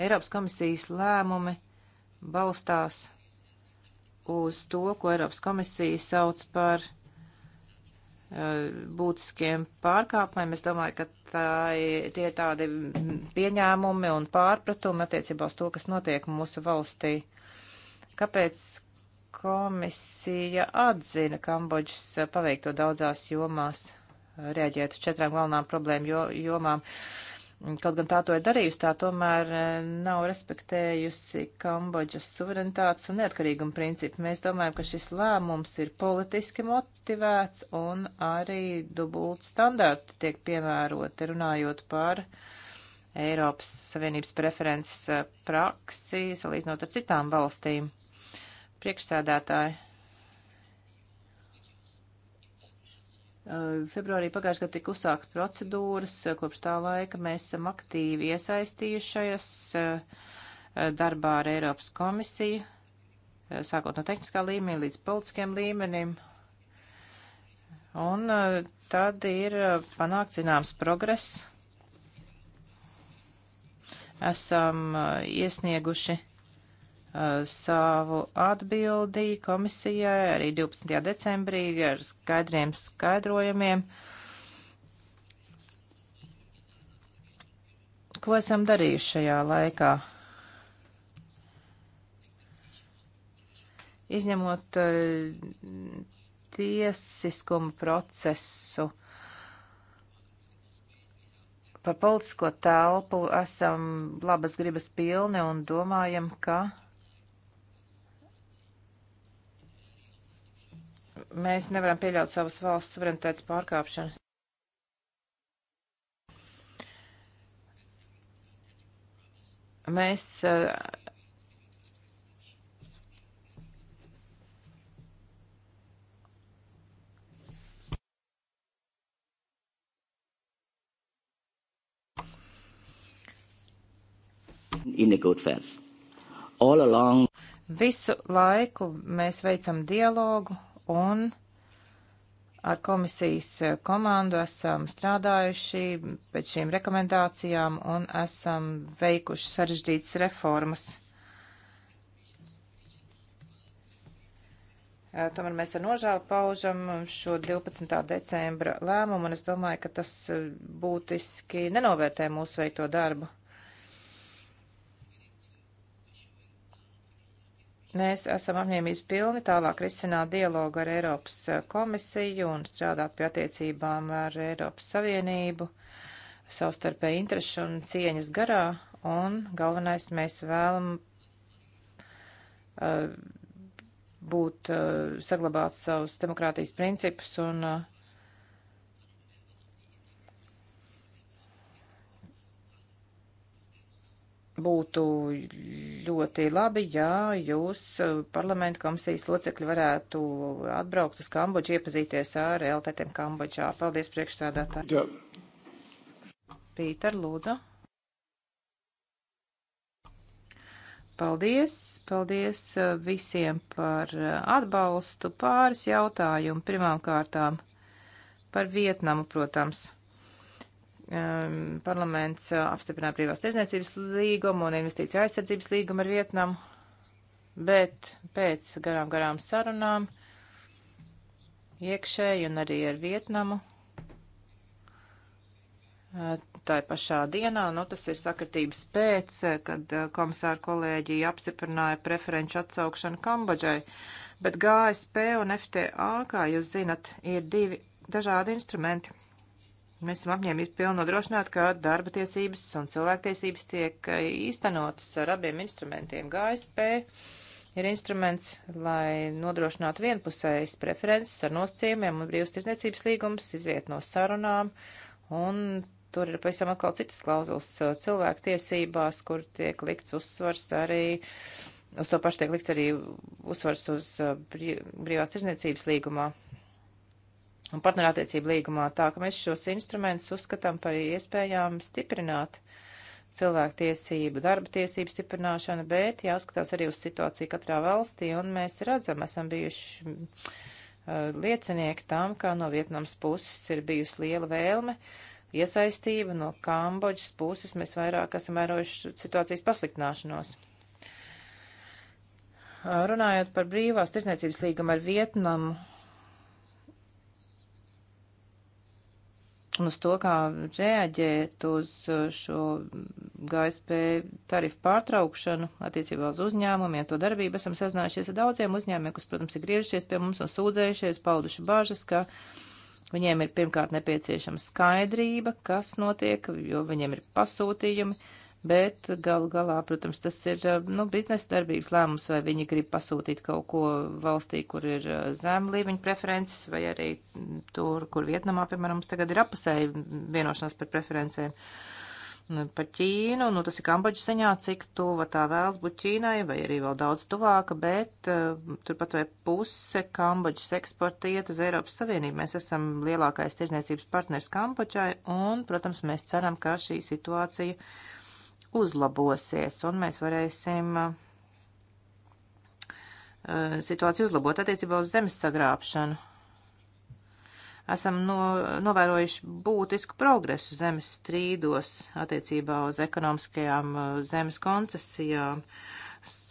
Eiropas komisijas lēmumi balstās uz to, ko Eiropas komisija sauc par būtiskiem pārkāpumiem. Es domāju, ka tā, tie ir tādi pieņēmumi un pārpratumi attiecībā uz to, kas notiek mūsu valstī. Kāpēc komisija atzina Kambodžas paveikto daudzās jomās, reaģēt uz četrām galvenām problēmu jomām? Jo, Kaut gan tā to ir darījusi, tā tomēr e, nav respektējusi Kambodžas suverenitātes un neatkarīguma principu. Mēs domājam, ka šis lēmums ir politiski motivēts un arī dubult standarti tiek piemēroti, runājot par Eiropas Savienības preferences e, praksi, salīdzinot ar citām valstīm. Priekšsēdētāji. Eh, februārī pagājušajā gadā tika uzsākt procedūras, eh, kopš tā laika mēs esam aktīvi iesaistījušies eh, darbā ar Eiropas komisiju, sākot no tehniskā līmeņa līdz politiskiem līmenim. Un tad ir panākt zināms progress. Esam iesnieguši Uh, savu atbildi komisijai arī 12. decembrī ar skaidriem skaidrojumiem, ko esam darījuši šajā laikā. Izņemot uh, tiesiskumu procesu par politisko telpu, esam labas gribas pilni un domājam, ka mēs nevaram pieļaut savas valsts suverenitātes pārkāpšanu. Mēs uh, in a good faith. All along. Visu laiku mēs veicam dialogu un ar komisijas komandu esam strādājuši pēc šīm rekomendācijām un esam veikuši sarežģītas reformas. Tomēr mēs ar nožēlu paužam šo 12. decembra lēmumu, un es domāju, ka tas būtiski nenovērtē mūsu veikto darbu. Mēs esam apņēmības pilni tālāk risināt dialogu ar Eiropas eh, komisiju un strādāt pie attiecībām ar Eiropas Savienību savstarpēji interešu un cieņas garā, un galvenais mēs vēlam uh, būt, uh, saglabāt savus demokrātijas principus un uh, būtu ļoti labi, ja jūs eh, parlamentu komisijas locekļi varētu atbraukt uz Kambodžu, iepazīties ar realitātiem Kambodžā. Paldies, priekšsēdētāji. Jā. Pīter, lūdzu. Paldies, paldies eh, visiem par eh, atbalstu. Pāris jautājumu pirmām kārtām par Vietnamu, protams um, parlaments uh, apstiprināja privās tirzniecības līgumu un investīciju aizsardzības līgumu ar Vietnamu, bet pēc garām garām sarunām iekšēji un arī ar Vietnamu uh, tā ir pašā dienā, nu tas ir sakritības pēc, eh, kad uh, komisāra kolēģija apstiprināja preferenču atsaukšanu Kambodžai, bet GSP un FTA, kā jūs zinat, ir divi dažādi instrumenti Mēs esam apņēmības pilni nodrošināt, ka darba tiesības un cilvēktiesības tiek eh, īstenotas ar abiem instrumentiem. GSP ir instruments, lai nodrošinātu vienpusējas preferences ar nosacījumiem un brīvas tirsniecības līgums iziet no sarunām. Un tur ir pavisam atkal citas klauzulas eh, cilvēktiesībās, kur tiek likts uzsvars arī. Uz to pašu tiek likts arī uzsvars uz eh, brīvās tirsniecības līgumā un partnerattiecību līgumā, tā ka mēs šos instrumentus uzskatām par iespējām stiprināt cilvēktiesību, darba tiesību stiprināšanu, bet jāskatās arī uz situāciju katrā valstī, un mēs redzam, esam bijuši uh, liecinieki tam, ka no Vietnams puses ir bijusi liela vēlme iesaistība, no Kambodžas puses mēs vairāk esam vērojuši situācijas pasliktināšanos. Runājot par brīvās tirsniecības līgumu ar Vietnamu, un uz to, kā reaģēt uz uh, šo GSP tarifu pārtraukšanu attiecībā uz uzņēmumiem, to darbību esam sazinājušies ar daudziem uzņēmumiem, kas, protams, ir griežies pie mums un sūdzējušies, pauduši bažas, ka viņiem ir pirmkārt nepieciešama skaidrība, kas notiek, jo viņiem ir pasūtījumi bet galu galā, protams, tas ir nu, biznesa darbības lēmums, vai viņi grib pasūtīt kaut ko valstī, kur ir zem līmeņa preferences, vai arī tur, kur Vietnamā, piemēram, mums tagad ir apusēji vienošanās par preferencēm. Nu, par Ķīnu, nu tas ir Kambodža ziņā, cik tuva tā vēlas būt Ķīnai, vai arī vēl daudz tuvāka, bet uh, turpat vai puse Kambodžas eksporta iet uz Eiropas Savienību. Mēs esam lielākais tirzniecības partners Kambodžai, un, protams, mēs ceram, ka šī situācija uh, uzlabosies un mēs varēsim eh, situāciju uzlabot attiecībā uz zemes sagrābšanu. Esam no, novērojuši būtisku progresu zemes strīdos attiecībā uz ekonomiskajām eh, zemes koncesijām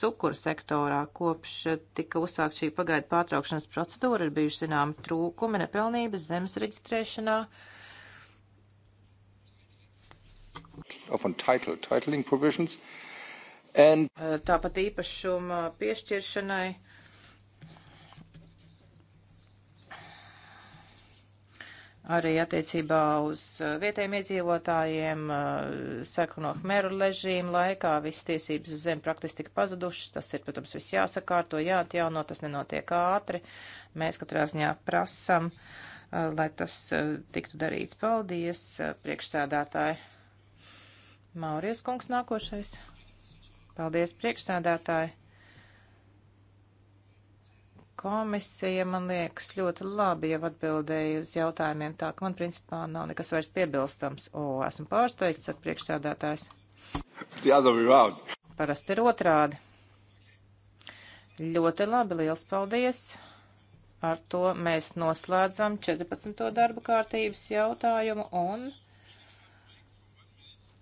cukuru sektorā. Kopš tika uzsākt šī pagaidu pārtraukšanas procedūra ir bijuši zināmi trūkumi, nepilnības zemes reģistrēšanā. Uh, Often title, titling provisions. And... Uh, tāpat īpašuma piešķiršanai. Arī attiecībā uz uh, vietējiem iedzīvotājiem uh, seku no Khmeru režīmu laikā visas tiesības uz zemi praktiski tika pazudušas. Tas ir, protams, viss jāsakārto, jāatjauno, tas nenotiek ātri. Mēs katrā ziņā prasam, lai tas tiktu darīts. Paldies, priekšsēdētāji! Mauries kungs nākošais. Paldies, priekšsēdētāji. Komisija, man liekas, ļoti labi jau atbildēja uz jautājumiem, tā ka man principā nav nekas vairs piebilstams. O, esmu pārsteigts, saka priekšsēdētājs. Parasti ir otrādi. Ļoti labi, liels paldies! Ar to mēs noslēdzam 14. darba kārtības jautājumu un.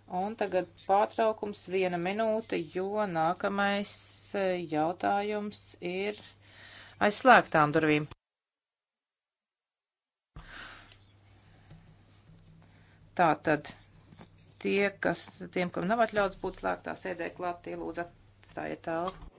Un tagad pārtraukums viena minūte, jo nākamais e, jautājums ir aizslēgtām durvīm. Tātad tie, kas, tiem, kam nav atļauts būt slēgtā sēdē klāt, tie lūdzu atstājiet telpu.